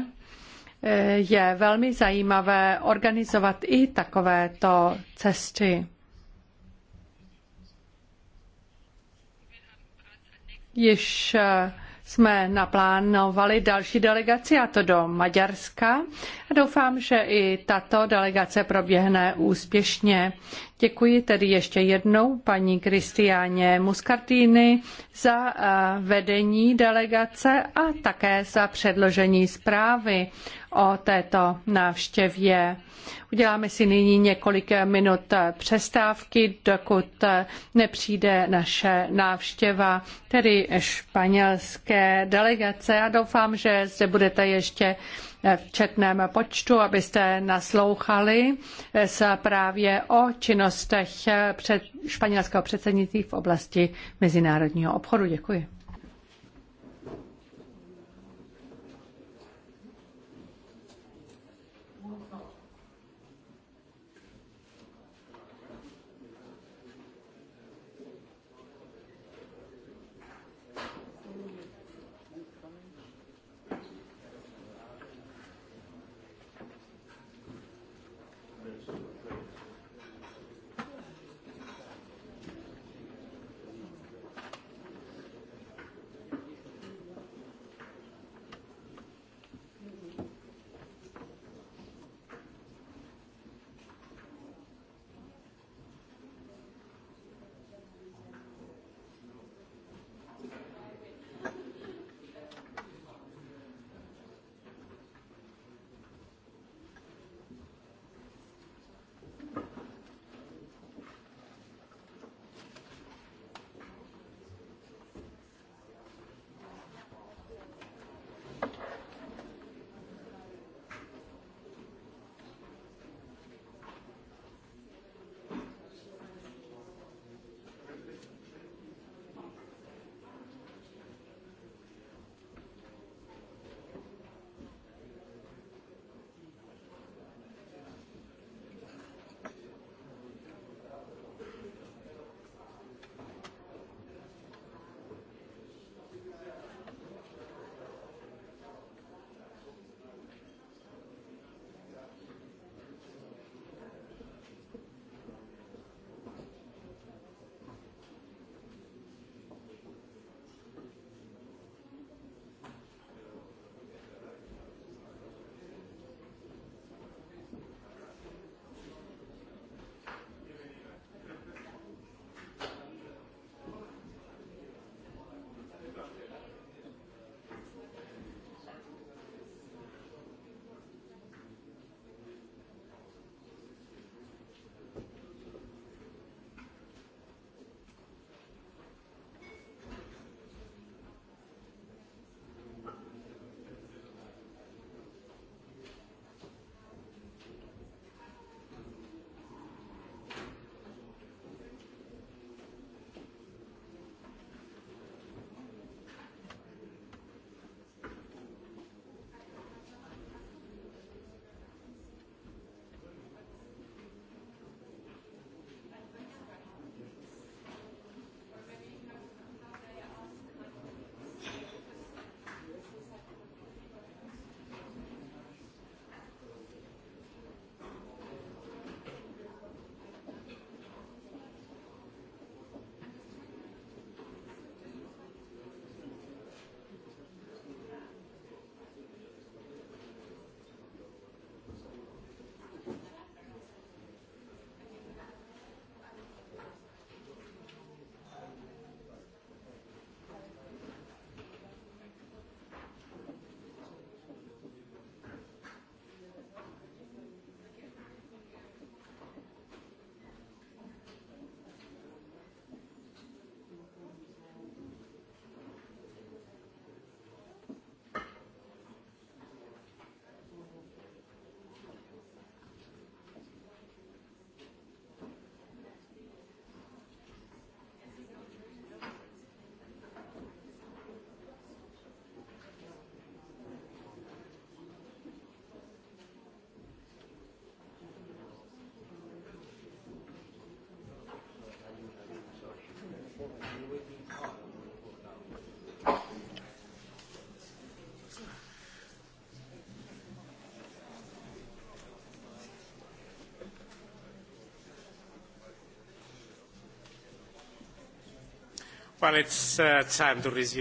je velmi zajímavé organizovat i takovéto cesty. Již eh, jsme naplánovali další delegaci, a to do Maďarska Doufám, že i tato delegace proběhne úspěšně. Děkuji tedy ještě jednou paní Kristiáně Muscardini za eh, vedení delegace a také za předložení zprávy o této návštěvě. Uděláme si nyní několik minut přestávky, dokud eh, nepřijde naše návštěva, tedy španělské delegace a doufám, že zde budete ještě Eh, v četném počtu, abyste naslouchali eh, se právě o činnostech eh, před španělského předsednictví v oblasti mezinárodního obchodu. Děkuji.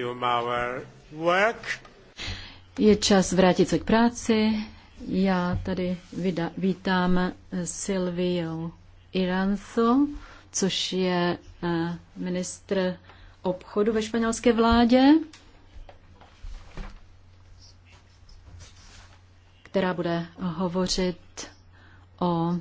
Uh, Je čas vrátit se k práci. Já tady vida, vítám Silvio Iranzo, což je eh, ministr obchodu ve španělské vládě, která bude hovořit o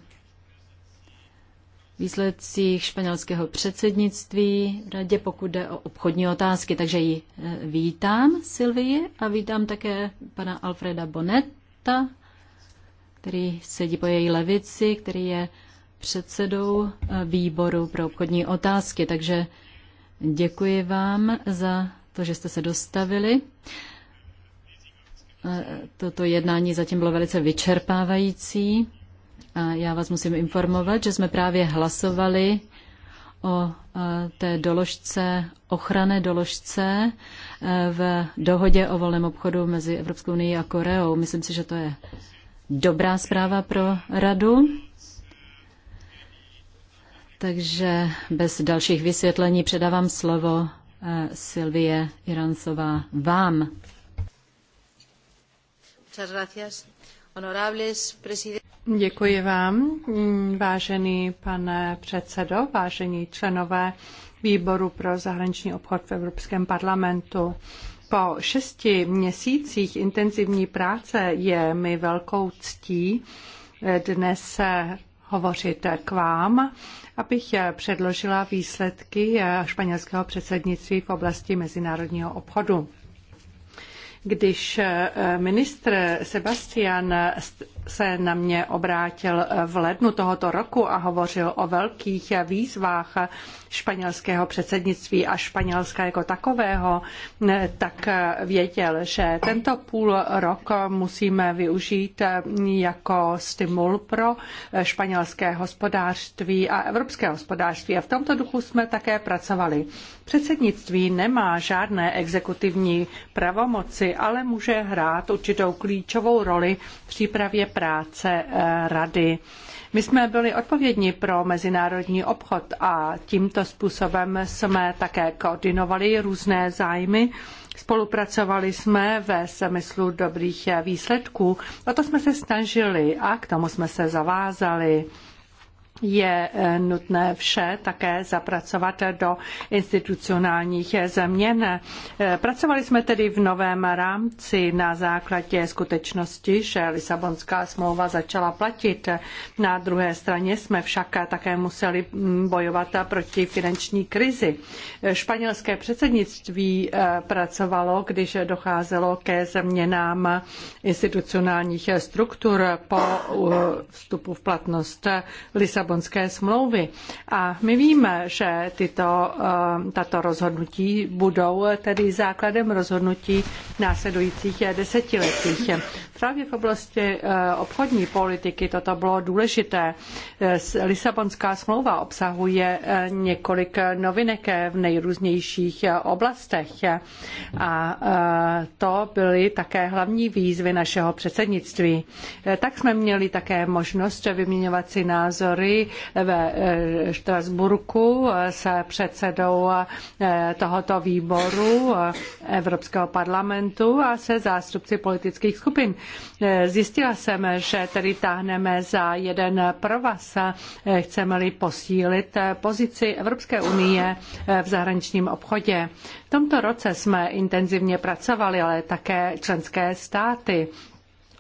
výsledcích španělského předsednictví v radě, pokud jde o obchodní otázky. Takže ji eh, vítám, Silvii, a vítám také pana Alfreda Bonetta, který sedí po její levici, který je předsedou eh, výboru pro obchodní otázky, takže děkuji vám za to, že jste se dostavili. Eh, toto jednání zatím bylo velice vyčerpávající. A já vás musím informovat, že jsme právě hlasovali o eh, té doložce, ochranné doložce v dohodě o volném obchodu mezi Evropskou unii a Koreou. Myslím si, že to je dobrá zpráva pro radu. Takže bez dalších vysvětlení předávám slovo eh, Silvie Irancová vám. Děkuji vám, vážený pane předsedo, vážení členové výboru pro zahraniční obchod v Evropském parlamentu. Po šesti měsících intenzivní práce je mi velkou ctí eh, dnes hovořit k vám, abych předložila výsledky španělského předsednictví v oblasti mezinárodního obchodu. Když ministr Sebastian se na mě obrátil v lednu tohoto roku a hovořil o velkých výzvách španělského předsednictví a Španělska jako takového, tak věděl, že tento půl rok musíme využít jako stimul pro španělské hospodářství a evropské hospodářství. A v tomto duchu jsme také pracovali. Předsednictví nemá žádné exekutivní pravomoci, ale může hrát určitou klíčovou roli v přípravě práce eh, rady. My jsme byli odpovědní pro mezinárodní obchod a tímto způsobem jsme také koordinovali různé zájmy. Spolupracovali jsme ve smyslu dobrých eh, výsledků. O to jsme se snažili a k tomu jsme se zavázali je eh, nutné vše také zapracovat do institucionálních změn. Eh, pracovali jsme tedy v novém rámci na základě skutečnosti, že Lisabonská smlouva začala platit. Na druhé straně jsme však také museli mm, bojovat proti finanční krizi. Španělské předsednictví eh, pracovalo, když docházelo ke změnám institucionálních struktur po vstupu v platnost Lisabonské Lisabonské smlouvy. A my víme, že tyto, eh, tato rozhodnutí budou tedy základem rozhodnutí následujících desetiletích. Právě v oblasti eh, obchodní politiky toto bylo důležité. Eh, Lisabonská smlouva obsahuje eh, několik novinek v nejrůznějších oblastech a to byly také hlavní výzvy našeho předsednictví. Tak jsme měli také možnost vyměňovat si názory ve Štrasburku se předsedou tohoto výboru Evropského parlamentu a se zástupci politických skupin. Eh, zjistila jsem, že tedy táhneme za jeden provaz, eh, chceme-li posílit eh, pozici Evropské unie v zahraničním obchodě. V tomto roce jsme intenzivně pracovali, ale také členské státy.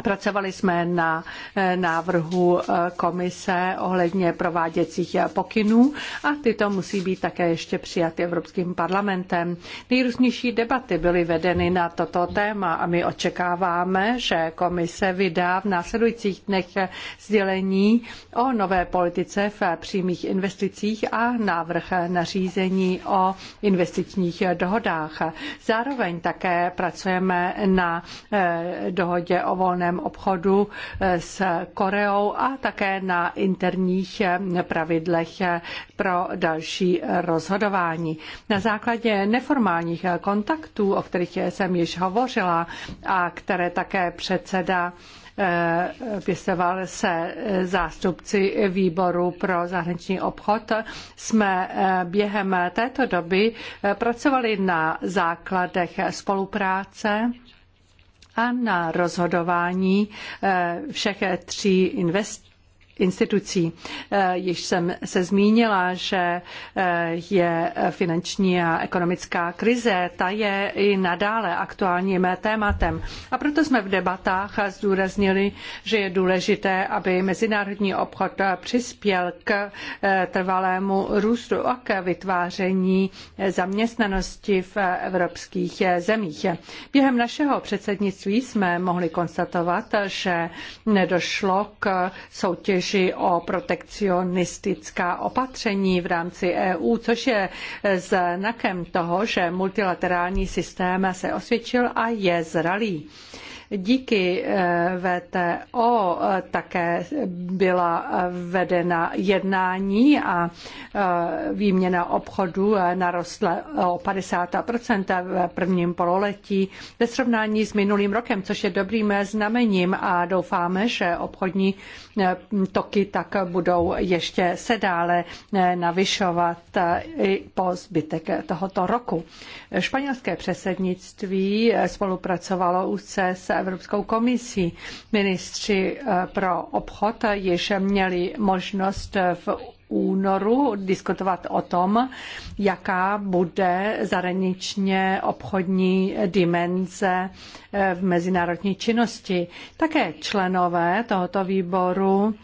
Pracovali jsme na eh, návrhu eh, komise ohledně prováděcích eh, pokynů a tyto musí být také ještě přijaty Evropským parlamentem. Nejrůznější debaty byly vedeny na toto téma a my očekáváme, že komise vydá v následujících dnech sdělení o nové politice v přímých investicích a návrh nařízení o investičních dohodách. Zároveň také pracujeme na dohodě o volné volném obchodu eh, s Koreou a také na interních eh, pravidlech eh, pro další rozhodování. Na základě neformálních kontaktů, o kterých jsem již hovořila a které také předseda pěstoval se zástupci výboru pro zahraniční obchod. Jsme během této doby pracovali na základech spolupráce a na rozhodování eh, všech tří investic institucí. Eh, již jsem se zmínila, že eh, je finanční a ekonomická krize, ta je i nadále aktuálním tématem. A proto jsme v debatách zdůraznili, že je důležité, aby mezinárodní obchod přispěl k eh, trvalému růstu a k vytváření zaměstnanosti v evropských zemích. Během našeho předsednictví jsme mohli konstatovat, že nedošlo k soutěži soutěži o protekcionistická opatření v rámci EU, což je znakem toho, že multilaterální systém se osvědčil a je zralý. Díky eh, VTO eh, také byla vedena jednání a eh, výměna obchodu narostla o 50 v prvním pololetí ve srovnání s minulým rokem, což je dobrým znamením a doufáme, že obchodní toky tak budou ještě se dále navyšovat i po zbytek tohoto roku. Španělské předsednictví spolupracovalo úzce s Evropskou komisí. Ministři eh, pro obchod již měli možnost v únoru diskutovat o tom, jaká bude zahraničně obchodní dimenze eh, v mezinárodní činnosti. Také členové tohoto výboru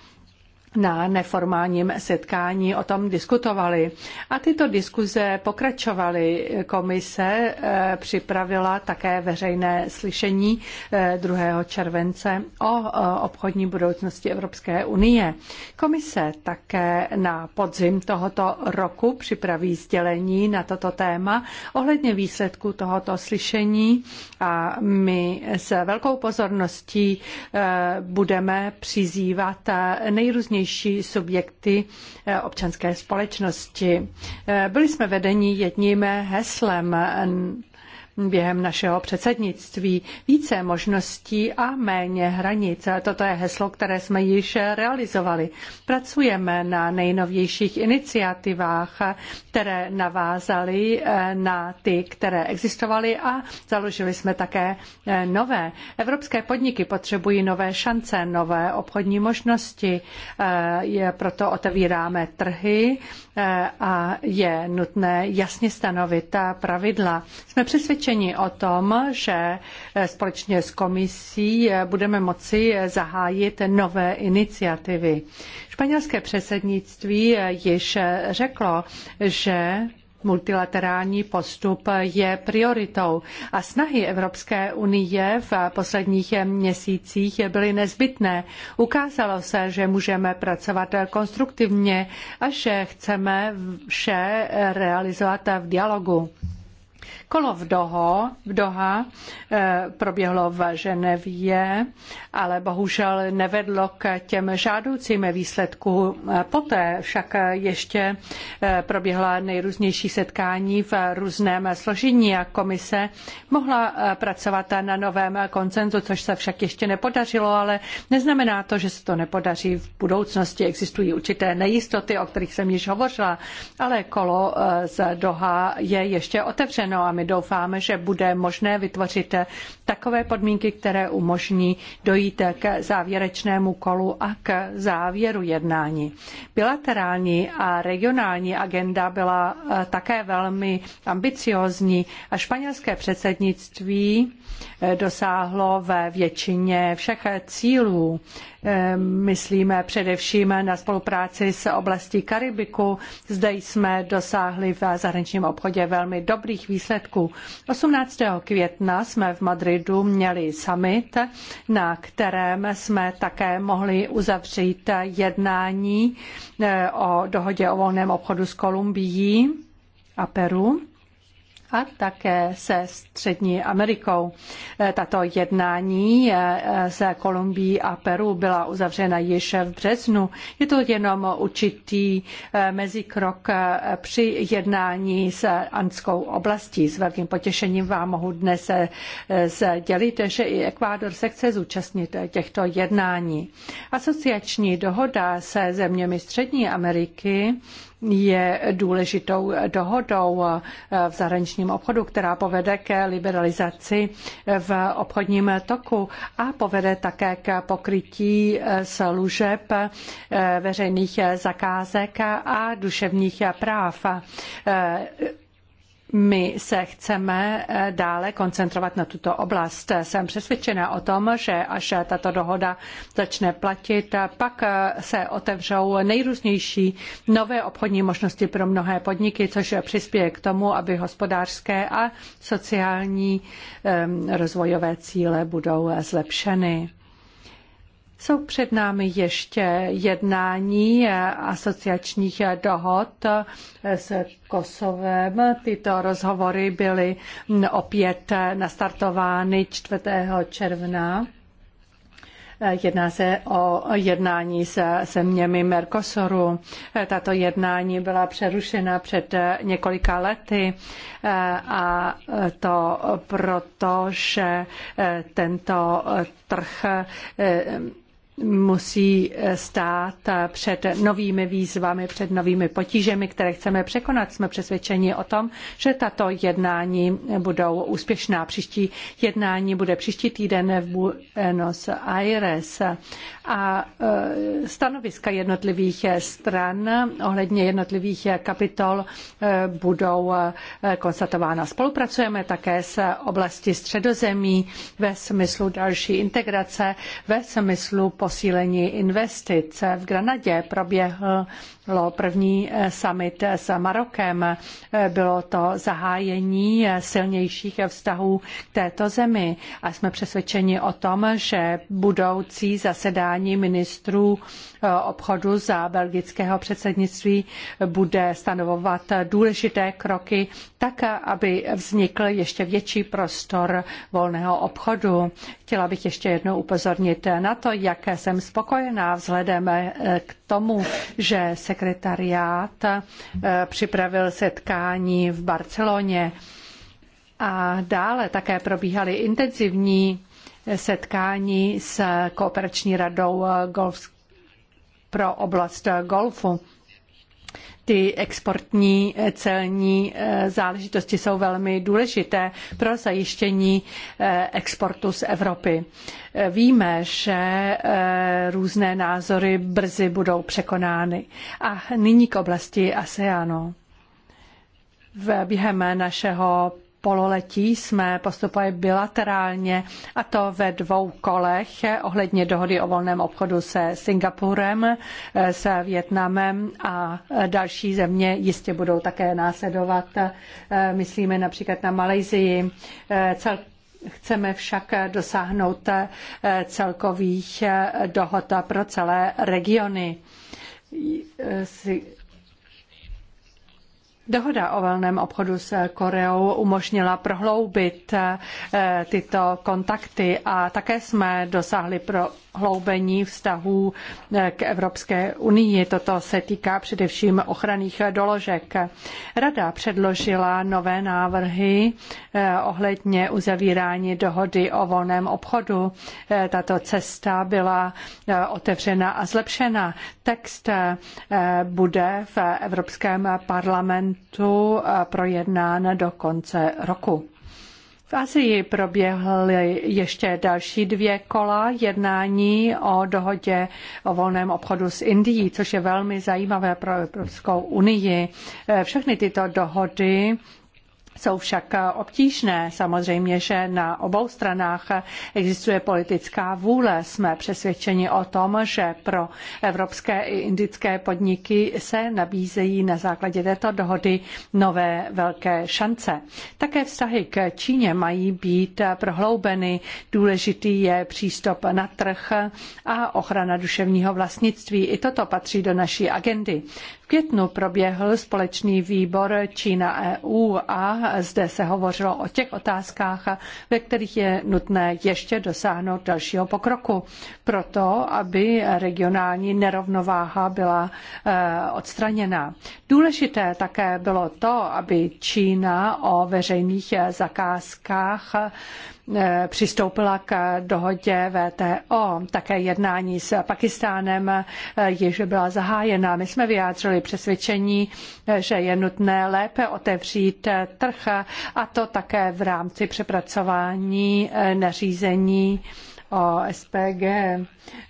na neformálním setkání o tom diskutovali. A tyto diskuze pokračovaly. Komise eh, připravila také veřejné slyšení 2. Eh, července o eh, obchodní budoucnosti Evropské unie. Komise také na podzim tohoto roku připraví sdělení na toto téma ohledně výsledku tohoto slyšení a my s velkou pozorností budeme přizývat nejrůznější nejrůznější subjekty eh, občanské společnosti. Eh, byli jsme vedeni jedním heslem během našeho předsednictví. Více možností a méně hranic. Toto je heslo, které jsme již realizovali. Pracujeme na nejnovějších iniciativách, které navázaly eh, na ty, které existovaly a založili jsme také eh, nové. Evropské podniky potřebují nové šance, nové obchodní možnosti. Eh, je proto otevíráme trhy Eh, a je nutné jasně stanovit pravidla. Jsme přesvědčeni o tom, že eh, společně s komisí eh, budeme moci zahájit nové iniciativy. Španělské předsednictví již řeklo, že Multilaterální postup je prioritou a snahy Evropské unie v posledních měsících byly nezbytné. Ukázalo se, že můžeme pracovat konstruktivně a že chceme vše realizovat v dialogu. Kolo v Doho, v Doha eh, proběhlo v Ženevě, ale bohužel nevedlo k těm žádoucím výsledkům. Poté však ještě eh, proběhla nejrůznější setkání v různém složení a komise mohla eh, pracovat na novém koncenzu, což se však ještě nepodařilo, ale neznamená to, že se to nepodaří v budoucnosti. Existují určité nejistoty, o kterých jsem již hovořila, ale kolo z Doha je ještě otevřeno a my my doufáme, že bude možné vytvořit takové podmínky, které umožní dojít k závěrečnému kolu a k závěru jednání. Bilaterální a regionální agenda byla také velmi ambiciózní a španělské předsednictví dosáhlo ve většině všech cílů. Ehm, myslíme především na spolupráci s oblastí Karibiku. Zde jsme dosáhli v zahraničním obchodě velmi dobrých výsledků. 18. května jsme v Madridu měli summit, na kterém jsme také mohli uzavřít jednání eh, o dohodě o volném obchodu s Kolumbií a Peru a také se Střední Amerikou. Eh, tato jednání eh, se Kolumbií a Peru byla uzavřena již v březnu. Je to jenom určitý eh, mezikrok při jednání s Andskou oblastí. S velkým potěšením vám mohu dnes sdělit, že i Ekvádor se chce zúčastnit těchto jednání. Asociační dohoda se zeměmi Střední Ameriky je důležitou dohodou v zahraničním obchodu, která povede k liberalizaci v obchodním toku a povede také k pokrytí služeb eh, veřejných zakázek a duševních práv. Eh, my se chceme eh, dále koncentrovat na tuto oblast. Jsem přesvědčena o tom, že až tato dohoda začne platit, pak eh, se otevřou nejrůznější nové obchodní možnosti pro mnohé podniky, což přispěje k tomu, aby hospodářské a sociální eh, rozvojové cíle budou zlepšeny. Jsou před námi ještě jednání asociačních dohod s Kosovem. Tyto rozhovory byly opět nastartovány 4. června. Jedná se o jednání se zeměmi Mercosuru. Tato jednání byla přerušena před několika lety a to proto, že tento trh musí eh, stát eh, před novými výzvami, před novými potížemi, které chceme překonat. Jsme přesvědčeni o tom, že tato jednání budou úspěšná. Příští jednání bude příští týden v Buenos Aires a eh, stanoviska jednotlivých stran ohledně jednotlivých kapitol budou konstatována. Spolupracujeme také s oblasti středozemí ve smyslu další integrace, ve smyslu pos- posílení investic. V Granadě proběhl první eh, summit eh, s Marokem. Eh, bylo to zahájení silnějších vztahů k této zemi a jsme přesvědčeni o tom, že budoucí zasedání ministrů obchodu za belgického předsednictví bude stanovovat důležité kroky tak, aby vznikl ještě větší prostor volného obchodu. Chtěla bych ještě jednou upozornit na to, jak jsem spokojená vzhledem k tomu, že sekretariát eh, připravil setkání v Barceloně a dále také probíhaly intenzivní setkání s Kooperační radou eh, Golf pro oblast golfu. Ty exportní eh, celní eh, záležitosti jsou velmi důležité pro zajištění eh, exportu z Evropy. Víme, že různé názory brzy budou překonány. A nyní k oblasti ASEANu. V během našeho pololetí jsme postupovali bilaterálně a to ve dvou kolech ohledně dohody o volném obchodu se Singapurem, se Vietnamem a další země jistě budou také následovat. Myslíme například na Malajzii. Cel Chceme však dosáhnout celkových dohod pro celé regiony Dohoda o volném obchodu s Koreou umožnila prohloubit eh, tyto kontakty a také jsme dosáhli pro hloubení vztahů eh, k Evropské unii. Toto se týká především ochranných doložek. Rada předložila nové návrhy eh, ohledně uzavírání dohody o volném obchodu. Tato cesta byla otevřena a zlepšena. Text bude v Evropském parlamentu summitu projednán do konce roku. V Asii proběhly ještě další dvě kola jednání o dohodě o volném obchodu s Indií, což je velmi zajímavé pro Evropskou unii. Všechny tyto dohody jsou však eh, obtížné. Samozřejmě, že na obou stranách existuje politická vůle. Jsme přesvědčeni o tom, že pro evropské i indické podniky se nabízejí na základě této dohody nové velké šance. Také vztahy k Číně mají být prohloubeny. Důležitý je přístup na trh a ochrana duševního vlastnictví. I toto patří do naší agendy květnu proběhl společný výbor Čína-EU a zde se hovořilo o těch otázkách, ve kterých je nutné ještě dosáhnout dalšího pokroku. Proto, aby regionální nerovnováha byla eh, odstraněna. Důležité také bylo to, aby Čína o veřejných zakázkách Eh, přistoupila k dohodě VTO. Také jednání s Pakistánem eh, již byla zahájena. My jsme vyjádřili přesvědčení, eh, že je nutné lépe otevřít trh a to také v rámci přepracování nařízení o SPG.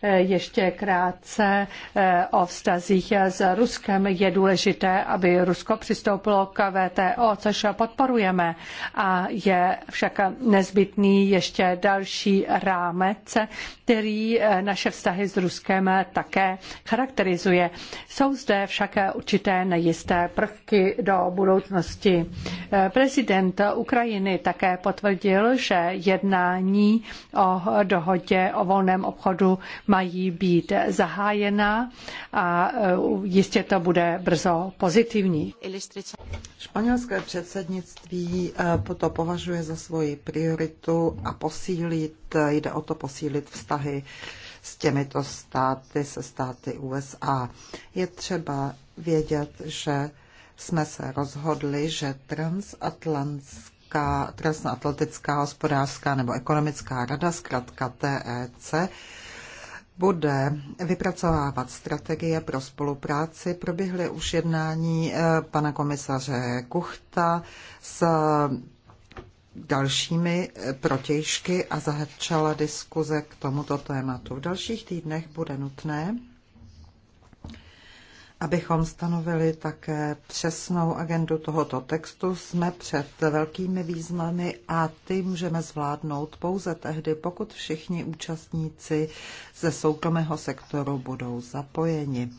Eh, ještě krátce eh, o vztazích s Ruskem. Je důležité, aby Rusko přistoupilo k VTO, což podporujeme. A je však nezbytný ještě další rámec, který eh, naše vztahy s Ruskem také charakterizuje. Jsou zde však určité nejisté prvky do budoucnosti. Prezident Ukrajiny také potvrdil, že jednání o dohodě dohodě o volném obchodu mají být zahájena a e, jistě to bude brzo pozitivní. Španělské předsednictví e, to považuje za svoji prioritu a posílit, e, jde o to posílit vztahy s těmito státy, se státy USA. Je třeba vědět, že jsme se rozhodli, že transatlantské Evropská transatlantická hospodářská nebo ekonomická rada, zkrátka TEC, bude vypracovávat strategie pro spolupráci. Proběhly už jednání eh, pana komisaře Kuchta s dalšími eh, protějšky a začala diskuze k tomuto tématu. V dalších týdnech bude nutné abychom stanovili také přesnou agendu tohoto textu. Jsme před velkými výzvami a ty můžeme zvládnout pouze tehdy, pokud všichni účastníci ze soukromého sektoru budou zapojeni.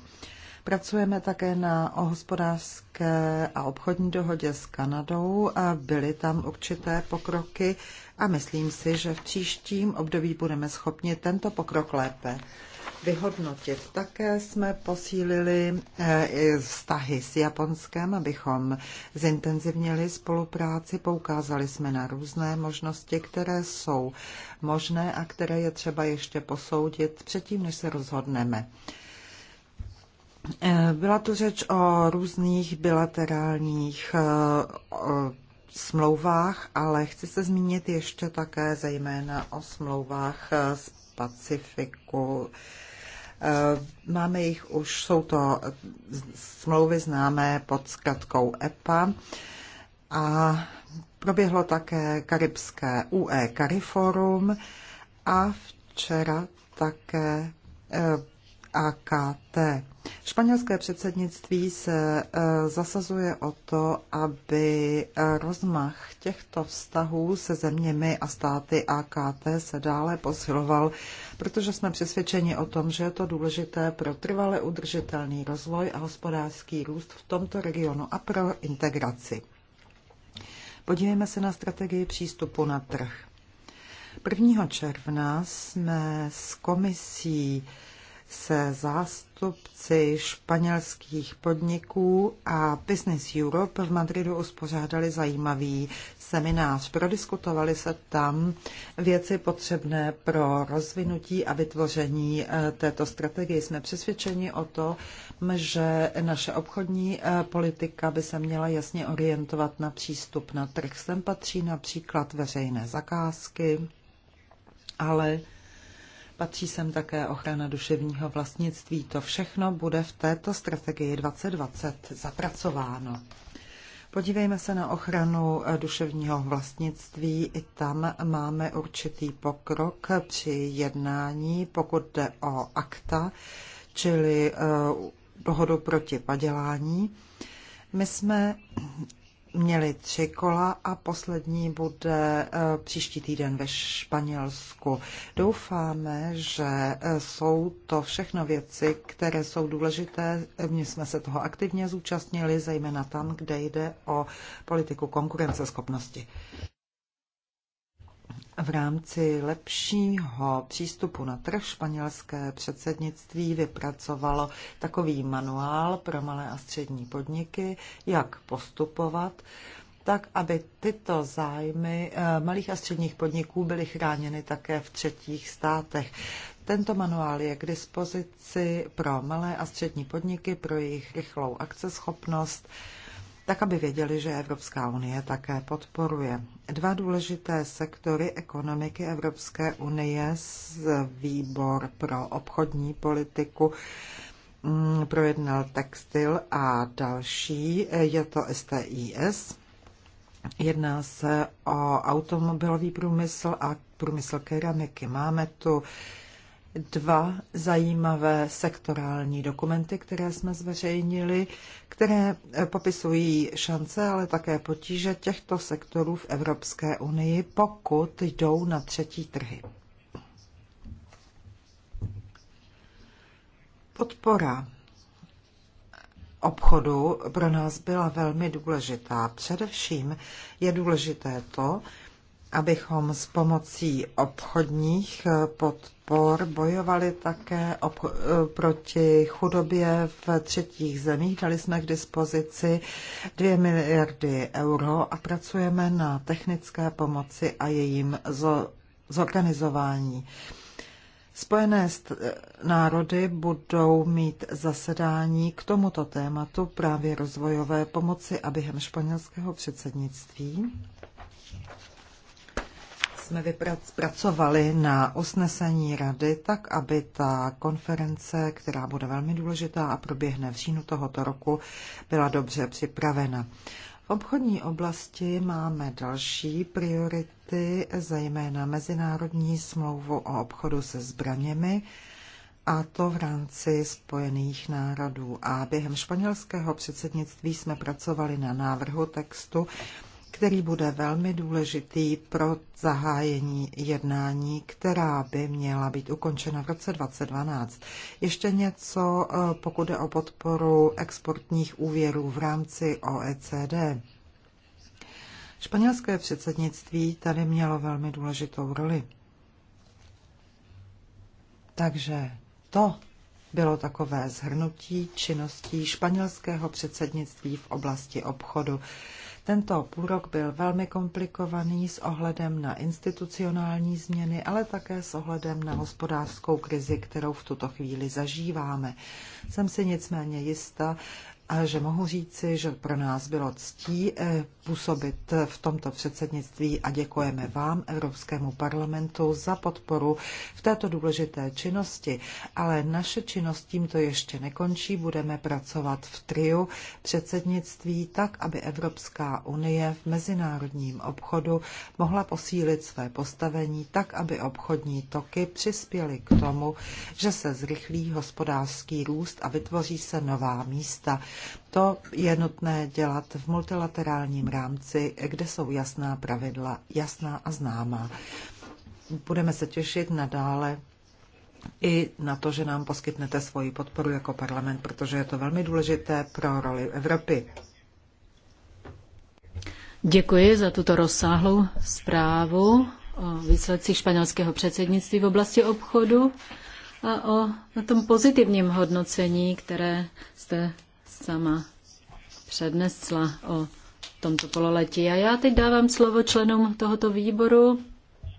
Pracujeme také na hospodářské a obchodní dohodě s Kanadou a byly tam určité pokroky a myslím si, že v příštím období budeme schopni tento pokrok lépe vyhodnotit. Také jsme posílili eh, vztahy s Japonskem, abychom zintenzivnili spolupráci, poukázali jsme na různé možnosti, které jsou možné a které je třeba ještě posoudit předtím, než se rozhodneme. Eh, byla tu řeč o různých bilaterálních eh, smlouvách, ale chci se zmínit ještě také zejména o smlouvách s Pacifiku. Eh, máme jich už, jsou to smlouvy známé pod zkratkou EPA a proběhlo také karibské UE Cariforum a včera také eh, AKT. Španělské předsednictví se eh, zasazuje o to, aby eh, rozmach těchto vztahů se zeměmi a státy AKT se dále posiloval, protože jsme přesvědčeni o tom, že je to důležité pro trvale udržitelný rozvoj a hospodářský růst v tomto regionu a pro integraci. Podívejme se na strategii přístupu na trh. 1. června jsme s komisí se zástupem zástupci španělských podniků a Business Europe v Madridu uspořádali zajímavý seminář. Prodiskutovali se tam věci potřebné pro rozvinutí a vytvoření eh, této strategie. Jsme přesvědčeni o to, že naše obchodní eh, politika by se měla jasně orientovat na přístup na trh. Sem patří například veřejné zakázky, ale Patří sem také ochrana duševního vlastnictví. To všechno bude v této strategii 2020 zapracováno. Podívejme se na ochranu eh, duševního vlastnictví. I tam máme určitý pokrok při jednání, pokud jde o akta, čili eh, dohodu proti padělání. My jsme měli tři kola a poslední bude eh, příští týden ve Španělsku. Doufáme, že eh, jsou to všechno věci, které jsou důležité. My jsme se toho aktivně zúčastnili, zejména tam, kde jde o politiku konkurenceschopnosti. V rámci lepšího přístupu na trh španělské předsednictví vypracovalo takový manuál pro malé a střední podniky, jak postupovat, tak aby tyto zájmy eh, malých a středních podniků byly chráněny také v třetích státech. Tento manuál je k dispozici pro malé a střední podniky, pro jejich rychlou akceschopnost tak aby věděli, že Evropská unie také podporuje. Dva důležité sektory ekonomiky Evropské unie z výbor pro obchodní politiku mm, projednal textil a další, je to STIS. Jedná se o automobilový průmysl a průmysl keramiky. Máme tu dva zajímavé sektorální dokumenty, které jsme zveřejnili, které eh, popisují šance, ale také potíže těchto sektorů v Evropské unii, pokud jdou na třetí trhy. Podpora obchodu pro nás byla velmi důležitá. Především je důležité to, abychom s pomocí obchodních eh, podpor bojovali také eh, proti chudobě v třetích zemích. Dali jsme k dispozici 2 miliardy euro a pracujeme na technické pomoci a jejím zorganizování. Spojené eh, národy budou mít zasedání k tomuto tématu právě rozvojové pomoci a během španělského předsednictví jsme vypracovali na usnesení rady, tak aby ta konference, která bude velmi důležitá a proběhne v říjnu tohoto roku, byla dobře připravena. V obchodní oblasti máme další priority, zejména mezinárodní smlouvu o obchodu se zbraněmi, a to v rámci Spojených národů. A během španělského předsednictví jsme pracovali na návrhu textu, který bude velmi důležitý pro zahájení jednání, která by měla být ukončena v roce 2012. Ještě něco, eh, pokud jde o podporu exportních úvěrů v rámci OECD. Španělské předsednictví tady mělo velmi důležitou roli. Takže to bylo takové zhrnutí činností španělského předsednictví v oblasti obchodu. Tento půrok byl velmi komplikovaný s ohledem na institucionální změny, ale také s ohledem na hospodářskou krizi, kterou v tuto chvíli zažíváme. Jsem si nicméně jista, že mohu říci, že pro nás bylo ctí eh, působit v tomto předsednictví a děkujeme vám, Evropskému parlamentu, za podporu v této důležité činnosti. Ale naše činnost tímto ještě nekončí. Budeme pracovat v triu předsednictví tak, aby Evropská unie v mezinárodním obchodu mohla posílit své postavení tak, aby obchodní toky přispěly k tomu, že se zrychlí hospodářský růst a vytvoří se nová místa. To je nutné dělat v multilaterálním rámci, kde jsou jasná pravidla, jasná a známá. Budeme se těšit nadále i na to, že nám poskytnete svoji podporu jako parlament, protože je to velmi důležité pro roli Evropy. Děkuji za tuto rozsáhlou zprávu o výsledcích španělského předsednictví v oblasti obchodu a o tom pozitivním hodnocení, které jste sama přednesla o tomto pololetí. A já teď dávám slovo členům tohoto výboru.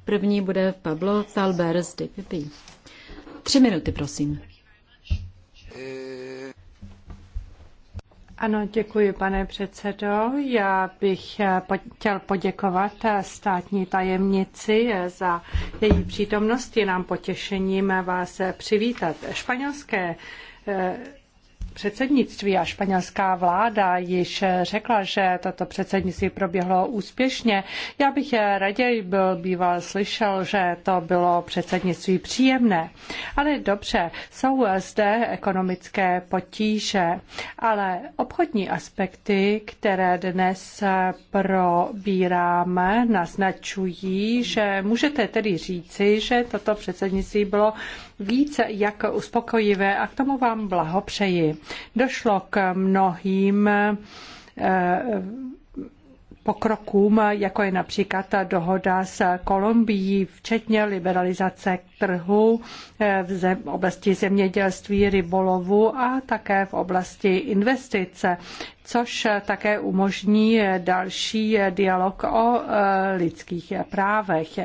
První bude Pablo Talber z DPP. Tři minuty, prosím. Ano, děkuji, pane předsedo. Já bych eh, chtěl poděkovat eh, státní tajemnici eh, za její přítomnost. Je nám potěšením vás přivítat. Španělské předsednictví a španělská vláda již řekla, že toto předsednictví proběhlo úspěšně. Já bych raději byl býval slyšel, že to bylo předsednictví příjemné. Ale dobře, jsou zde ekonomické potíže, ale obchodní aspekty, které dnes probíráme, naznačují, že můžete tedy říci, že toto předsednictví bylo více jak uspokojivé a k tomu vám blahopřeji. Došlo k mnohým eh, pokrokům, jako je například ta dohoda s Kolumbií, včetně liberalizace trhu eh, v zem, oblasti zemědělství, rybolovu a také v oblasti investice což také umožní další dialog o e, lidských právech.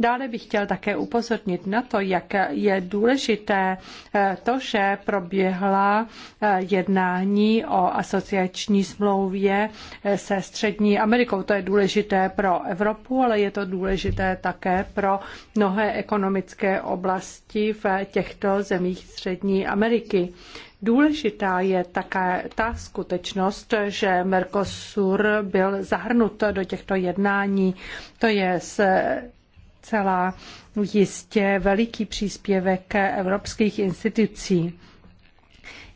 Dále bych chtěl také upozornit na to, jak je důležité e, to, že proběhla e, jednání o asociační smlouvě se Střední Amerikou. To je důležité pro Evropu, ale je to důležité také pro mnohé ekonomické oblasti v těchto zemích Střední Ameriky. Důležitá je také ta skutečnost, že Mercosur byl zahrnut do těchto jednání. To je celá jistě veliký příspěvek evropských institucí.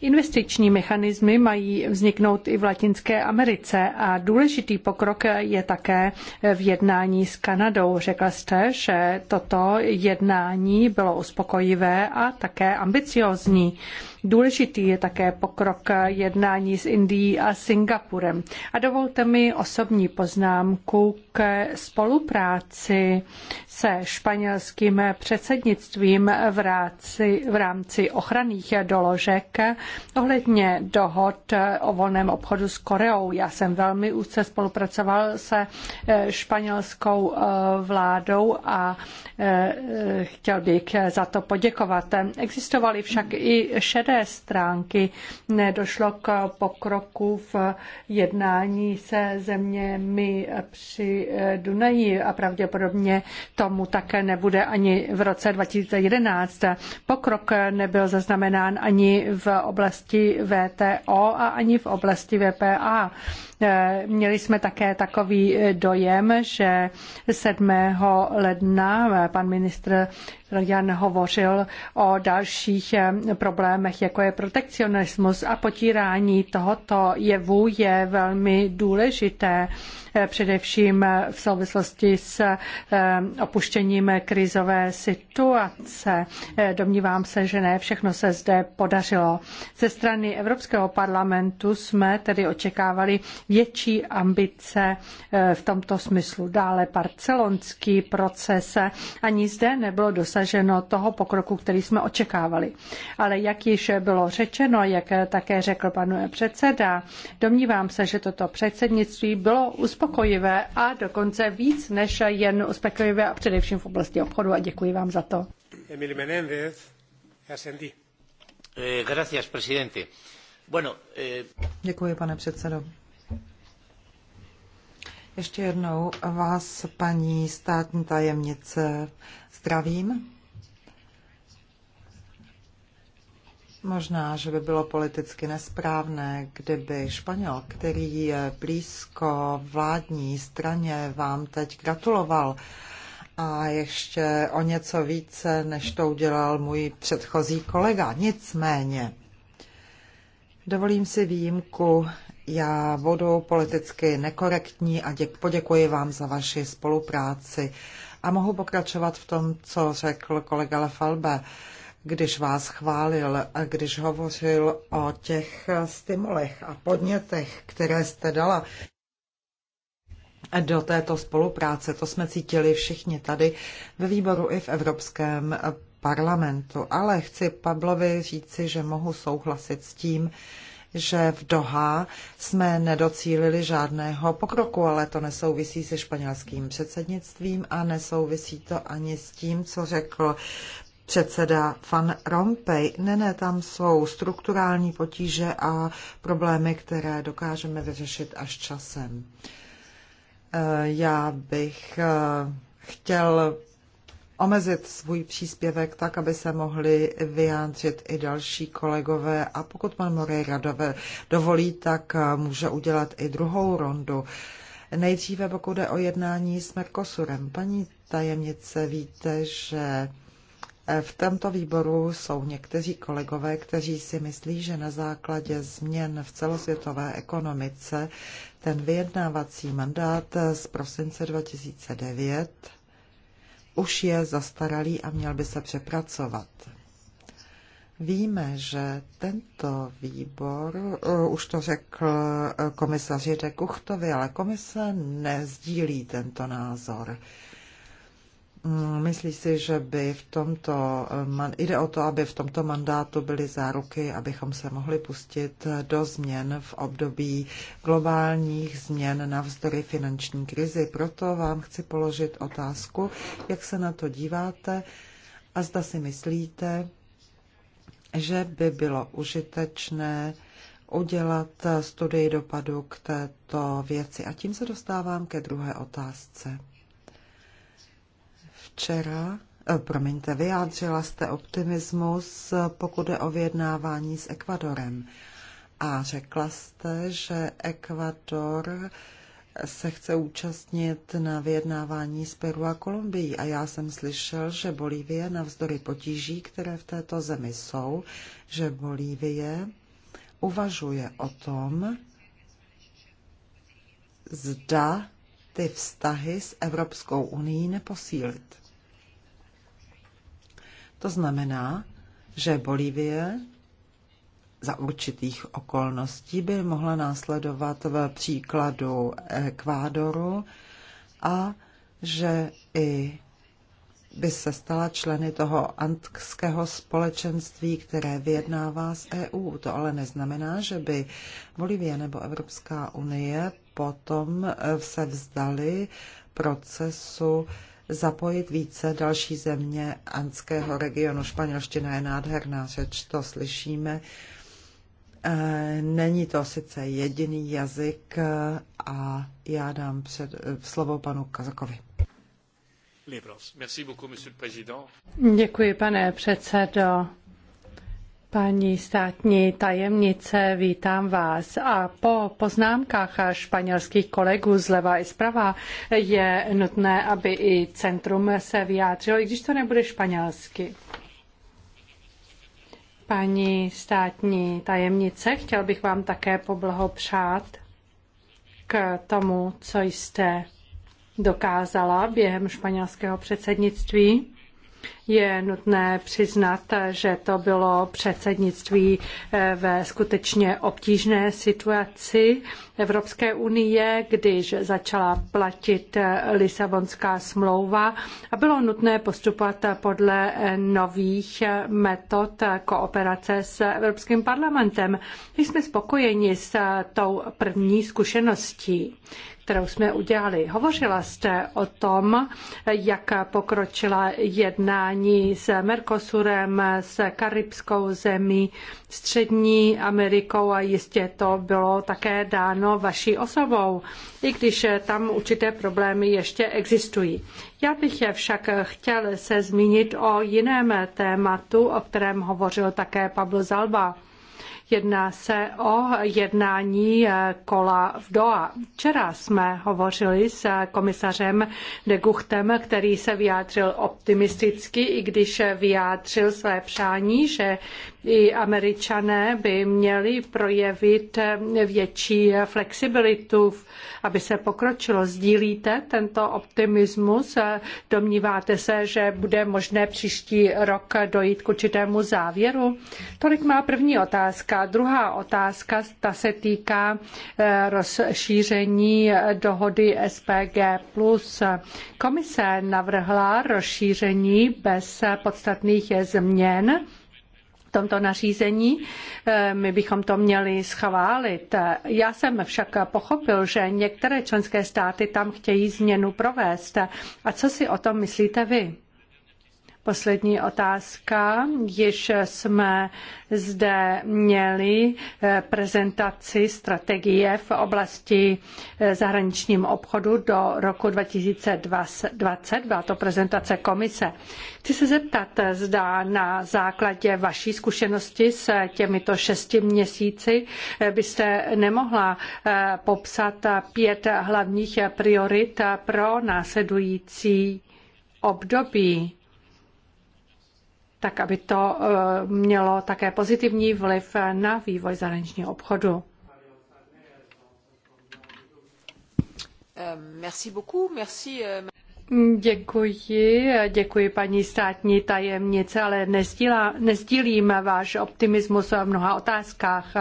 Investiční mechanismy mají vzniknout i v Latinské Americe a důležitý pokrok je také v jednání s Kanadou. Řekla jste, že toto jednání bylo uspokojivé a také ambiciozní. Důležitý je také pokrok jednání s Indií a Singapurem. A dovolte mi osobní poznámku k spolupráci se španělským předsednictvím v rámci, v rámci ochranných doložek ohledně dohod o volném obchodu s Koreou. Já jsem velmi úzce spolupracoval se eh, španělskou eh, vládou a eh, chtěl bych za to poděkovat. Existovaly však i šedé té stránky nedošlo k pokroku v jednání se zeměmi při eh, Dunaji a pravděpodobně tomu také nebude ani v roce 2011. Pokrok nebyl zaznamenán ani v oblasti VTO a ani v oblasti VPA. Eh, měli jsme také takový eh, dojem, že 7. ledna eh, pan ministr Jan hovořil o dalších problémech, jako je protekcionismus a potírání tohoto jevu je velmi důležité, především v souvislosti s opuštěním krizové situace. Domnívám se, že ne všechno se zde podařilo. Ze strany Evropského parlamentu jsme tedy očekávali větší ambice eh, v tomto smyslu. Dále barcelonský proces. Ani zde nebylo dosaženo toho pokroku, který jsme očekávali. Ale jak již bylo řečeno, jak také řekl pan předseda, domnívám se, že toto předsednictví bylo uspokojivé a dokonce víc než jen uspokojivé a především v oblasti obchodu a děkuji vám za to. Emil Menéndez, eh, eh, Děkuji, pane předsedo. Ještě jednou vás, paní státní tajemnice, zdravím. Možná, že by bylo politicky nesprávné, kdyby Španěl, který je blízko vládní straně, vám teď gratuloval a ještě o něco více, než to udělal můj předchozí kolega. Nicméně, dovolím si výjimku, já budu politicky nekorektní a děk, poděkuji vám za vaši spolupráci. A mohu pokračovat v tom, co řekl kolega Lefalbe, když vás chválil, když hovořil o těch stimulech a podnětech, které jste dala do této spolupráce. To jsme cítili všichni tady ve výboru i v Evropském parlamentu. Ale chci Pablovi říci, že mohu souhlasit s tím, že v Doha jsme nedocílili žádného pokroku, ale to nesouvisí se španělským předsednictvím a nesouvisí to ani s tím, co řekl předseda Van Rompuy. Ne, ne, tam jsou strukturální potíže a problémy, které dokážeme vyřešit až časem. Eh, já bych eh, chtěl omezit svůj příspěvek tak, aby se mohli vyjádřit i další kolegové. A pokud pan Radové dovolí, tak eh, může udělat i druhou rondu. Nejdříve, pokud jde o jednání s Mercosurem. Paní tajemnice, víte, že eh, v tomto výboru jsou někteří kolegové, kteří si myslí, že na základě změn v celosvětové ekonomice ten vyjednávací mandát z prosince 2009 už je zastaralý a měl by se přepracovat. Víme, že tento výbor, eh, už to řekl eh, komisaři Kuchtovi, ale komise nezdílí tento názor. Mm, myslí si, že by v tomto, eh, jde o to, aby v tomto mandátu byly záruky, abychom se mohli pustit do změn v období globálních změn navzdory finanční krizi. Proto vám chci položit otázku, jak se na to díváte a zda si myslíte, že by bylo užitečné udělat studii dopadu k této věci. A tím se dostávám ke druhé otázce včera, eh, promiňte, vyjádřila jste optimismus, eh, pokud je o vyjednávání s Ekvadorem. A řekla jste, že Ekvador eh, se chce účastnit na vyjednávání s Peru a Kolumbií a já jsem slyšel, že Bolívie navzdory potíží, které v této zemi jsou, že Bolívie uvažuje o tom, zda ty vztahy s Evropskou unii neposílit. To znamená, že Bolívie za určitých okolností by mohla následovat v příkladu Ekvádoru a že i by se stala členy toho antského společenství, které vyjednává s EU. To ale neznamená, že by Bolivie nebo Evropská unie potom se vzdali procesu zapojit více další země andského regionu. Španělština je nádherná řeč, to slyšíme. E, není to sice jediný jazyk e, a já dám před, e, slovo panu Kazakovi. Děkuji, pane předsedo. Paní státní tajemnice, vítám vás. A po poznámkách španělských kolegů zleva i zprava je nutné, aby i centrum se vyjádřilo, i když to nebude španělsky. Paní státní tajemnice, chtěl bych vám také poblahopřát k tomu, co jste dokázala během španělského předsednictví. Je nutné přiznat, že to bylo předsednictví eh, ve skutečně obtížné situaci Evropské unie, když začala platit Lisabonská smlouva a bylo nutné postupovat podle nových metod kooperace s Evropským parlamentem. My jsme spokojeni s tou první zkušeností kterou jsme udělali. Hovořila jste o tom, jak pokročila jednání s Mercosurem, s karibskou zemí Střední Amerikou a jistě to bylo také dáno vaší osobou, i když tam určité problémy ještě existují. Já bych však chtěl se zmínit o jiném tématu, o kterém hovořil také Pablo Zalba. Jedná se o jednání kola v Doha. Včera jsme hovořili s komisařem de Guchtem, který se vyjádřil optimisticky, i když vyjádřil své přání, že i američané by měli projevit větší flexibilitu, aby se pokročilo. Sdílíte tento optimismus? Domníváte se, že bude možné příští rok dojít k určitému závěru? Tolik má první otázka. Druhá otázka, ta se týká eh, rozšíření dohody SPG+. Komise navrhla rozšíření bez podstatných změn tomto nařízení. Eh, my bychom to měli schválit. Já jsem však pochopil, že některé členské státy tam chtějí změnu provést. A co si o tom myslíte vy? Poslední otázka. Již jsme zde měli eh, prezentaci strategie v oblasti eh, zahraničním obchodu do roku 2020. Byla to prezentace komise. Chci se zeptat, eh, zda na základě vaší zkušenosti s těmito šesti měsíci byste nemohla popsat pět hlavních priorit pro následující období tak aby to eh, mělo také pozitivní vliv na vývoj zahraničního obchodu. Eh, merci beaucoup. Merci. Eh, děkuji, děkuji paní státní tajemnice, ale nestíla, nestílím váš optimismus v mnoha otázkách.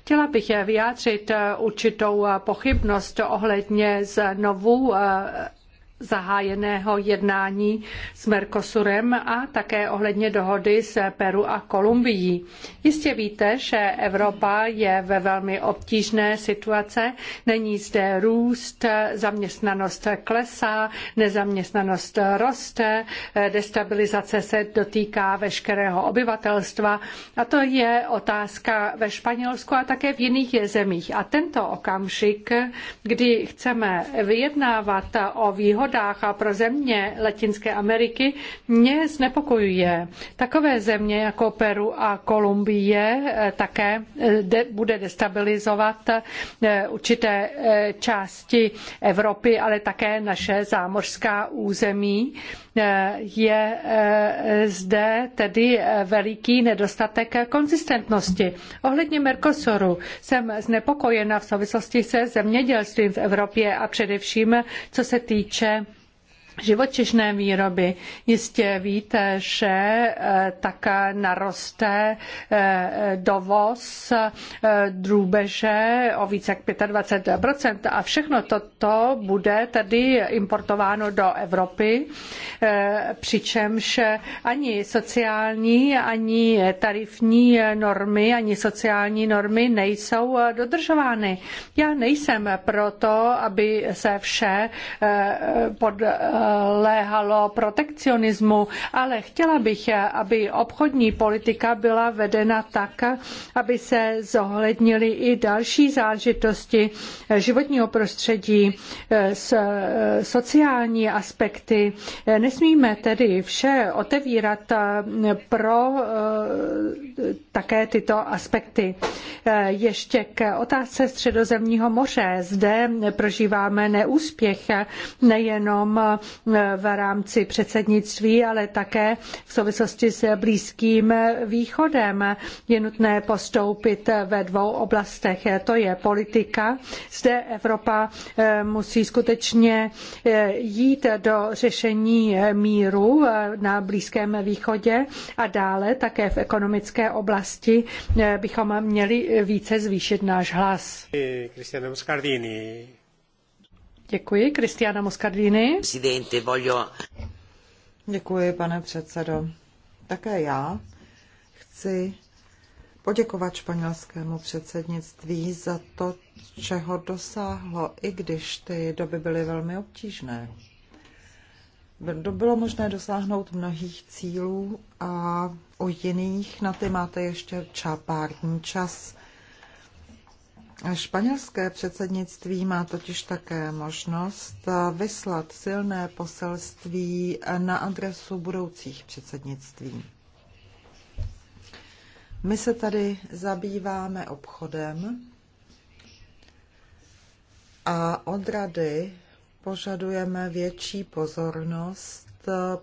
Chtěla bych vyjádřit určitou pochybnost ohledně znovu zahájeného jednání s Mercosurem a také ohledně dohody s Peru a Kolumbií. Jistě víte, že Evropa je ve velmi obtížné situaci. Není zde růst, zaměstnanost klesá, nezaměstnanost roste, destabilizace se dotýká veškerého obyvatelstva a to je otázka ve Španělsku a také v jiných zemích. A tento okamžik, kdy chceme vyjednávat o výhodách, dohodách a pro země Latinské Ameriky mě znepokojuje. Takové země jako Peru a Kolumbie eh, také eh, bude destabilizovat eh, určité části Evropy, ale také naše zámořská území Eh, je eh, zde tedy eh, veliký nedostatek konzistentnosti. Ohledně Mercosuru jsem znepokojena v souvislosti se zemědělstvím v Evropě a především co se týče živočišné výroby. Jistě víte, že eh, také naroste eh, dovoz eh, drůbeže o více jak 25 a všechno toto bude tedy importováno do Evropy, přičemž ani sociální, ani tarifní normy, ani sociální normy nejsou dodržovány. Já nejsem proto, aby se vše pod podléhalo protekcionismu, ale chtěla bych, aby obchodní politika byla vedena tak, aby se zohlednily i další záležitosti životního prostředí, sociální aspekty. Nesmíme tedy vše otevírat pro také tyto aspekty. Ještě k otázce Středozemního moře. Zde prožíváme neúspěch nejenom v rámci předsednictví, ale také v souvislosti s Blízkým východem. Je nutné postoupit ve dvou oblastech. To je politika. Zde Evropa eh, musí skutečně eh, jít do řešení míru eh, na Blízkém východě a dále také v ekonomické oblasti bychom měli více zvýšit náš hlas. Cristiano Děkuji, Kristiana Moscardini. Děkuji, pane předsedo. Také já chci poděkovat španělskému předsednictví za to, čeho dosáhlo, i když ty doby byly velmi obtížné. Bylo možné dosáhnout mnohých cílů a o jiných na ty máte ještě čá pár dní čas. Španělské předsednictví má totiž také možnost vyslat silné poselství na adresu budoucích předsednictví. My se tady zabýváme obchodem a od rady požadujeme větší pozornost,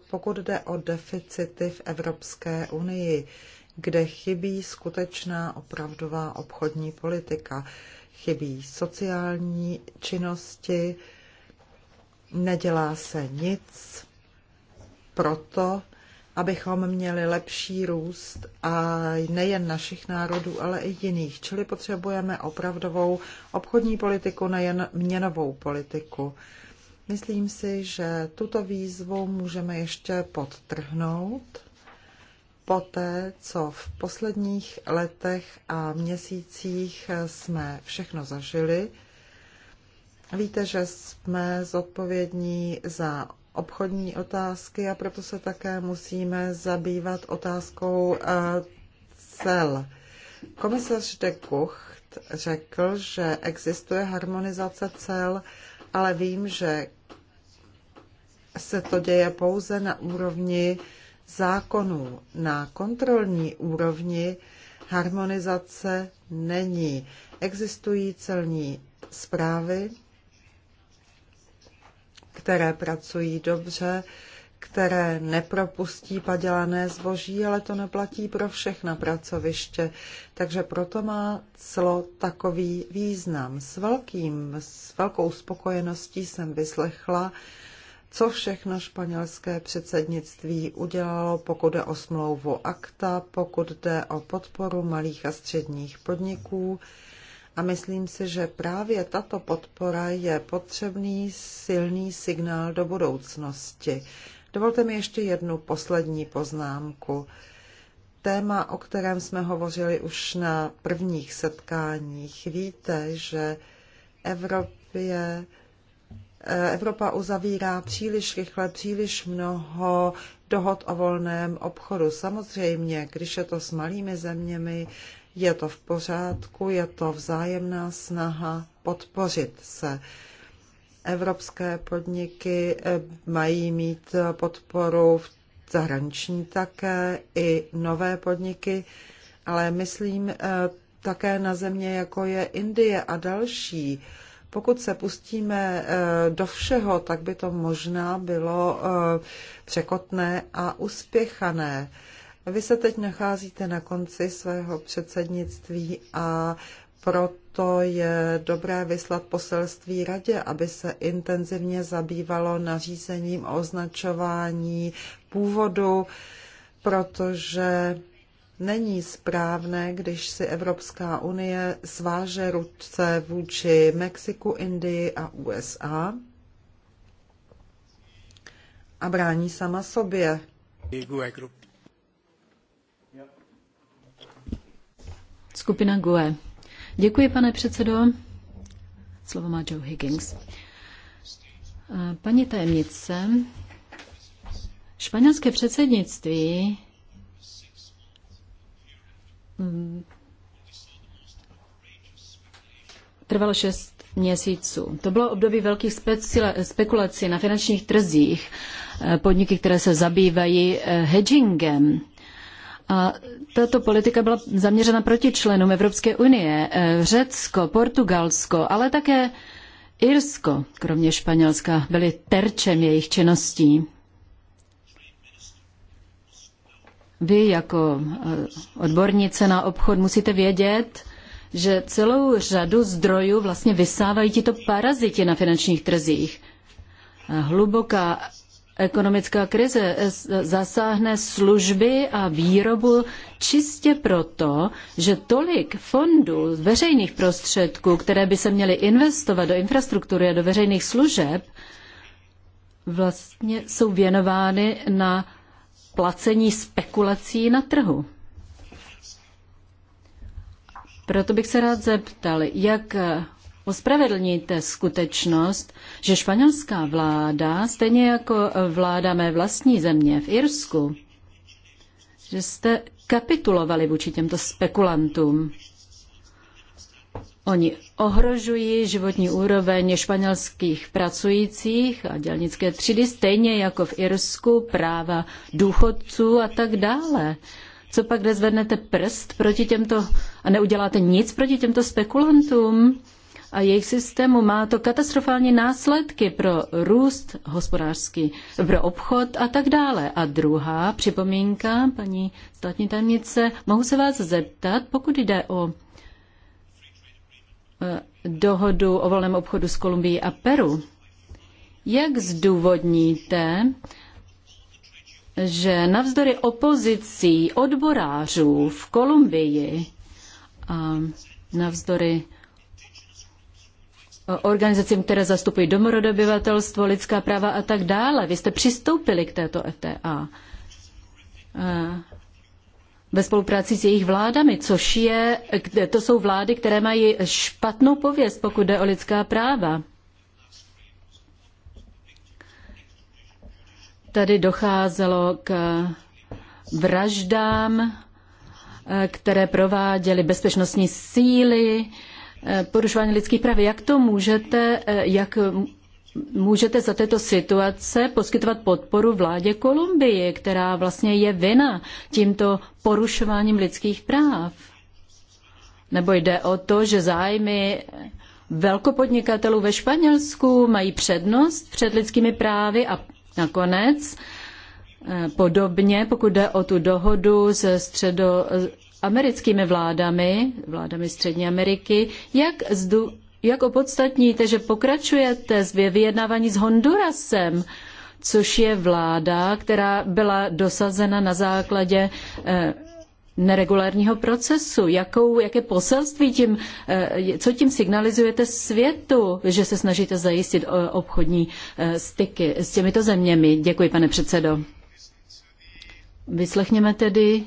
pokud jde o deficity v Evropské unii kde chybí skutečná opravdová obchodní politika. Chybí sociální činnosti, nedělá se nic proto, abychom měli lepší růst a nejen našich národů, ale i jiných. Čili potřebujeme opravdovou obchodní politiku, nejen měnovou politiku. Myslím si, že tuto výzvu můžeme ještě podtrhnout poté, co v posledních letech a měsících jsme všechno zažili. Víte, že jsme zodpovědní za obchodní otázky a proto se také musíme zabývat otázkou eh, cel. Komisař de Kucht řekl, že existuje harmonizace cel, ale vím, že se to děje pouze na úrovni zákonů. Na kontrolní úrovni harmonizace není. Existují celní zprávy, které pracují dobře, které nepropustí padělané zboží, ale to neplatí pro všechna pracoviště. Takže proto má clo takový význam. S, velkým, s velkou spokojeností jsem vyslechla, co všechno španělské předsednictví udělalo, pokud jde o smlouvu akta, pokud jde o podporu malých a středních podniků. A myslím si, že právě tato podpora je potřebný silný signál do budoucnosti. Dovolte mi ještě jednu poslední poznámku. Téma, o kterém jsme hovořili už na prvních setkáních. Víte, že Evropě Evropa uzavírá příliš rychle, příliš mnoho dohod o volném obchodu. Samozřejmě, když je to s malými zeměmi, je to v pořádku, je to vzájemná snaha podpořit se. Evropské podniky eh, mají mít podporu v zahraniční také i nové podniky, ale myslím eh, také na země, jako je Indie a další pokud se pustíme eh, do všeho, tak by to možná bylo eh, překotné a uspěchané. Vy se teď nacházíte na konci svého předsednictví a proto je dobré vyslat poselství radě, aby se intenzivně zabývalo nařízením o označování původu, protože Není správné, když si Evropská unie sváže ruce vůči Mexiku, Indii a USA a brání sama sobě. Skupina GUE. Děkuji, pane předsedo. Slovo má Joe Higgins. Paní tajemnice, španělské předsednictví Mm. trvalo šest měsíců. To bylo období velkých spekulací na finančních trzích, eh, podniky, které se zabývají eh, hedgingem. A tato politika byla zaměřena proti členům Evropské unie, eh, Řecko, Portugalsko, ale také Irsko, kromě Španělska, byly terčem jejich činností. Vy jako eh, odbornice na obchod musíte vědět, že celou řadu zdrojů vlastně vysávají tito paraziti na finančních trzích. Hluboká ekonomická krize eh, zasáhne služby a výrobu čistě proto, že tolik fondů z veřejných prostředků, které by se měly investovat do infrastruktury a do veřejných služeb, vlastně jsou věnovány na placení spekulací na trhu. Proto bych se rád zeptal, jak ospravedlníte skutečnost, že španělská vláda, stejně jako vláda mé vlastní země v Irsku, že jste kapitulovali vůči těmto spekulantům. Oni ohrožují životní úroveň španělských pracujících a dělnické třídy, stejně jako v Irsku práva důchodců a tak dále. Co pak, kde zvednete prst proti těmto a neuděláte nic proti těmto spekulantům a jejich systému? Má to katastrofální následky pro růst hospodářský, pro obchod a tak dále. A druhá připomínka, paní státní tajemnice, mohu se vás zeptat, pokud jde o Eh, dohodu o volném obchodu s Kolumbií a Peru, jak zdůvodníte, že navzdory opozicí odborářů v Kolumbii a navzdory eh, organizacím, které zastupují domorodé obyvatelstvo, lidská práva a tak dále. Vy jste přistoupili k této FTA. E eh, ve spolupráci s jejich vládami, což je, to jsou vlády, které mají špatnou pověst, pokud jde o lidská práva. Tady docházelo k vraždám, eh, které prováděly bezpečnostní síly, eh, porušování lidských práv. Jak to můžete, eh, jak můžete za této situace poskytovat podporu vládě Kolumbie, která vlastně je vina tímto porušováním lidských práv? Nebo jde o to, že zájmy velkopodnikatelů ve Španělsku mají přednost před lidskými právy a nakonec eh, podobně, pokud jde o tu dohodu se středoamerickými vládami, vládami Střední Ameriky, jak zdu, jak opodstatníte, že pokračujete s vyjednávání s Hondurasem, což je vláda, která byla dosazena na základě eh, neregulárního procesu. Jakou, jaké poselství tím, eh, co tím signalizujete světu, že se snažíte zajistit eh, obchodní styky s těmito zeměmi? Děkuji, pane předsedo. Vyslechněme tedy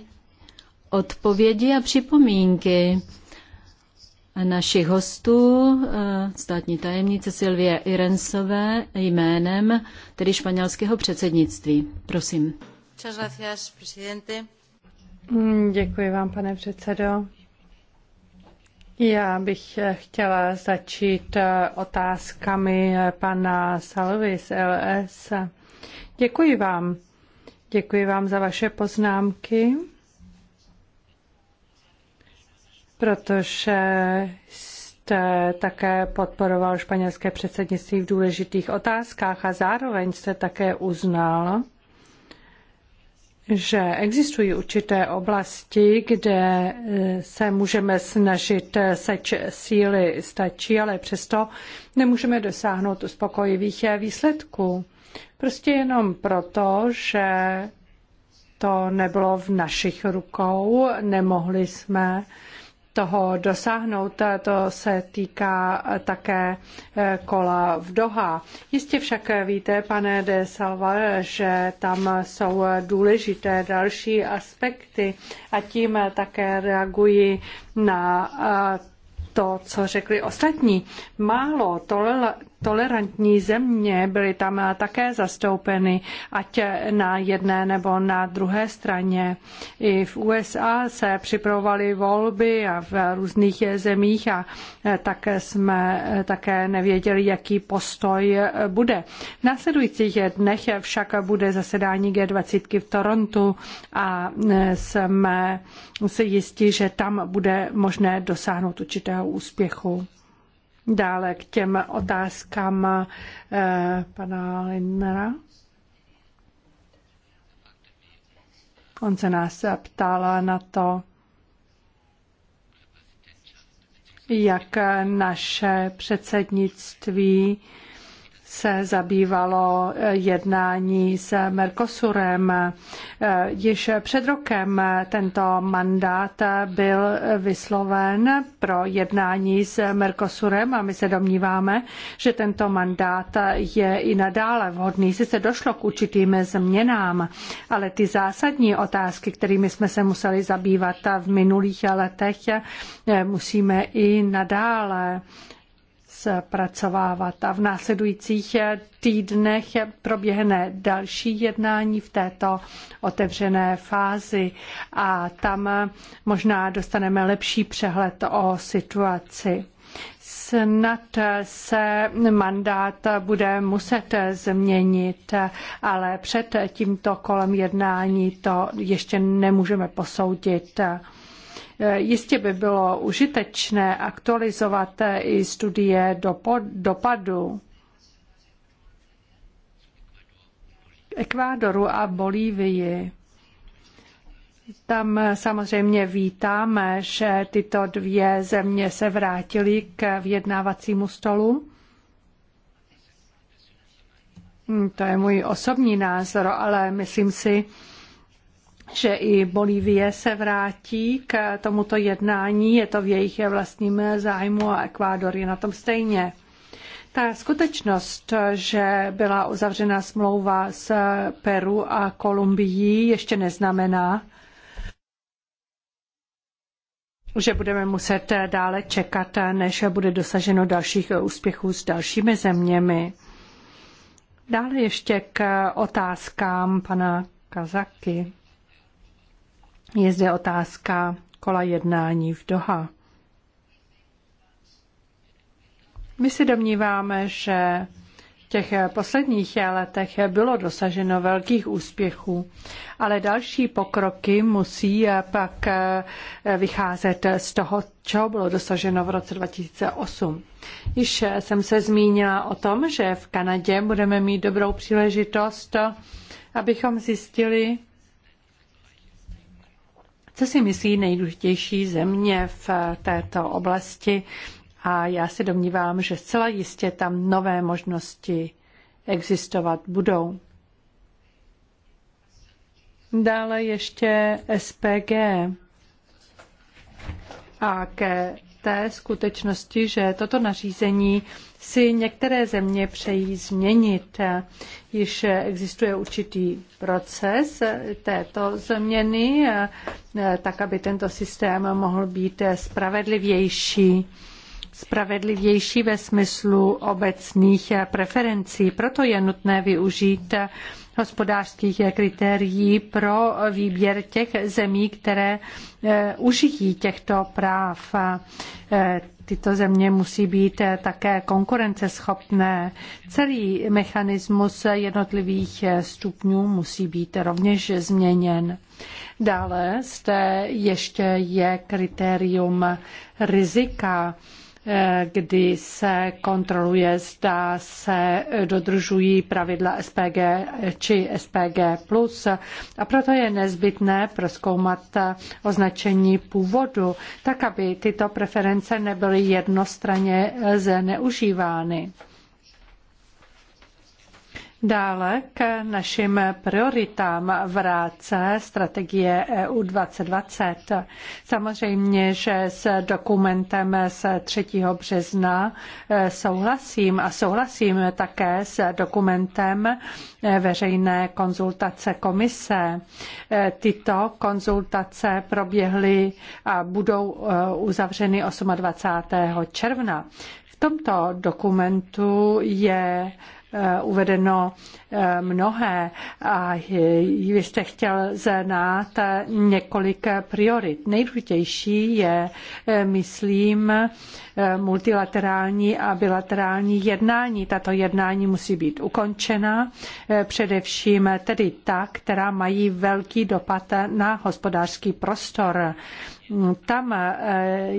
odpovědi a připomínky našich hostů, eh, státní tajemnice Silvie Irensové jménem tedy španělského předsednictví. Prosím. Děkuji vám, pane předsedo. Já bych chtěla začít eh, otázkami eh, pana Salvy z LS. Děkuji vám. Děkuji vám za vaše poznámky protože jste také podporoval španělské předsednictví v důležitých otázkách a zároveň jste také uznal, že existují určité oblasti, kde eh, se můžeme snažit eh, seč síly stačí, ale přesto nemůžeme dosáhnout uspokojivých eh, výsledků. Prostě jenom proto, že to nebylo v našich rukou, nemohli jsme toho dosáhnout. To se týká také eh, kola v Doha. Jistě však víte, pane de Salva, že tam jsou důležité další aspekty a tím také reaguji na eh, to, co řekli ostatní. Málo tolerantní země byly tam také zastoupeny, ať na jedné nebo na druhé straně. I v USA se připravovaly volby a v různých zemích a tak jsme také nevěděli, jaký postoj bude. V následujících dnech však bude zasedání G20 v Torontu a jsme si jistí, že tam bude možné dosáhnout určitého úspěchu. Dále k těm otázkám eh, pana Lindnera, On se nás ptal na to, jak naše předsednictví se zabývalo eh, jednání s Mercosurem. Eh, již před rokem tento mandát byl vysloven pro jednání s Mercosurem a my se domníváme, že tento mandát je i nadále vhodný. Sice došlo k určitým změnám, ale ty zásadní otázky, kterými jsme se museli zabývat v minulých letech, eh, musíme i nadále zpracovávat. A v následujících týdnech proběhne další jednání v této otevřené fázi a tam možná dostaneme lepší přehled o situaci snad se mandát bude muset změnit, ale před tímto kolem jednání to ještě nemůžeme posoudit. Jistě by bylo užitečné aktualizovat i studie dopadu Ekvádoru a Bolívii. Tam samozřejmě vítáme, že tyto dvě země se vrátily k vyjednávacímu stolu. Hmm, to je můj osobní názor, ale myslím si, že i Bolívie se vrátí k tomuto jednání, je to v jejich vlastním zájmu a Ekvádor je na tom stejně. Ta skutečnost, že byla uzavřena smlouva s Peru a Kolumbií, ještě neznamená, že budeme muset dále čekat, než bude dosaženo dalších úspěchů s dalšími zeměmi. Dále ještě k otázkám pana Kazaky. Je zde otázka kola jednání v Doha. My si domníváme, že v těch posledních letech bylo dosaženo velkých úspěchů, ale další pokroky musí pak vycházet z toho, čeho bylo dosaženo v roce 2008. Již jsem se zmínila o tom, že v Kanadě budeme mít dobrou příležitost, abychom zjistili, co si myslí nejdůležitější země v eh, této oblasti. A já se domnívám, že zcela jistě tam nové možnosti existovat budou. Dále ještě SPG a ke té skutečnosti, že toto nařízení si některé země přejí změnit. Již existuje určitý proces této změny, tak aby tento systém mohl být spravedlivější spravedlivější ve smyslu obecných preferencí. Proto je nutné využít hospodářských kritérií pro výběr těch zemí, které e, užijí těchto práv e, tyto země musí být e, také konkurenceschopné. Celý mechanismus jednotlivých stupňů musí být rovněž změněn. Dále zde ještě je kritérium rizika kdy se kontroluje, zda se dodržují pravidla SPG či SPG+. A proto je nezbytné proskoumat označení původu, tak aby tyto preference nebyly jednostranně zneužívány. Dále k našim prioritám rámci strategie EU 2020. Samozřejmě, že s dokumentem z 3. března eh, souhlasím a souhlasím také s dokumentem eh, veřejné konzultace komise. Eh, tyto konzultace proběhly a budou uzavřeny 28. června. V tomto dokumentu je Eh, uvedeno eh, mnohé a vy eh, jste chtěl znát několik priorit. Nejdůležitější je, myslím, multilaterální a bilaterální jednání. Tato jednání musí být ukončena, především tedy ta, která mají velký dopad na hospodářský prostor. Tam eh,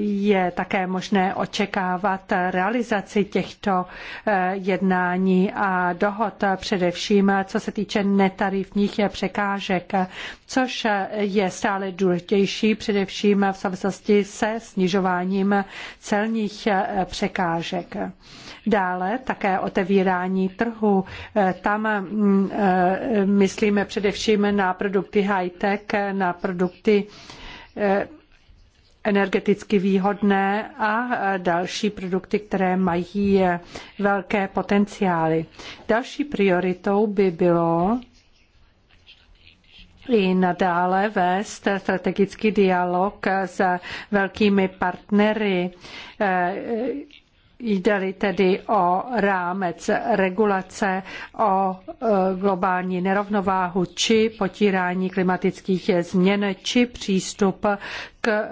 je také možné očekávat realizaci těchto eh, jednání a dohod, především co se týče netarifních překážek, což je stále důležitější, především v souvislosti se snižováním celních eh, překážek. Dále také otevírání trhu. Tam mm, myslíme především na produkty high-tech, na produkty energeticky výhodné a další produkty, které mají velké potenciály. Další prioritou by bylo i nadále vést strategický dialog s velkými partnery Jde-li tedy o rámec regulace, o e, globální nerovnováhu či potírání klimatických změn či přístup k e,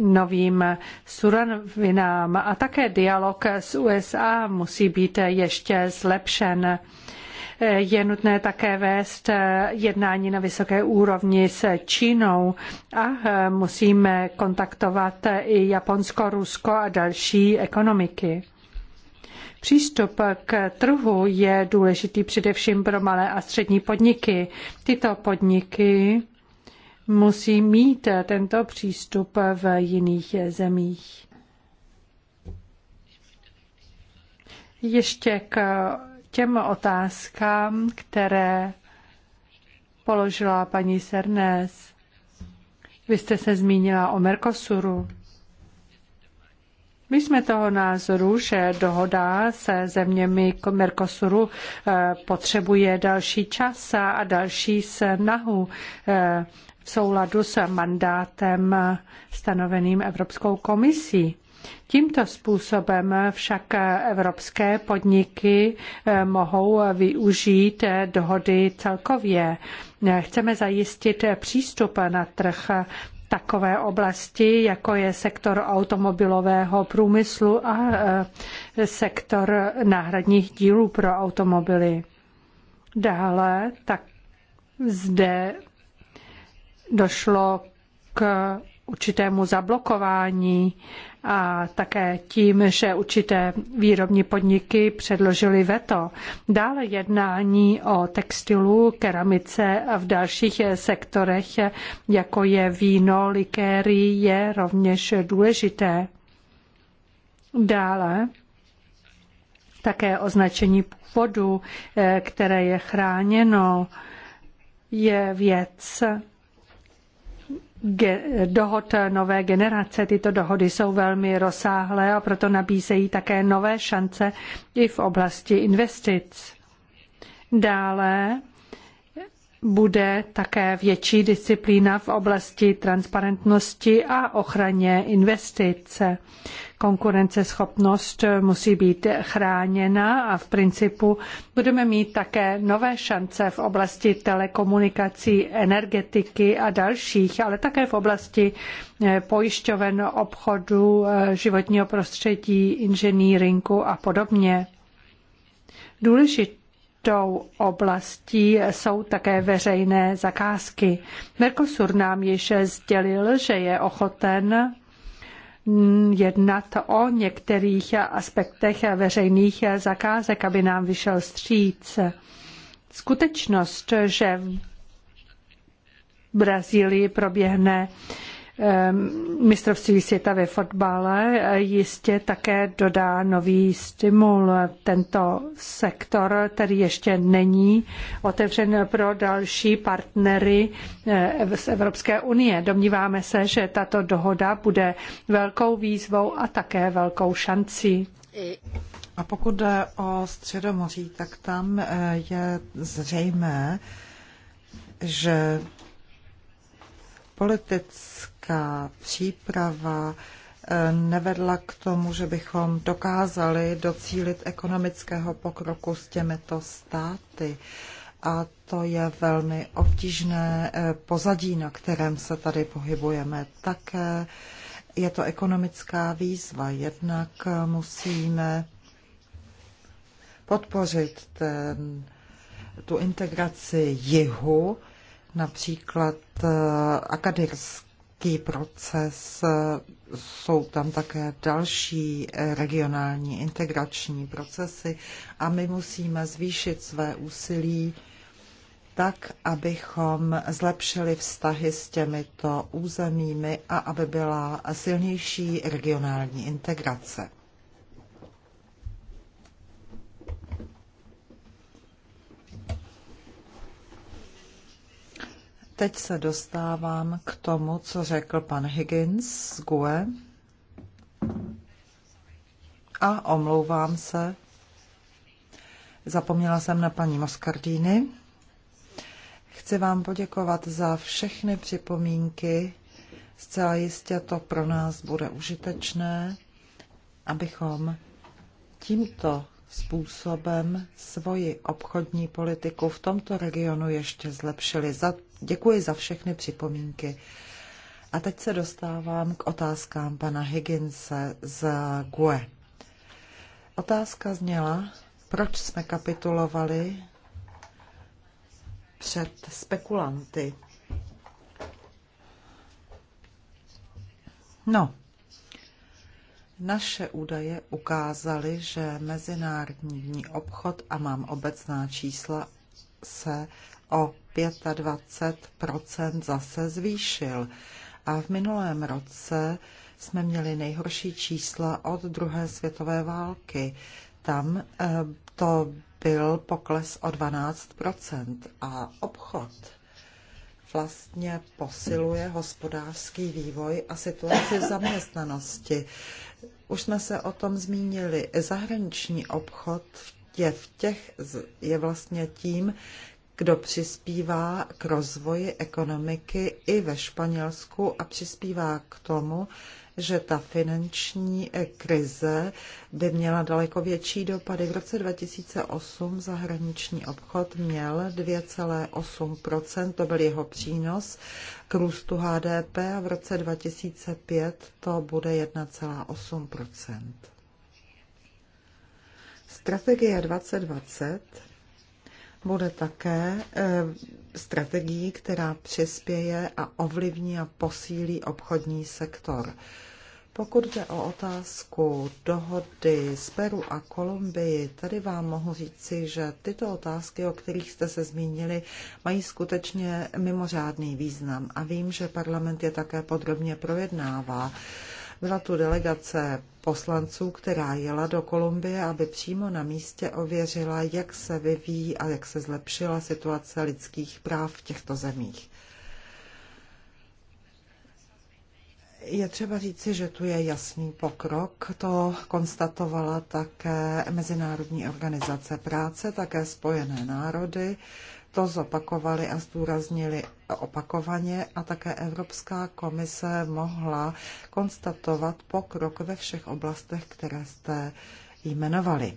novým surovinám a také dialog s USA musí být ještě zlepšen je nutné také vést eh, jednání na vysoké úrovni s Čínou a eh, musíme kontaktovat eh, i Japonsko, Rusko a další ekonomiky. Přístup k trhu je důležitý především pro malé a střední podniky. Tyto podniky musí mít tento přístup v jiných zemích. Ještě k těm otázkám, které položila paní Sernés. Vy jste se zmínila o Mercosuru. My jsme toho názoru, že dohoda se zeměmi Mercosuru eh, potřebuje další čas a další snahu eh, v souladu s mandátem stanoveným Evropskou komisí. Tímto způsobem však evropské podniky eh, mohou využít eh, dohody celkově. Chceme zajistit eh, přístup na trh takové oblasti, jako je sektor automobilového průmyslu a sektor náhradních dílů pro automobily. Dále tak zde došlo k určitému zablokování a také tím, že určité výrobní podniky předložily veto. Dále jednání o textilu, keramice a v dalších sektorech, jako je víno, likéry, je rovněž důležité. Dále také označení původu, eh, které je chráněno, je věc, dohod nové generace. Tyto dohody jsou velmi rozsáhlé a proto nabízejí také nové šance i v oblasti investic. Dále bude také větší disciplína v oblasti transparentnosti a ochraně investic. Konkurenceschopnost musí být chráněna a v principu budeme mít také nové šance v oblasti telekomunikací, energetiky a dalších, ale také v oblasti eh, pojišťoven, obchodu, eh, životního prostředí, inženýringu a podobně. Důležité důležitou oblastí jsou také veřejné zakázky. Mercosur nám již sdělil, že je ochoten jednat o některých aspektech veřejných zakázek, aby nám vyšel stříc. Skutečnost, že v Brazílii proběhne Ehm, mistrovství světa ve fotbale eh, jistě také dodá nový stimul. Tento sektor, který ještě není otevřen pro další partnery eh, z Evropské unie. Domníváme se, že tato dohoda bude velkou výzvou a také velkou šancí. A pokud jde o Středomoří, tak tam eh, je zřejmé, že politické politická příprava eh, nevedla k tomu, že bychom dokázali docílit ekonomického pokroku s těmito státy. A to je velmi obtížné eh, pozadí, na kterém se tady pohybujeme. Také je to ekonomická výzva. Jednak eh, musíme podpořit ten, tu integraci jihu, například Akadirsk velký proces. Jsou tam také další regionální integrační procesy a my musíme zvýšit své úsilí tak, abychom zlepšili vztahy s těmito územími a aby byla silnější regionální integrace. Teď se dostávám k tomu, co řekl pan Higgins z GUE. A omlouvám se. Zapomněla jsem na paní Moscardini. Chci vám poděkovat za všechny připomínky. Zcela jistě to pro nás bude užitečné, abychom tímto způsobem svoji obchodní politiku v tomto regionu ještě zlepšili. Za, děkuji za všechny připomínky. A teď se dostávám k otázkám pana Higginse z GUE. Otázka zněla, proč jsme kapitulovali před spekulanty. No, naše údaje ukázaly, že mezinárodní obchod, a mám obecná čísla, se o 25 zase zvýšil. A v minulém roce jsme měli nejhorší čísla od druhé světové války. Tam eh, to byl pokles o 12 a obchod vlastně posiluje hospodářský vývoj a situaci zaměstnanosti. Už jsme se o tom zmínili. Zahraniční obchod je v těch, je vlastně tím, kdo přispívá k rozvoji ekonomiky i ve Španělsku a přispívá k tomu, že ta finanční krize by měla daleko větší dopady. V roce 2008 zahraniční obchod měl 2,8 to byl jeho přínos k růstu HDP a v roce 2005 to bude 1,8 Strategie 2020 bude také eh, strategií, která přispěje a ovlivní a posílí obchodní sektor. Pokud jde o otázku dohody s Peru a Kolumbii, tady vám mohu říci, že tyto otázky, o kterých jste se zmínili, mají skutečně mimořádný význam. A vím, že parlament je také podrobně projednává. Byla tu delegace poslanců, která jela do Kolumbie, aby přímo na místě ověřila, jak se vyvíjí a jak se zlepšila situace lidských práv v těchto zemích. Je třeba říci, že tu je jasný pokrok. To konstatovala také Mezinárodní organizace práce, také Spojené národy. To zopakovali a zdůraznili opakovaně a také Evropská komise mohla konstatovat pokrok ve všech oblastech, které jste jmenovali.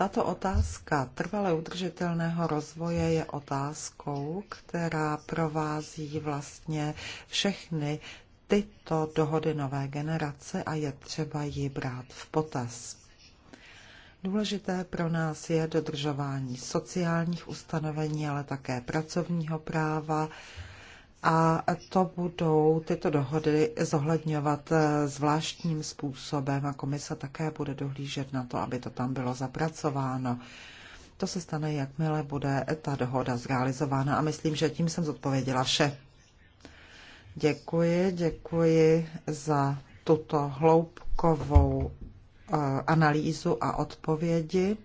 Tato otázka trvale udržitelného rozvoje je otázkou, která provází vlastně všechny tyto dohody nové generace a je třeba ji brát v potaz. Důležité pro nás je dodržování sociálních ustanovení, ale také pracovního práva, a to budou tyto dohody zohledňovat eh, zvláštním způsobem a komise také bude dohlížet na to, aby to tam bylo zapracováno. To se stane, jakmile bude ta dohoda zrealizována a myslím, že tím jsem zodpověděla vše. Děkuji, děkuji za tuto hloubkovou eh, analýzu a odpovědi.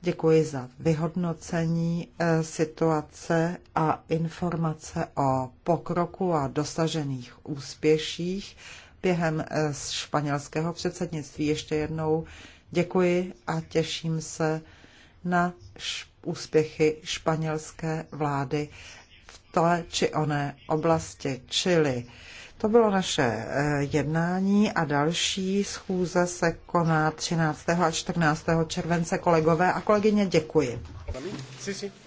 Děkuji za vyhodnocení eh, situace a informace o pokroku a dosažených úspěších během eh, španělského předsednictví. Ještě jednou děkuji a těším se na úspěchy španělské vlády v té či oné oblasti, čili to bylo naše eh, jednání a další schůze se koná 13. a 14. července. Kolegové a kolegyně, děkuji. Sí, sí.